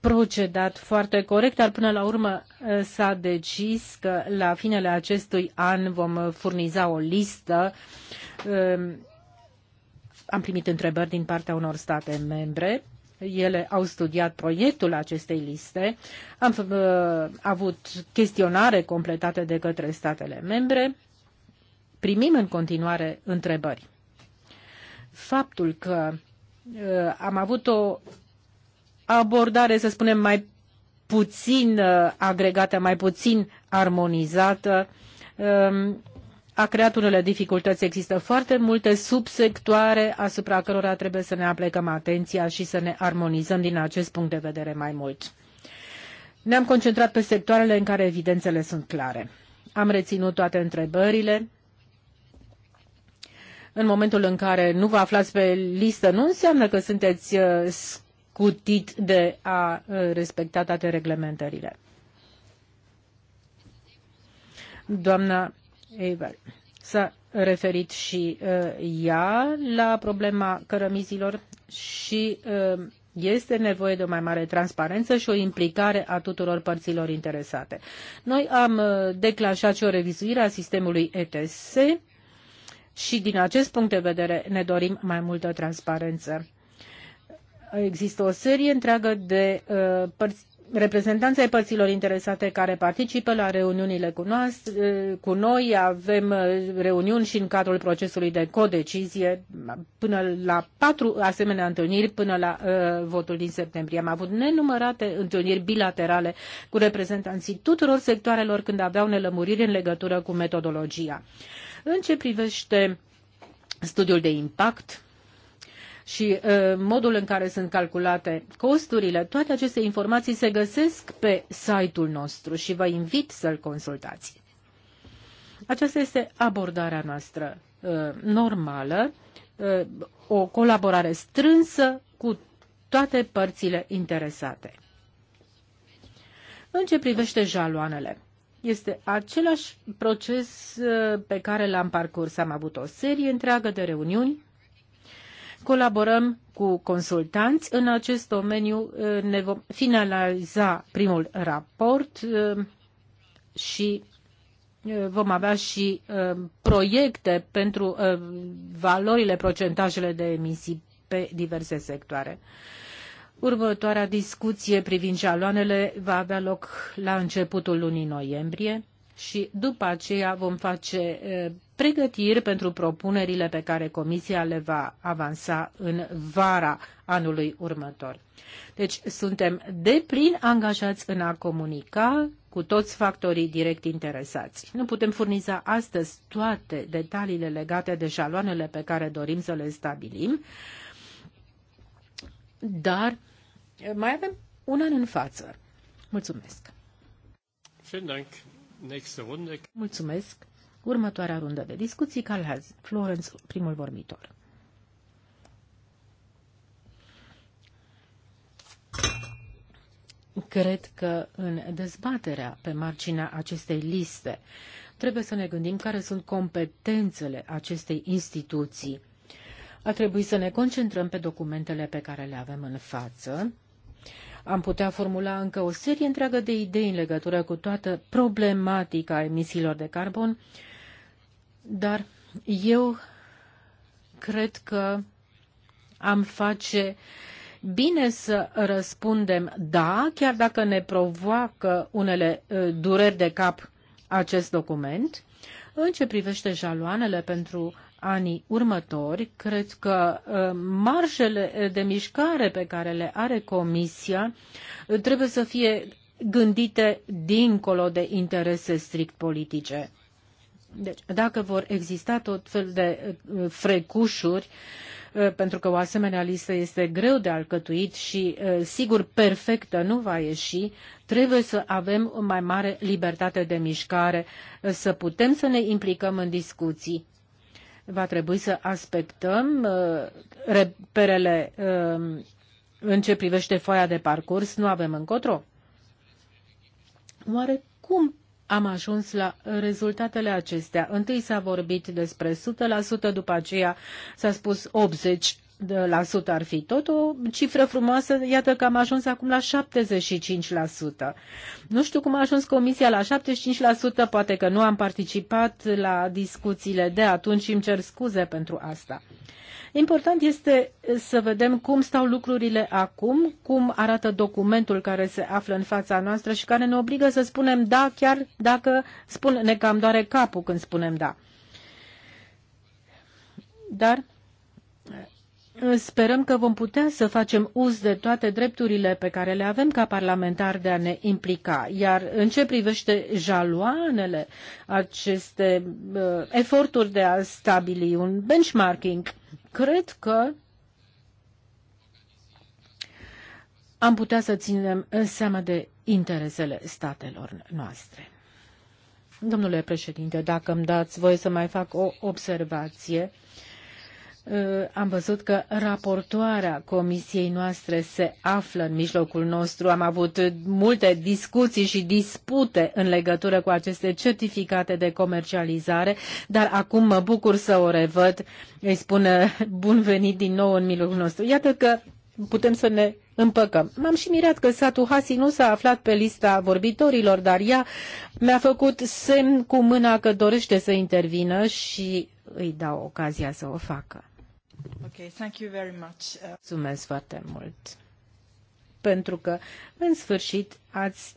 B: procedat foarte corect, dar până la urmă uh, s-a decis că la finele acestui an vom furniza o listă. Um, am primit întrebări din partea unor state membre ele au studiat proiectul acestei liste, am uh, avut chestionare completate de către statele membre, primim în continuare întrebări. Faptul că uh, am avut o abordare, să spunem, mai puțin uh, agregată, mai puțin armonizată, um, a creat unele dificultăți. Există foarte multe subsectoare asupra cărora trebuie să ne aplecăm atenția și să ne armonizăm din acest punct de vedere mai mult. Ne-am concentrat pe sectoarele în care evidențele sunt clare. Am reținut toate întrebările. În momentul în care nu vă aflați pe listă, nu înseamnă că sunteți uh, scutit de a uh, respecta toate reglementările. Doamna Eivar s-a referit și uh, ea la problema cărămizilor și uh, este nevoie de o mai mare transparență și o implicare a tuturor părților interesate. Noi am uh, declanșat și o revizuire a sistemului ETS și din acest punct de vedere ne dorim mai multă transparență. Există o serie întreagă de uh, părți reprezentanți ai părților interesate care participă la reuniunile cu, cu noi. Avem uh, reuniuni și în cadrul procesului de codecizie până la patru asemenea întâlniri până la uh, votul din septembrie. Am avut nenumărate întâlniri bilaterale cu reprezentanții tuturor sectoarelor când aveau nelămuriri în legătură cu metodologia. În ce privește studiul de impact, și uh, modul în care sunt calculate costurile, toate aceste informații se găsesc pe site-ul nostru și vă invit să-l consultați. Aceasta este abordarea noastră uh, normală, uh, o colaborare strânsă cu toate părțile interesate. În ce privește jaloanele, este același proces pe care l-am parcurs. Am avut o serie întreagă de reuniuni Colaborăm cu consultanți în acest domeniu. Uh, ne vom finaliza primul raport uh, și uh, vom avea și proiecte pentru valorile, procentajele de emisii pe diverse sectoare. Următoarea discuție privind jaloanele va avea loc la începutul lunii noiembrie și după aceea vom face pregătiri pentru propunerile pe care Comisia le va avansa în vara anului următor. Deci suntem deplin angajați în a comunica cu toți factorii direct interesați. Nu putem furniza astăzi toate detaliile legate de șaloanele pe care dorim să le stabilim, dar mai avem un an în față. Mulțumesc! Vielen Dank. Mulțumesc. Următoarea rundă de discuții, Calhaz. Florence, primul vorbitor. Cred că în dezbaterea pe marginea acestei liste trebuie să ne gândim care sunt competențele acestei instituții. A trebuit să ne concentrăm pe documentele pe care le avem în față am putea formula încă o serie întreagă de idei în legătură cu toată problematica emisiilor de carbon, dar eu cred că am face bine să răspundem da, chiar dacă ne provoacă unele dureri de cap acest document. În ce privește jaloanele pentru anii următori, cred că uh, marjele de mișcare pe care le are Comisia uh, trebuie să fie gândite dincolo de interese strict politice. Deci, dacă vor exista tot fel de uh, frecușuri, pentru că o asemenea listă este greu de alcătuit și, sigur, perfectă nu va ieși, trebuie să avem o mai mare libertate de mișcare, să putem să ne implicăm în discuții va trebui să aspectăm uh, reperele uh, în ce privește foaia de parcurs, nu avem încotro. Oare cum am ajuns la rezultatele acestea? Întâi s-a vorbit despre 100%, după aceea s-a spus 80 ar fi tot o cifră frumoasă, iată că am ajuns acum la 75%. Nu știu cum a ajuns comisia la 75%, poate că nu am participat la discuțiile de atunci și îmi cer scuze pentru asta. Important este să vedem cum stau lucrurile acum, cum arată documentul care se află în fața noastră și care ne obligă să spunem da, chiar dacă spun, ne cam doare capul când spunem da. Dar sperăm că vom putea să facem uz de toate drepturile pe care le avem ca parlamentari de a ne implica. Iar în ce privește jaloanele, aceste uh, eforturi de a stabili un benchmarking, cred că am putea să ținem seama de interesele statelor noastre. Domnule președinte, dacă îmi dați voie să mai fac o observație, uh, am văzut că raportoarea comisiei noastre se află în mijlocul nostru. Am avut multe discuții și dispute în legătură cu aceste certificate de comercializare, dar acum mă bucur să o revăd. Îi spun bun venit din nou în mijlocul nostru. Iată că putem să ne împăcăm. M-am și mirat că satul Hasi nu s-a aflat pe lista vorbitorilor, dar ea mi-a făcut semn cu mâna că dorește să intervină și îi dau ocazia să o facă. Okay, thank you very much. Uh, mulțumesc foarte mult. Pentru că, în sfârșit, ați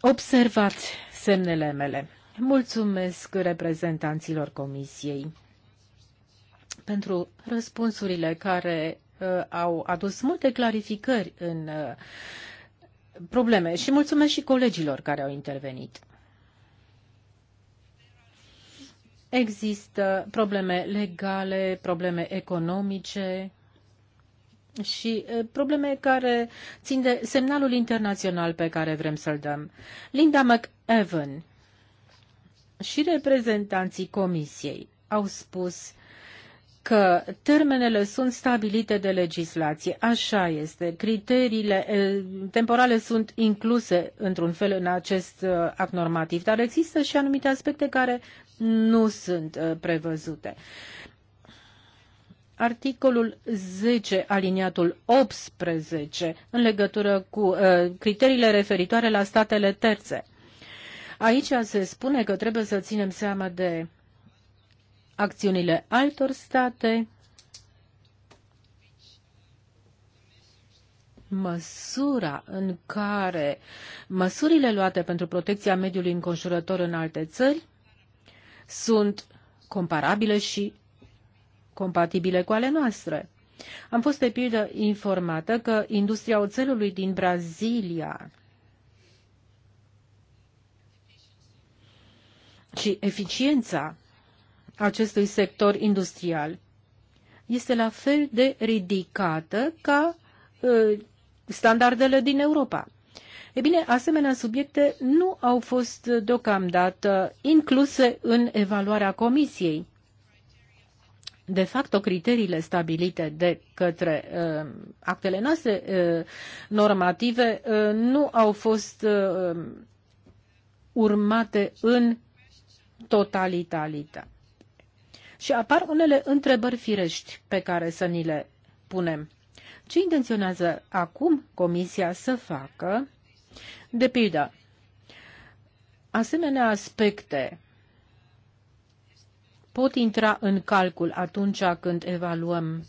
B: observat semnele mele. Mulțumesc reprezentanților Comisiei pentru răspunsurile care uh, au adus multe clarificări în uh, probleme și mulțumesc și colegilor care au intervenit. Există probleme legale, probleme economice și probleme care țin de semnalul internațional pe care vrem să-l dăm. Linda McEwan și reprezentanții Comisiei au spus că termenele sunt stabilite de legislație. Așa este. Criteriile temporale sunt incluse într-un fel în acest act normativ, dar există și anumite aspecte care nu sunt uh, prevăzute. Articolul 10, aliniatul 18, în legătură cu uh, criteriile referitoare la statele terțe. Aici se spune că trebuie să ținem seama de acțiunile altor state, măsura în care măsurile luate pentru protecția mediului înconjurător în alte țări sunt comparabile și compatibile cu ale noastre. Am fost de pildă informată că industria oțelului din Brazilia și eficiența acestui sector industrial este la fel de ridicată ca ă, standardele din Europa. E bine, asemenea subiecte nu au fost deocamdată incluse în evaluarea comisiei. De fapt, criteriile stabilite de către uh, actele noastre uh, normative uh, nu au fost uh, urmate în totalitate. Și apar unele întrebări firești pe care să ni le punem. Ce intenționează acum Comisia să facă de pildă, asemenea aspecte pot intra în calcul atunci când evaluăm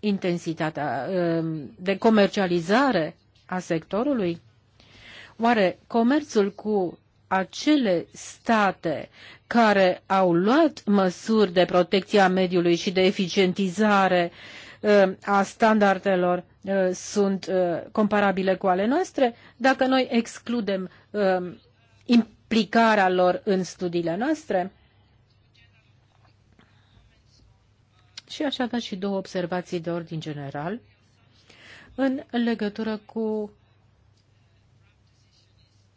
B: intensitatea uh, de comercializare a sectorului? Oare comerțul cu acele state care au luat măsuri de protecție a mediului și de eficientizare uh, a standardelor uh, sunt uh, comparabile cu ale noastre, dacă noi excludem um, implicarea lor în studiile noastre. Și aș avea și două observații de ordin general în legătură cu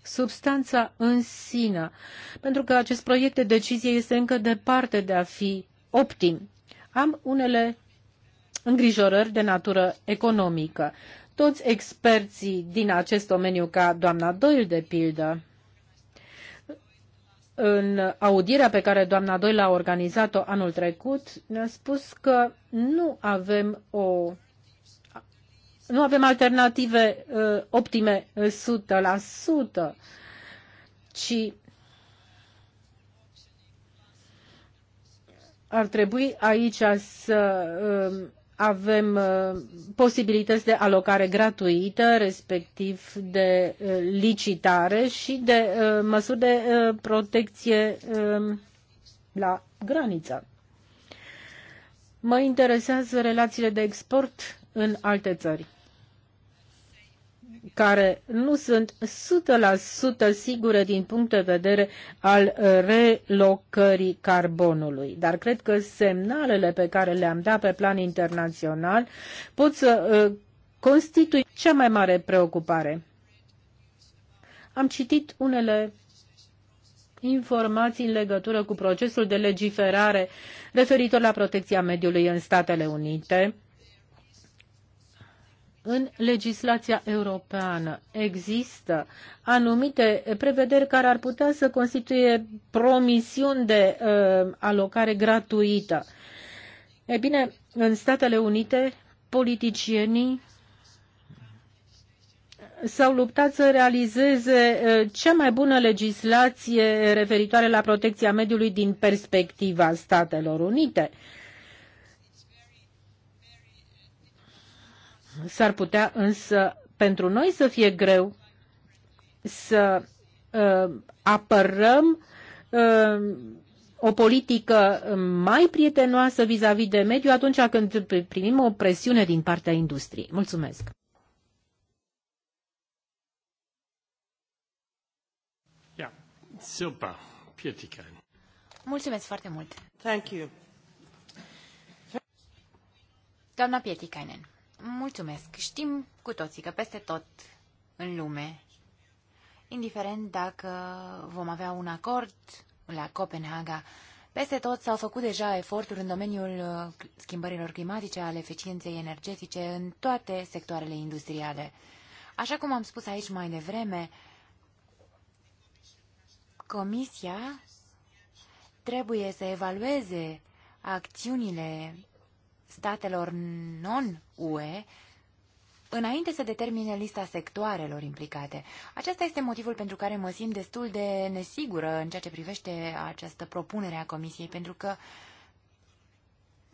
B: substanța în sine, pentru că acest proiect de decizie este încă departe de a fi optim. Am unele îngrijorări de natură economică. Toți experții din acest domeniu, ca doamna Doyle, de pildă, în audierea pe care doamna Doyle a organizat-o anul trecut, ne-a spus că nu avem o nu avem alternative uh, optime 100%, uh, ci ar trebui aici să uh, avem uh, posibilități de alocare gratuită, respectiv de uh, licitare și de uh, măsuri de protecție um, la graniță. Mă interesează relațiile de export în alte țări care nu sunt 100% sigure din punct de vedere al relocării carbonului. Dar cred că semnalele pe care le-am dat pe plan internațional pot să uh, constituie cea mai mare preocupare. Am citit unele informații în legătură cu procesul de legiferare referitor la protecția mediului în Statele Unite în legislația europeană există anumite prevederi care ar putea să constituie promisiuni de uh, alocare gratuită. E bine, în Statele Unite, politicienii s-au luptat să realizeze uh, cea mai bună legislație referitoare la protecția mediului din perspectiva Statelor Unite. Uh, S-ar putea însă pentru noi să fie greu să uh, apărăm uh, o politică mai prietenoasă vis-a-vis -vis de mediu atunci când primim o presiune din partea industriei. Mulțumesc!
C: Mulțumesc foarte mult! Thank you! Doamna Pieticainen. Mulțumesc. Știm cu toții că peste tot în lume, indiferent dacă vom avea un acord la Copenhaga, peste tot s-au făcut deja eforturi în domeniul uh, schimbărilor climatice, al eficienței energetice, în toate sectoarele industriale. Așa cum am spus aici mai devreme, Comisia trebuie să evalueze acțiunile statelor non-UE înainte să determine lista sectoarelor implicate. Acesta este motivul pentru care mă simt destul de nesigură în ceea ce privește această propunere a Comisiei, pentru că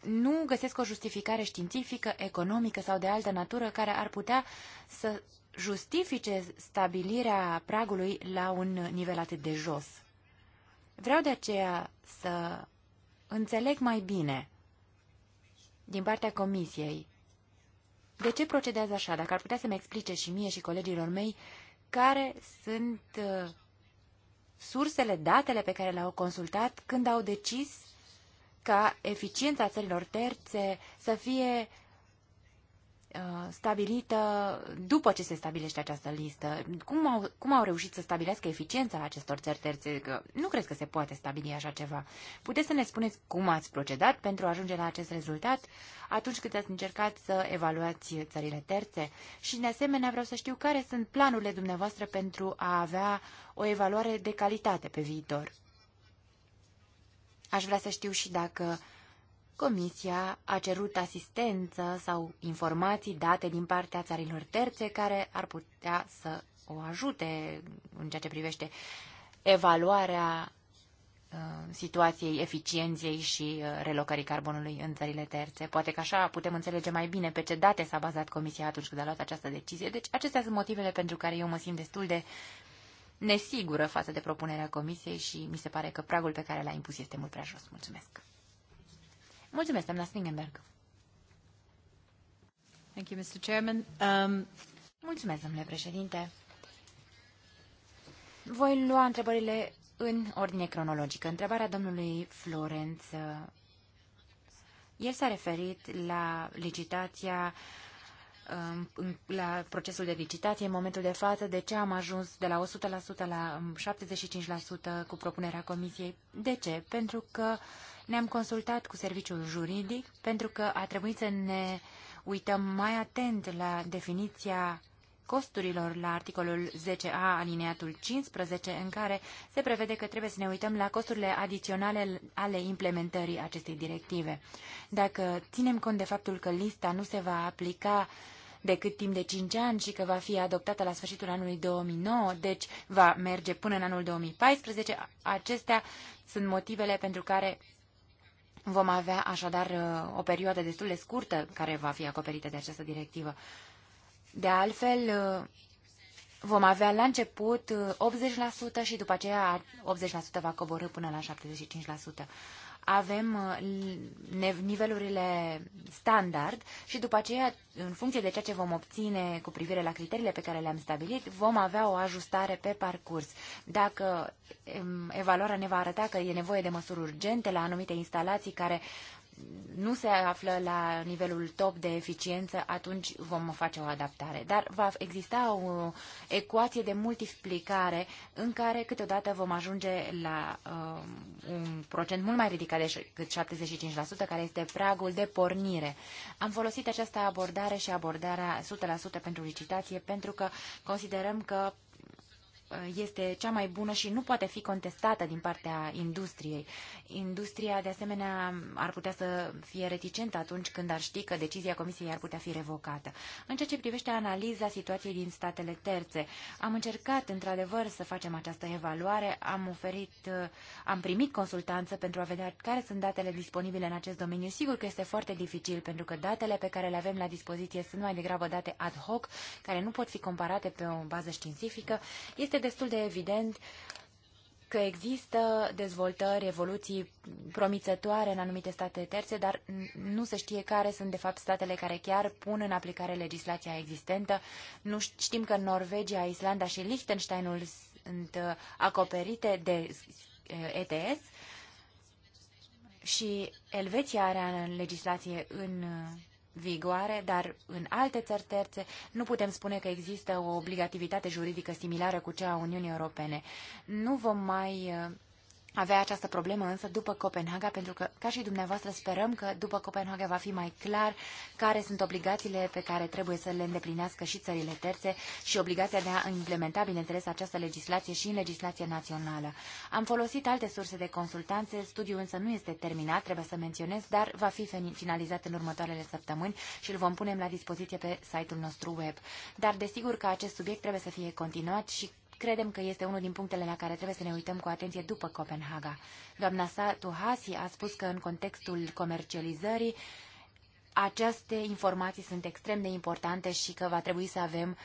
C: nu găsesc o justificare științifică, economică sau de altă natură care ar putea să justifice stabilirea pragului la un nivel atât de jos. Vreau de aceea să înțeleg mai bine din partea Comisiei. De ce procedează așa? Dacă ar putea să-mi explice și mie și colegilor mei care sunt uh, sursele, datele pe care le-au consultat când au decis ca eficiența țărilor terțe să fie Uh, stabilită după ce se stabilește această listă. Cum au, cum au reușit să stabilească eficiența acestor țări terțe? Că nu cred că se poate stabili așa ceva. Puteți să ne spuneți cum ați procedat pentru a ajunge la acest rezultat atunci când ați încercat să evaluați țările terțe? Și, de asemenea, vreau să știu care sunt planurile dumneavoastră pentru a avea o evaluare de calitate pe viitor. Aș vrea să știu și dacă uh, Comisia a cerut asistență sau informații date din partea țărilor terțe care ar putea să o ajute în ceea ce privește evaluarea uh, situației eficienței și uh, relocării carbonului în țările terțe. Poate că așa putem înțelege mai bine pe ce date s-a bazat Comisia atunci când a luat această decizie. Deci acestea sunt motivele pentru care eu mă simt destul de nesigură față de propunerea Comisiei și mi se pare că pragul pe care l-a impus este mult prea jos. Mulțumesc! Mulțumesc, doamna Stingenberg. Thank you, Mr. Chairman. Um... Mulțumesc, domnule președinte. Voi lua întrebările în ordine cronologică. Întrebarea domnului Florenț. Uh, el s-a referit la licitația um, la procesul de licitație în momentul de față, de ce am ajuns de la 100% la 75% um, cu propunerea comisiei. De ce? Pentru că ne-am consultat cu serviciul juridic pentru că a trebuit să ne uităm mai atent la definiția costurilor la articolul 10a alineatul 15 în care se prevede că trebuie să ne uităm la costurile adiționale ale implementării acestei directive. Dacă ținem cont de faptul că lista nu se va aplica decât timp de 5 ani și că va fi adoptată la sfârșitul anului 2009, deci va merge până în anul 2014, acestea sunt motivele pentru care Vom avea așadar uh, o perioadă destul de scurtă care va fi acoperită de această directivă. De altfel, uh, vom avea la început 80% uh, și după aceea 80% va coborâ până la 75% avem uh, nivelurile standard și după aceea, în funcție de ceea ce vom obține cu privire la criteriile pe care le-am stabilit, vom avea o ajustare pe parcurs. Dacă um, evaluarea ne va arăta că e nevoie de măsuri urgente la anumite instalații care nu se află la nivelul top de eficiență, atunci vom face o adaptare. Dar va exista o ecuație de multiplicare în care câteodată vom ajunge la uh, un procent mult mai ridicat decât 75%, care este pragul de pornire. Am folosit această abordare și abordarea 100% pentru licitație pentru că considerăm că este cea mai bună și nu poate fi contestată din partea industriei. Industria, de asemenea, ar putea să fie reticentă atunci când ar ști că decizia Comisiei ar putea fi revocată. În ceea ce privește analiza situației din statele terțe, am încercat, într-adevăr, să facem această evaluare, am oferit, am primit consultanță pentru a vedea care sunt datele disponibile în acest domeniu. Sigur că este foarte dificil, pentru că datele pe care le avem la dispoziție sunt mai degrabă date ad hoc, care nu pot fi comparate pe o bază științifică. Este este destul de evident că există dezvoltări, evoluții promițătoare în anumite state terțe, dar nu se știe care sunt de fapt statele care chiar pun în aplicare legislația existentă. Nu știm că Norvegia, Islanda și Liechtensteinul sunt uh, acoperite de uh, ETS și Elveția are în legislație în uh, vigoare, dar în alte țări terțe nu putem spune că există o obligativitate juridică similară cu cea a Uniunii Europene. Nu vom mai uh, avea această problemă însă după Copenhaga, pentru că, ca și dumneavoastră, sperăm că după Copenhaga va fi mai clar care sunt obligațiile pe care trebuie să le îndeplinească și țările terțe și obligația de a implementa, bineînțeles, această legislație și în legislație națională. Am folosit alte surse de consultanțe, studiul însă nu este terminat, trebuie să menționez, dar va fi finalizat în următoarele săptămâni și îl vom pune la dispoziție pe site-ul nostru web. Dar desigur că acest subiect trebuie să fie continuat și credem că este unul din punctele la care trebuie să ne uităm cu atenție după Copenhaga. Doamna Satuhasi a spus că în contextul comercializării aceste informații sunt extrem de importante și că va trebui să avem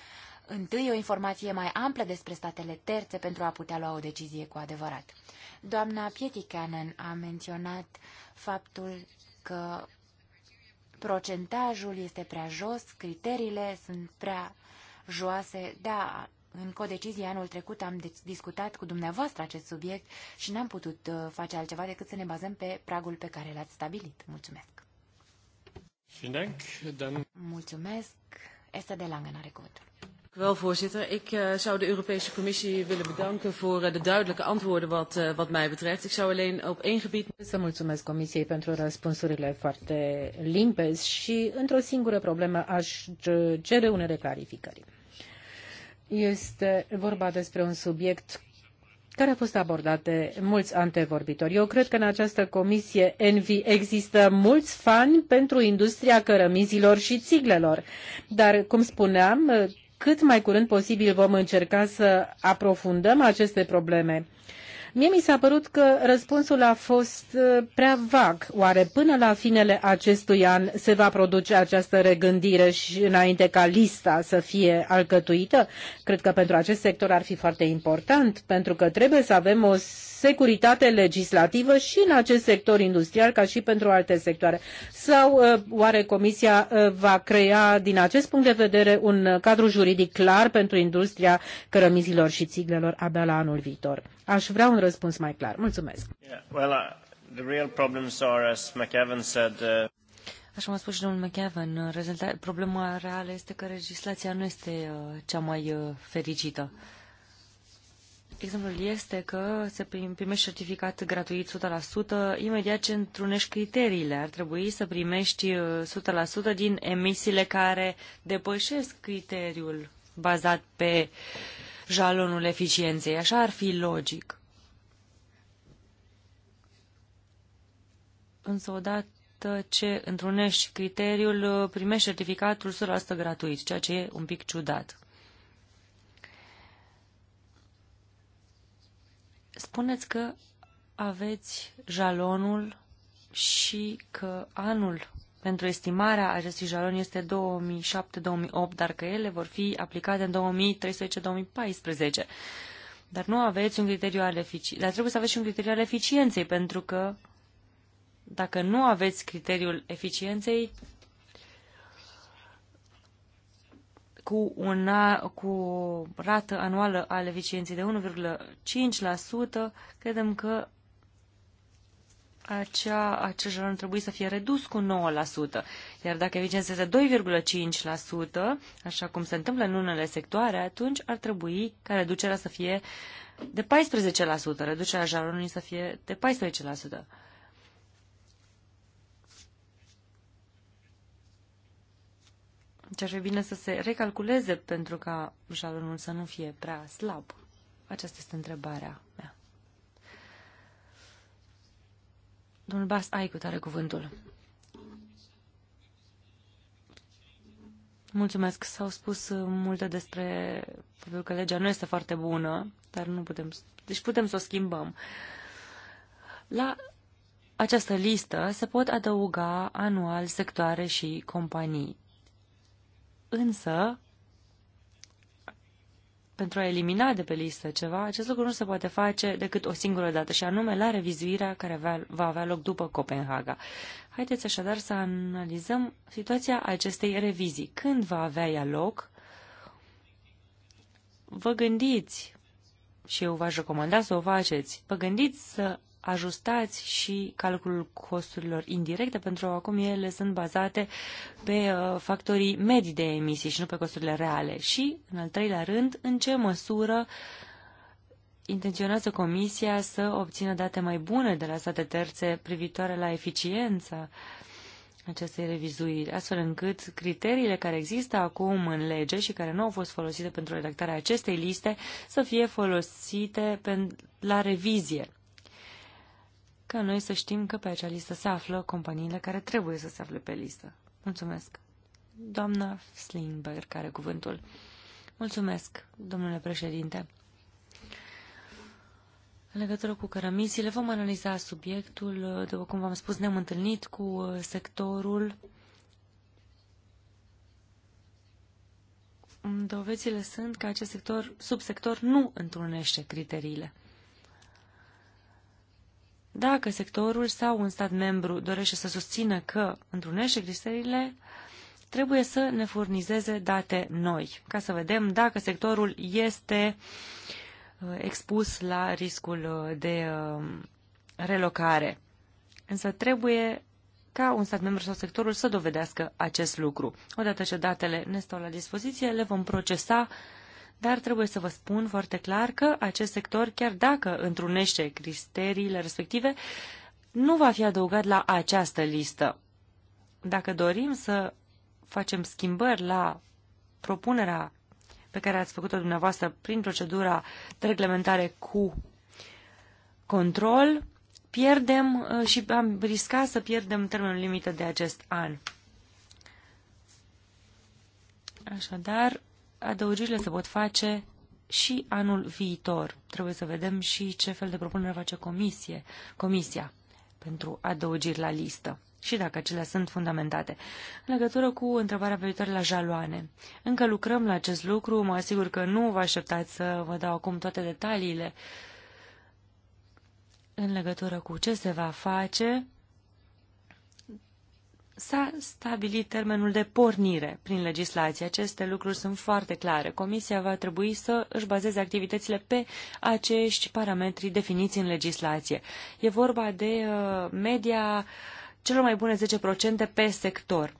C: întâi o informație mai amplă despre statele terțe pentru a putea lua o decizie cu adevărat. Doamna Pieticanen a menționat faptul că procentajul este prea jos, criteriile sunt prea joase. Da, în codecizie anul trecut am discutat cu dumneavoastră acest subiect și n-am putut uh, face altceva decât să ne bazăm pe pragul pe care l-ați stabilit. Mulțumesc! Mulțumesc! Este de langă, n are cuvântul.
D: Wel, voorzitter. Ik uh, zou de Europese Commissie willen bedanken voor uh, de duidelijke antwoorden wat, uh, wat mij betreft. Ik zou
B: alleen op één gebied... Să mulțumesc Comisiei pentru răspunsurile foarte limpezi și într-o singură problemă aș cere unele clarificări. Este vorba despre un subiect care a fost abordat de mulți antevorbitori. Eu cred că în această comisie Envi există mulți fani pentru industria cărămizilor și țiglelor. Dar, cum spuneam, cât mai curând posibil vom încerca să aprofundăm aceste probleme. Mie mi s-a părut că răspunsul a fost uh, prea vag. Oare până la finele acestui an se va produce această regândire și înainte ca lista să fie alcătuită? Cred că pentru acest sector ar fi foarte important, pentru că trebuie să avem o securitate legislativă și în acest sector industrial ca și pentru alte sectoare. Sau uh, oare Comisia uh, va crea din acest punct de vedere un cadru juridic clar pentru industria cărămizilor și țiglelor abia la anul viitor? Aș vrea un răspuns mai clar. Mulțumesc.
A: Yeah, well, uh, the real problems are, as McEvan said, uh...
D: Așa m-a spus și domnul McEvan, uh, problema reală este că legislația nu este uh, cea mai uh, fericită. Exemplul este că se primești certificat gratuit 100% imediat ce întrunești criteriile. Ar trebui să primești 100% uh, din emisiile care depășesc criteriul bazat pe uh, jalonul eficienței. Așa ar fi logic. Însă odată ce întrunești criteriul, primești certificatul 100% gratuit, ceea ce e un pic ciudat. Spuneți că aveți jalonul și că anul pentru estimarea acestui jalon este 2007-2008, dar că ele vor fi aplicate în 2013-2014. Dar nu aveți un criteriu al eficienței. Dar trebuie să aveți și un criteriu al eficienței, pentru că dacă nu aveți criteriul eficienței, cu, una, cu o rată anuală al eficienței de 1,5%, credem că acea, acel jalon ar trebui să fie redus cu 9%, iar dacă evidență este 2,5%, așa cum se întâmplă în unele sectoare, atunci ar trebui ca reducerea să fie de 14%, reducerea jalonului să fie de 14%. Deci ar fi bine să se recalculeze pentru ca jalonul să nu fie prea slab. Aceasta este întrebarea mea. Domnul Bas cu tare cuvântul. Mulțumesc. S-au spus uh, multe despre faptul că legea nu este foarte bună, dar nu putem... Deci putem să o schimbăm. La această listă se pot adăuga anual sectoare și companii. Însă, pentru a elimina de pe listă ceva, acest lucru nu se poate face decât o singură dată, și anume la revizuirea care va avea loc după Copenhaga. Haideți așadar să analizăm situația acestei revizii. Când va avea ea loc? Vă gândiți, și eu v-aș recomanda să o faceți, vă gândiți să ajustați și calculul costurilor indirecte, pentru că acum ele sunt bazate pe uh, factorii medii de emisii și nu pe costurile reale. Și, în al treilea rând, în ce măsură intenționează Comisia să obțină date mai bune de la state terțe privitoare la eficiența acestei revizuiri, astfel încât criteriile care există acum în lege și care nu au fost folosite pentru redactarea acestei liste să fie folosite la revizie ca noi să știm că pe acea listă se află companiile care trebuie să se afle pe listă. Mulțumesc. Doamna Slingberg care cuvântul. Mulțumesc, domnule președinte. În legătură cu cărămizile, vom analiza subiectul. După cum v-am spus, ne-am întâlnit cu uh, sectorul. Dovețile sunt că acest sector, subsector nu întrunește criteriile. Dacă sectorul sau un stat membru dorește să susțină că întrunește criteriile, trebuie să ne furnizeze date noi, ca să vedem dacă sectorul este uh, expus la riscul uh, de uh, relocare. Însă trebuie ca un stat membru sau sectorul să dovedească acest lucru. Odată ce datele ne stau la dispoziție, le vom procesa dar trebuie să vă spun foarte clar că acest sector, chiar dacă întrunește criteriile respective, nu va fi adăugat la această listă. Dacă dorim să facem schimbări la propunerea pe care ați făcut-o dumneavoastră prin procedura de reglementare cu control, pierdem uh, și am riscat să pierdem termenul limită de acest an. Așadar, adăugirile se pot face și anul viitor. Trebuie să vedem și ce fel de propunere face comisie, comisia pentru adăugiri la listă și dacă acelea sunt fundamentate. În legătură cu întrebarea viitoare la jaloane, încă lucrăm la acest lucru, mă asigur că nu vă așteptați să vă dau acum toate detaliile în legătură cu ce se va face, S-a stabilit termenul de pornire prin legislație. Aceste lucruri sunt foarte clare. Comisia va trebui să își bazeze activitățile pe acești parametri definiți în legislație. E vorba de uh, media celor mai bune 10% pe sector.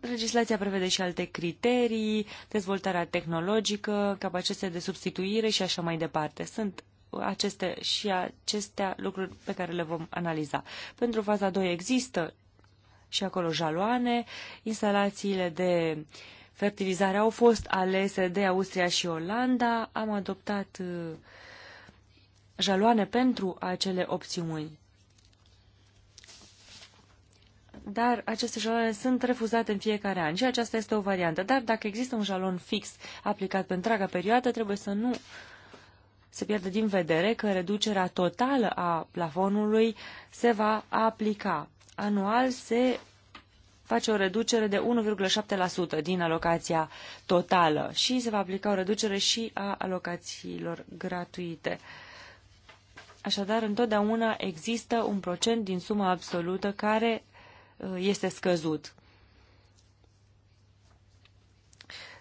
D: Legislația prevede și alte criterii, dezvoltarea tehnologică, capacitatea de substituire și așa mai departe. Sunt aceste și acestea lucruri pe care le vom analiza. Pentru faza 2 există și acolo jaloane. Instalațiile de fertilizare au fost alese de Austria și Olanda. Am adoptat uh, jaloane pentru acele opțiuni. Dar aceste jaloane sunt refuzate în fiecare an și aceasta este o variantă. Dar dacă există un jalon fix aplicat pe întreaga perioadă, trebuie să nu se pierde din vedere că reducerea totală a plafonului se va aplica anual se face o reducere de 1,7% din alocația totală și se va aplica o reducere și a alocațiilor gratuite. Așadar, întotdeauna există un procent din suma absolută care uh, este scăzut.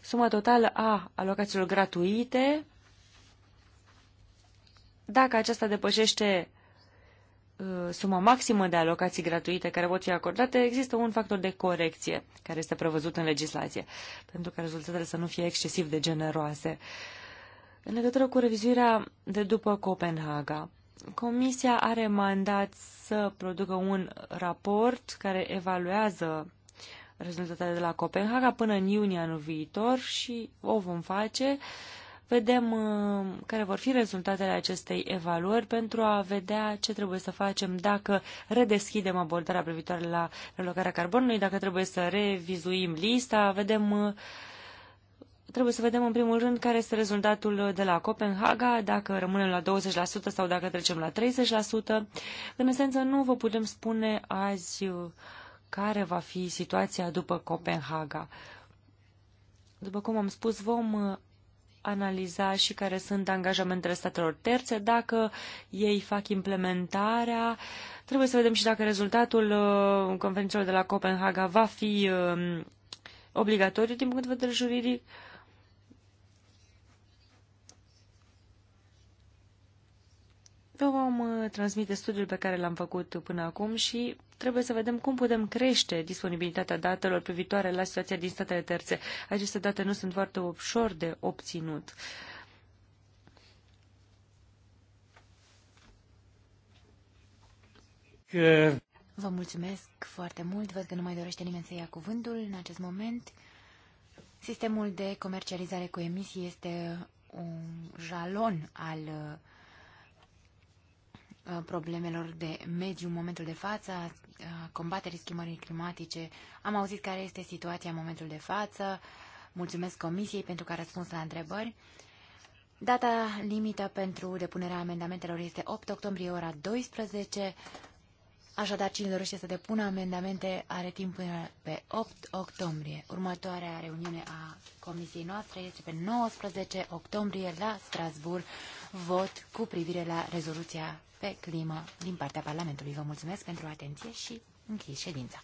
D: Suma totală a alocațiilor gratuite, dacă aceasta depășește Uh, suma maximă de alocații gratuite care pot fi acordate, există un factor de corecție care este prevăzut în legislație, pentru ca rezultatele să nu fie excesiv de generoase. În legătură cu revizuirea de după Copenhaga, Comisia are mandat să producă un raport care evaluează rezultatele de la Copenhaga până în iunie anul viitor și o vom face uh, vedem uh, care vor fi rezultatele acestei evaluări pentru a vedea ce trebuie să facem dacă redeschidem abordarea privitoare la relocarea carbonului, dacă trebuie să revizuim lista, vedem uh, trebuie să vedem în primul rând care este rezultatul de la Copenhaga, dacă rămânem la 20% sau dacă trecem la 30%. În esență, nu vă putem spune azi uh, care va fi situația după Copenhaga. După cum am spus, vom analiza și care sunt angajamentele statelor terțe, dacă ei fac implementarea. Trebuie să vedem și dacă rezultatul uh, conferințelor de la Copenhaga va fi um, obligatoriu din punct de vedere juridic Vă vom uh, transmite studiul pe care l-am făcut până acum și trebuie să vedem cum putem crește disponibilitatea datelor privitoare la situația din statele terțe. Aceste date nu sunt foarte ușor de obținut.
A: Că...
C: Vă mulțumesc foarte mult. Văd că nu mai dorește nimeni să ia cuvântul în acest moment. Sistemul de comercializare cu emisii este un jalon al uh, Uh, problemelor de mediu în momentul de față, a combaterii schimbării climatice. Am auzit care este situația în momentul de față. Mulțumesc Comisiei pentru că a răspuns la întrebări. Data limită pentru depunerea amendamentelor este 8 octombrie, ora 12. Așadar, cine dorește să depună amendamente are timp până pe 8 octombrie. Următoarea reuniune a comisiei noastre este pe 19 octombrie la Strasbourg. Vot cu privire la rezoluția pe climă din partea Parlamentului. Vă mulțumesc pentru atenție și închei ședința.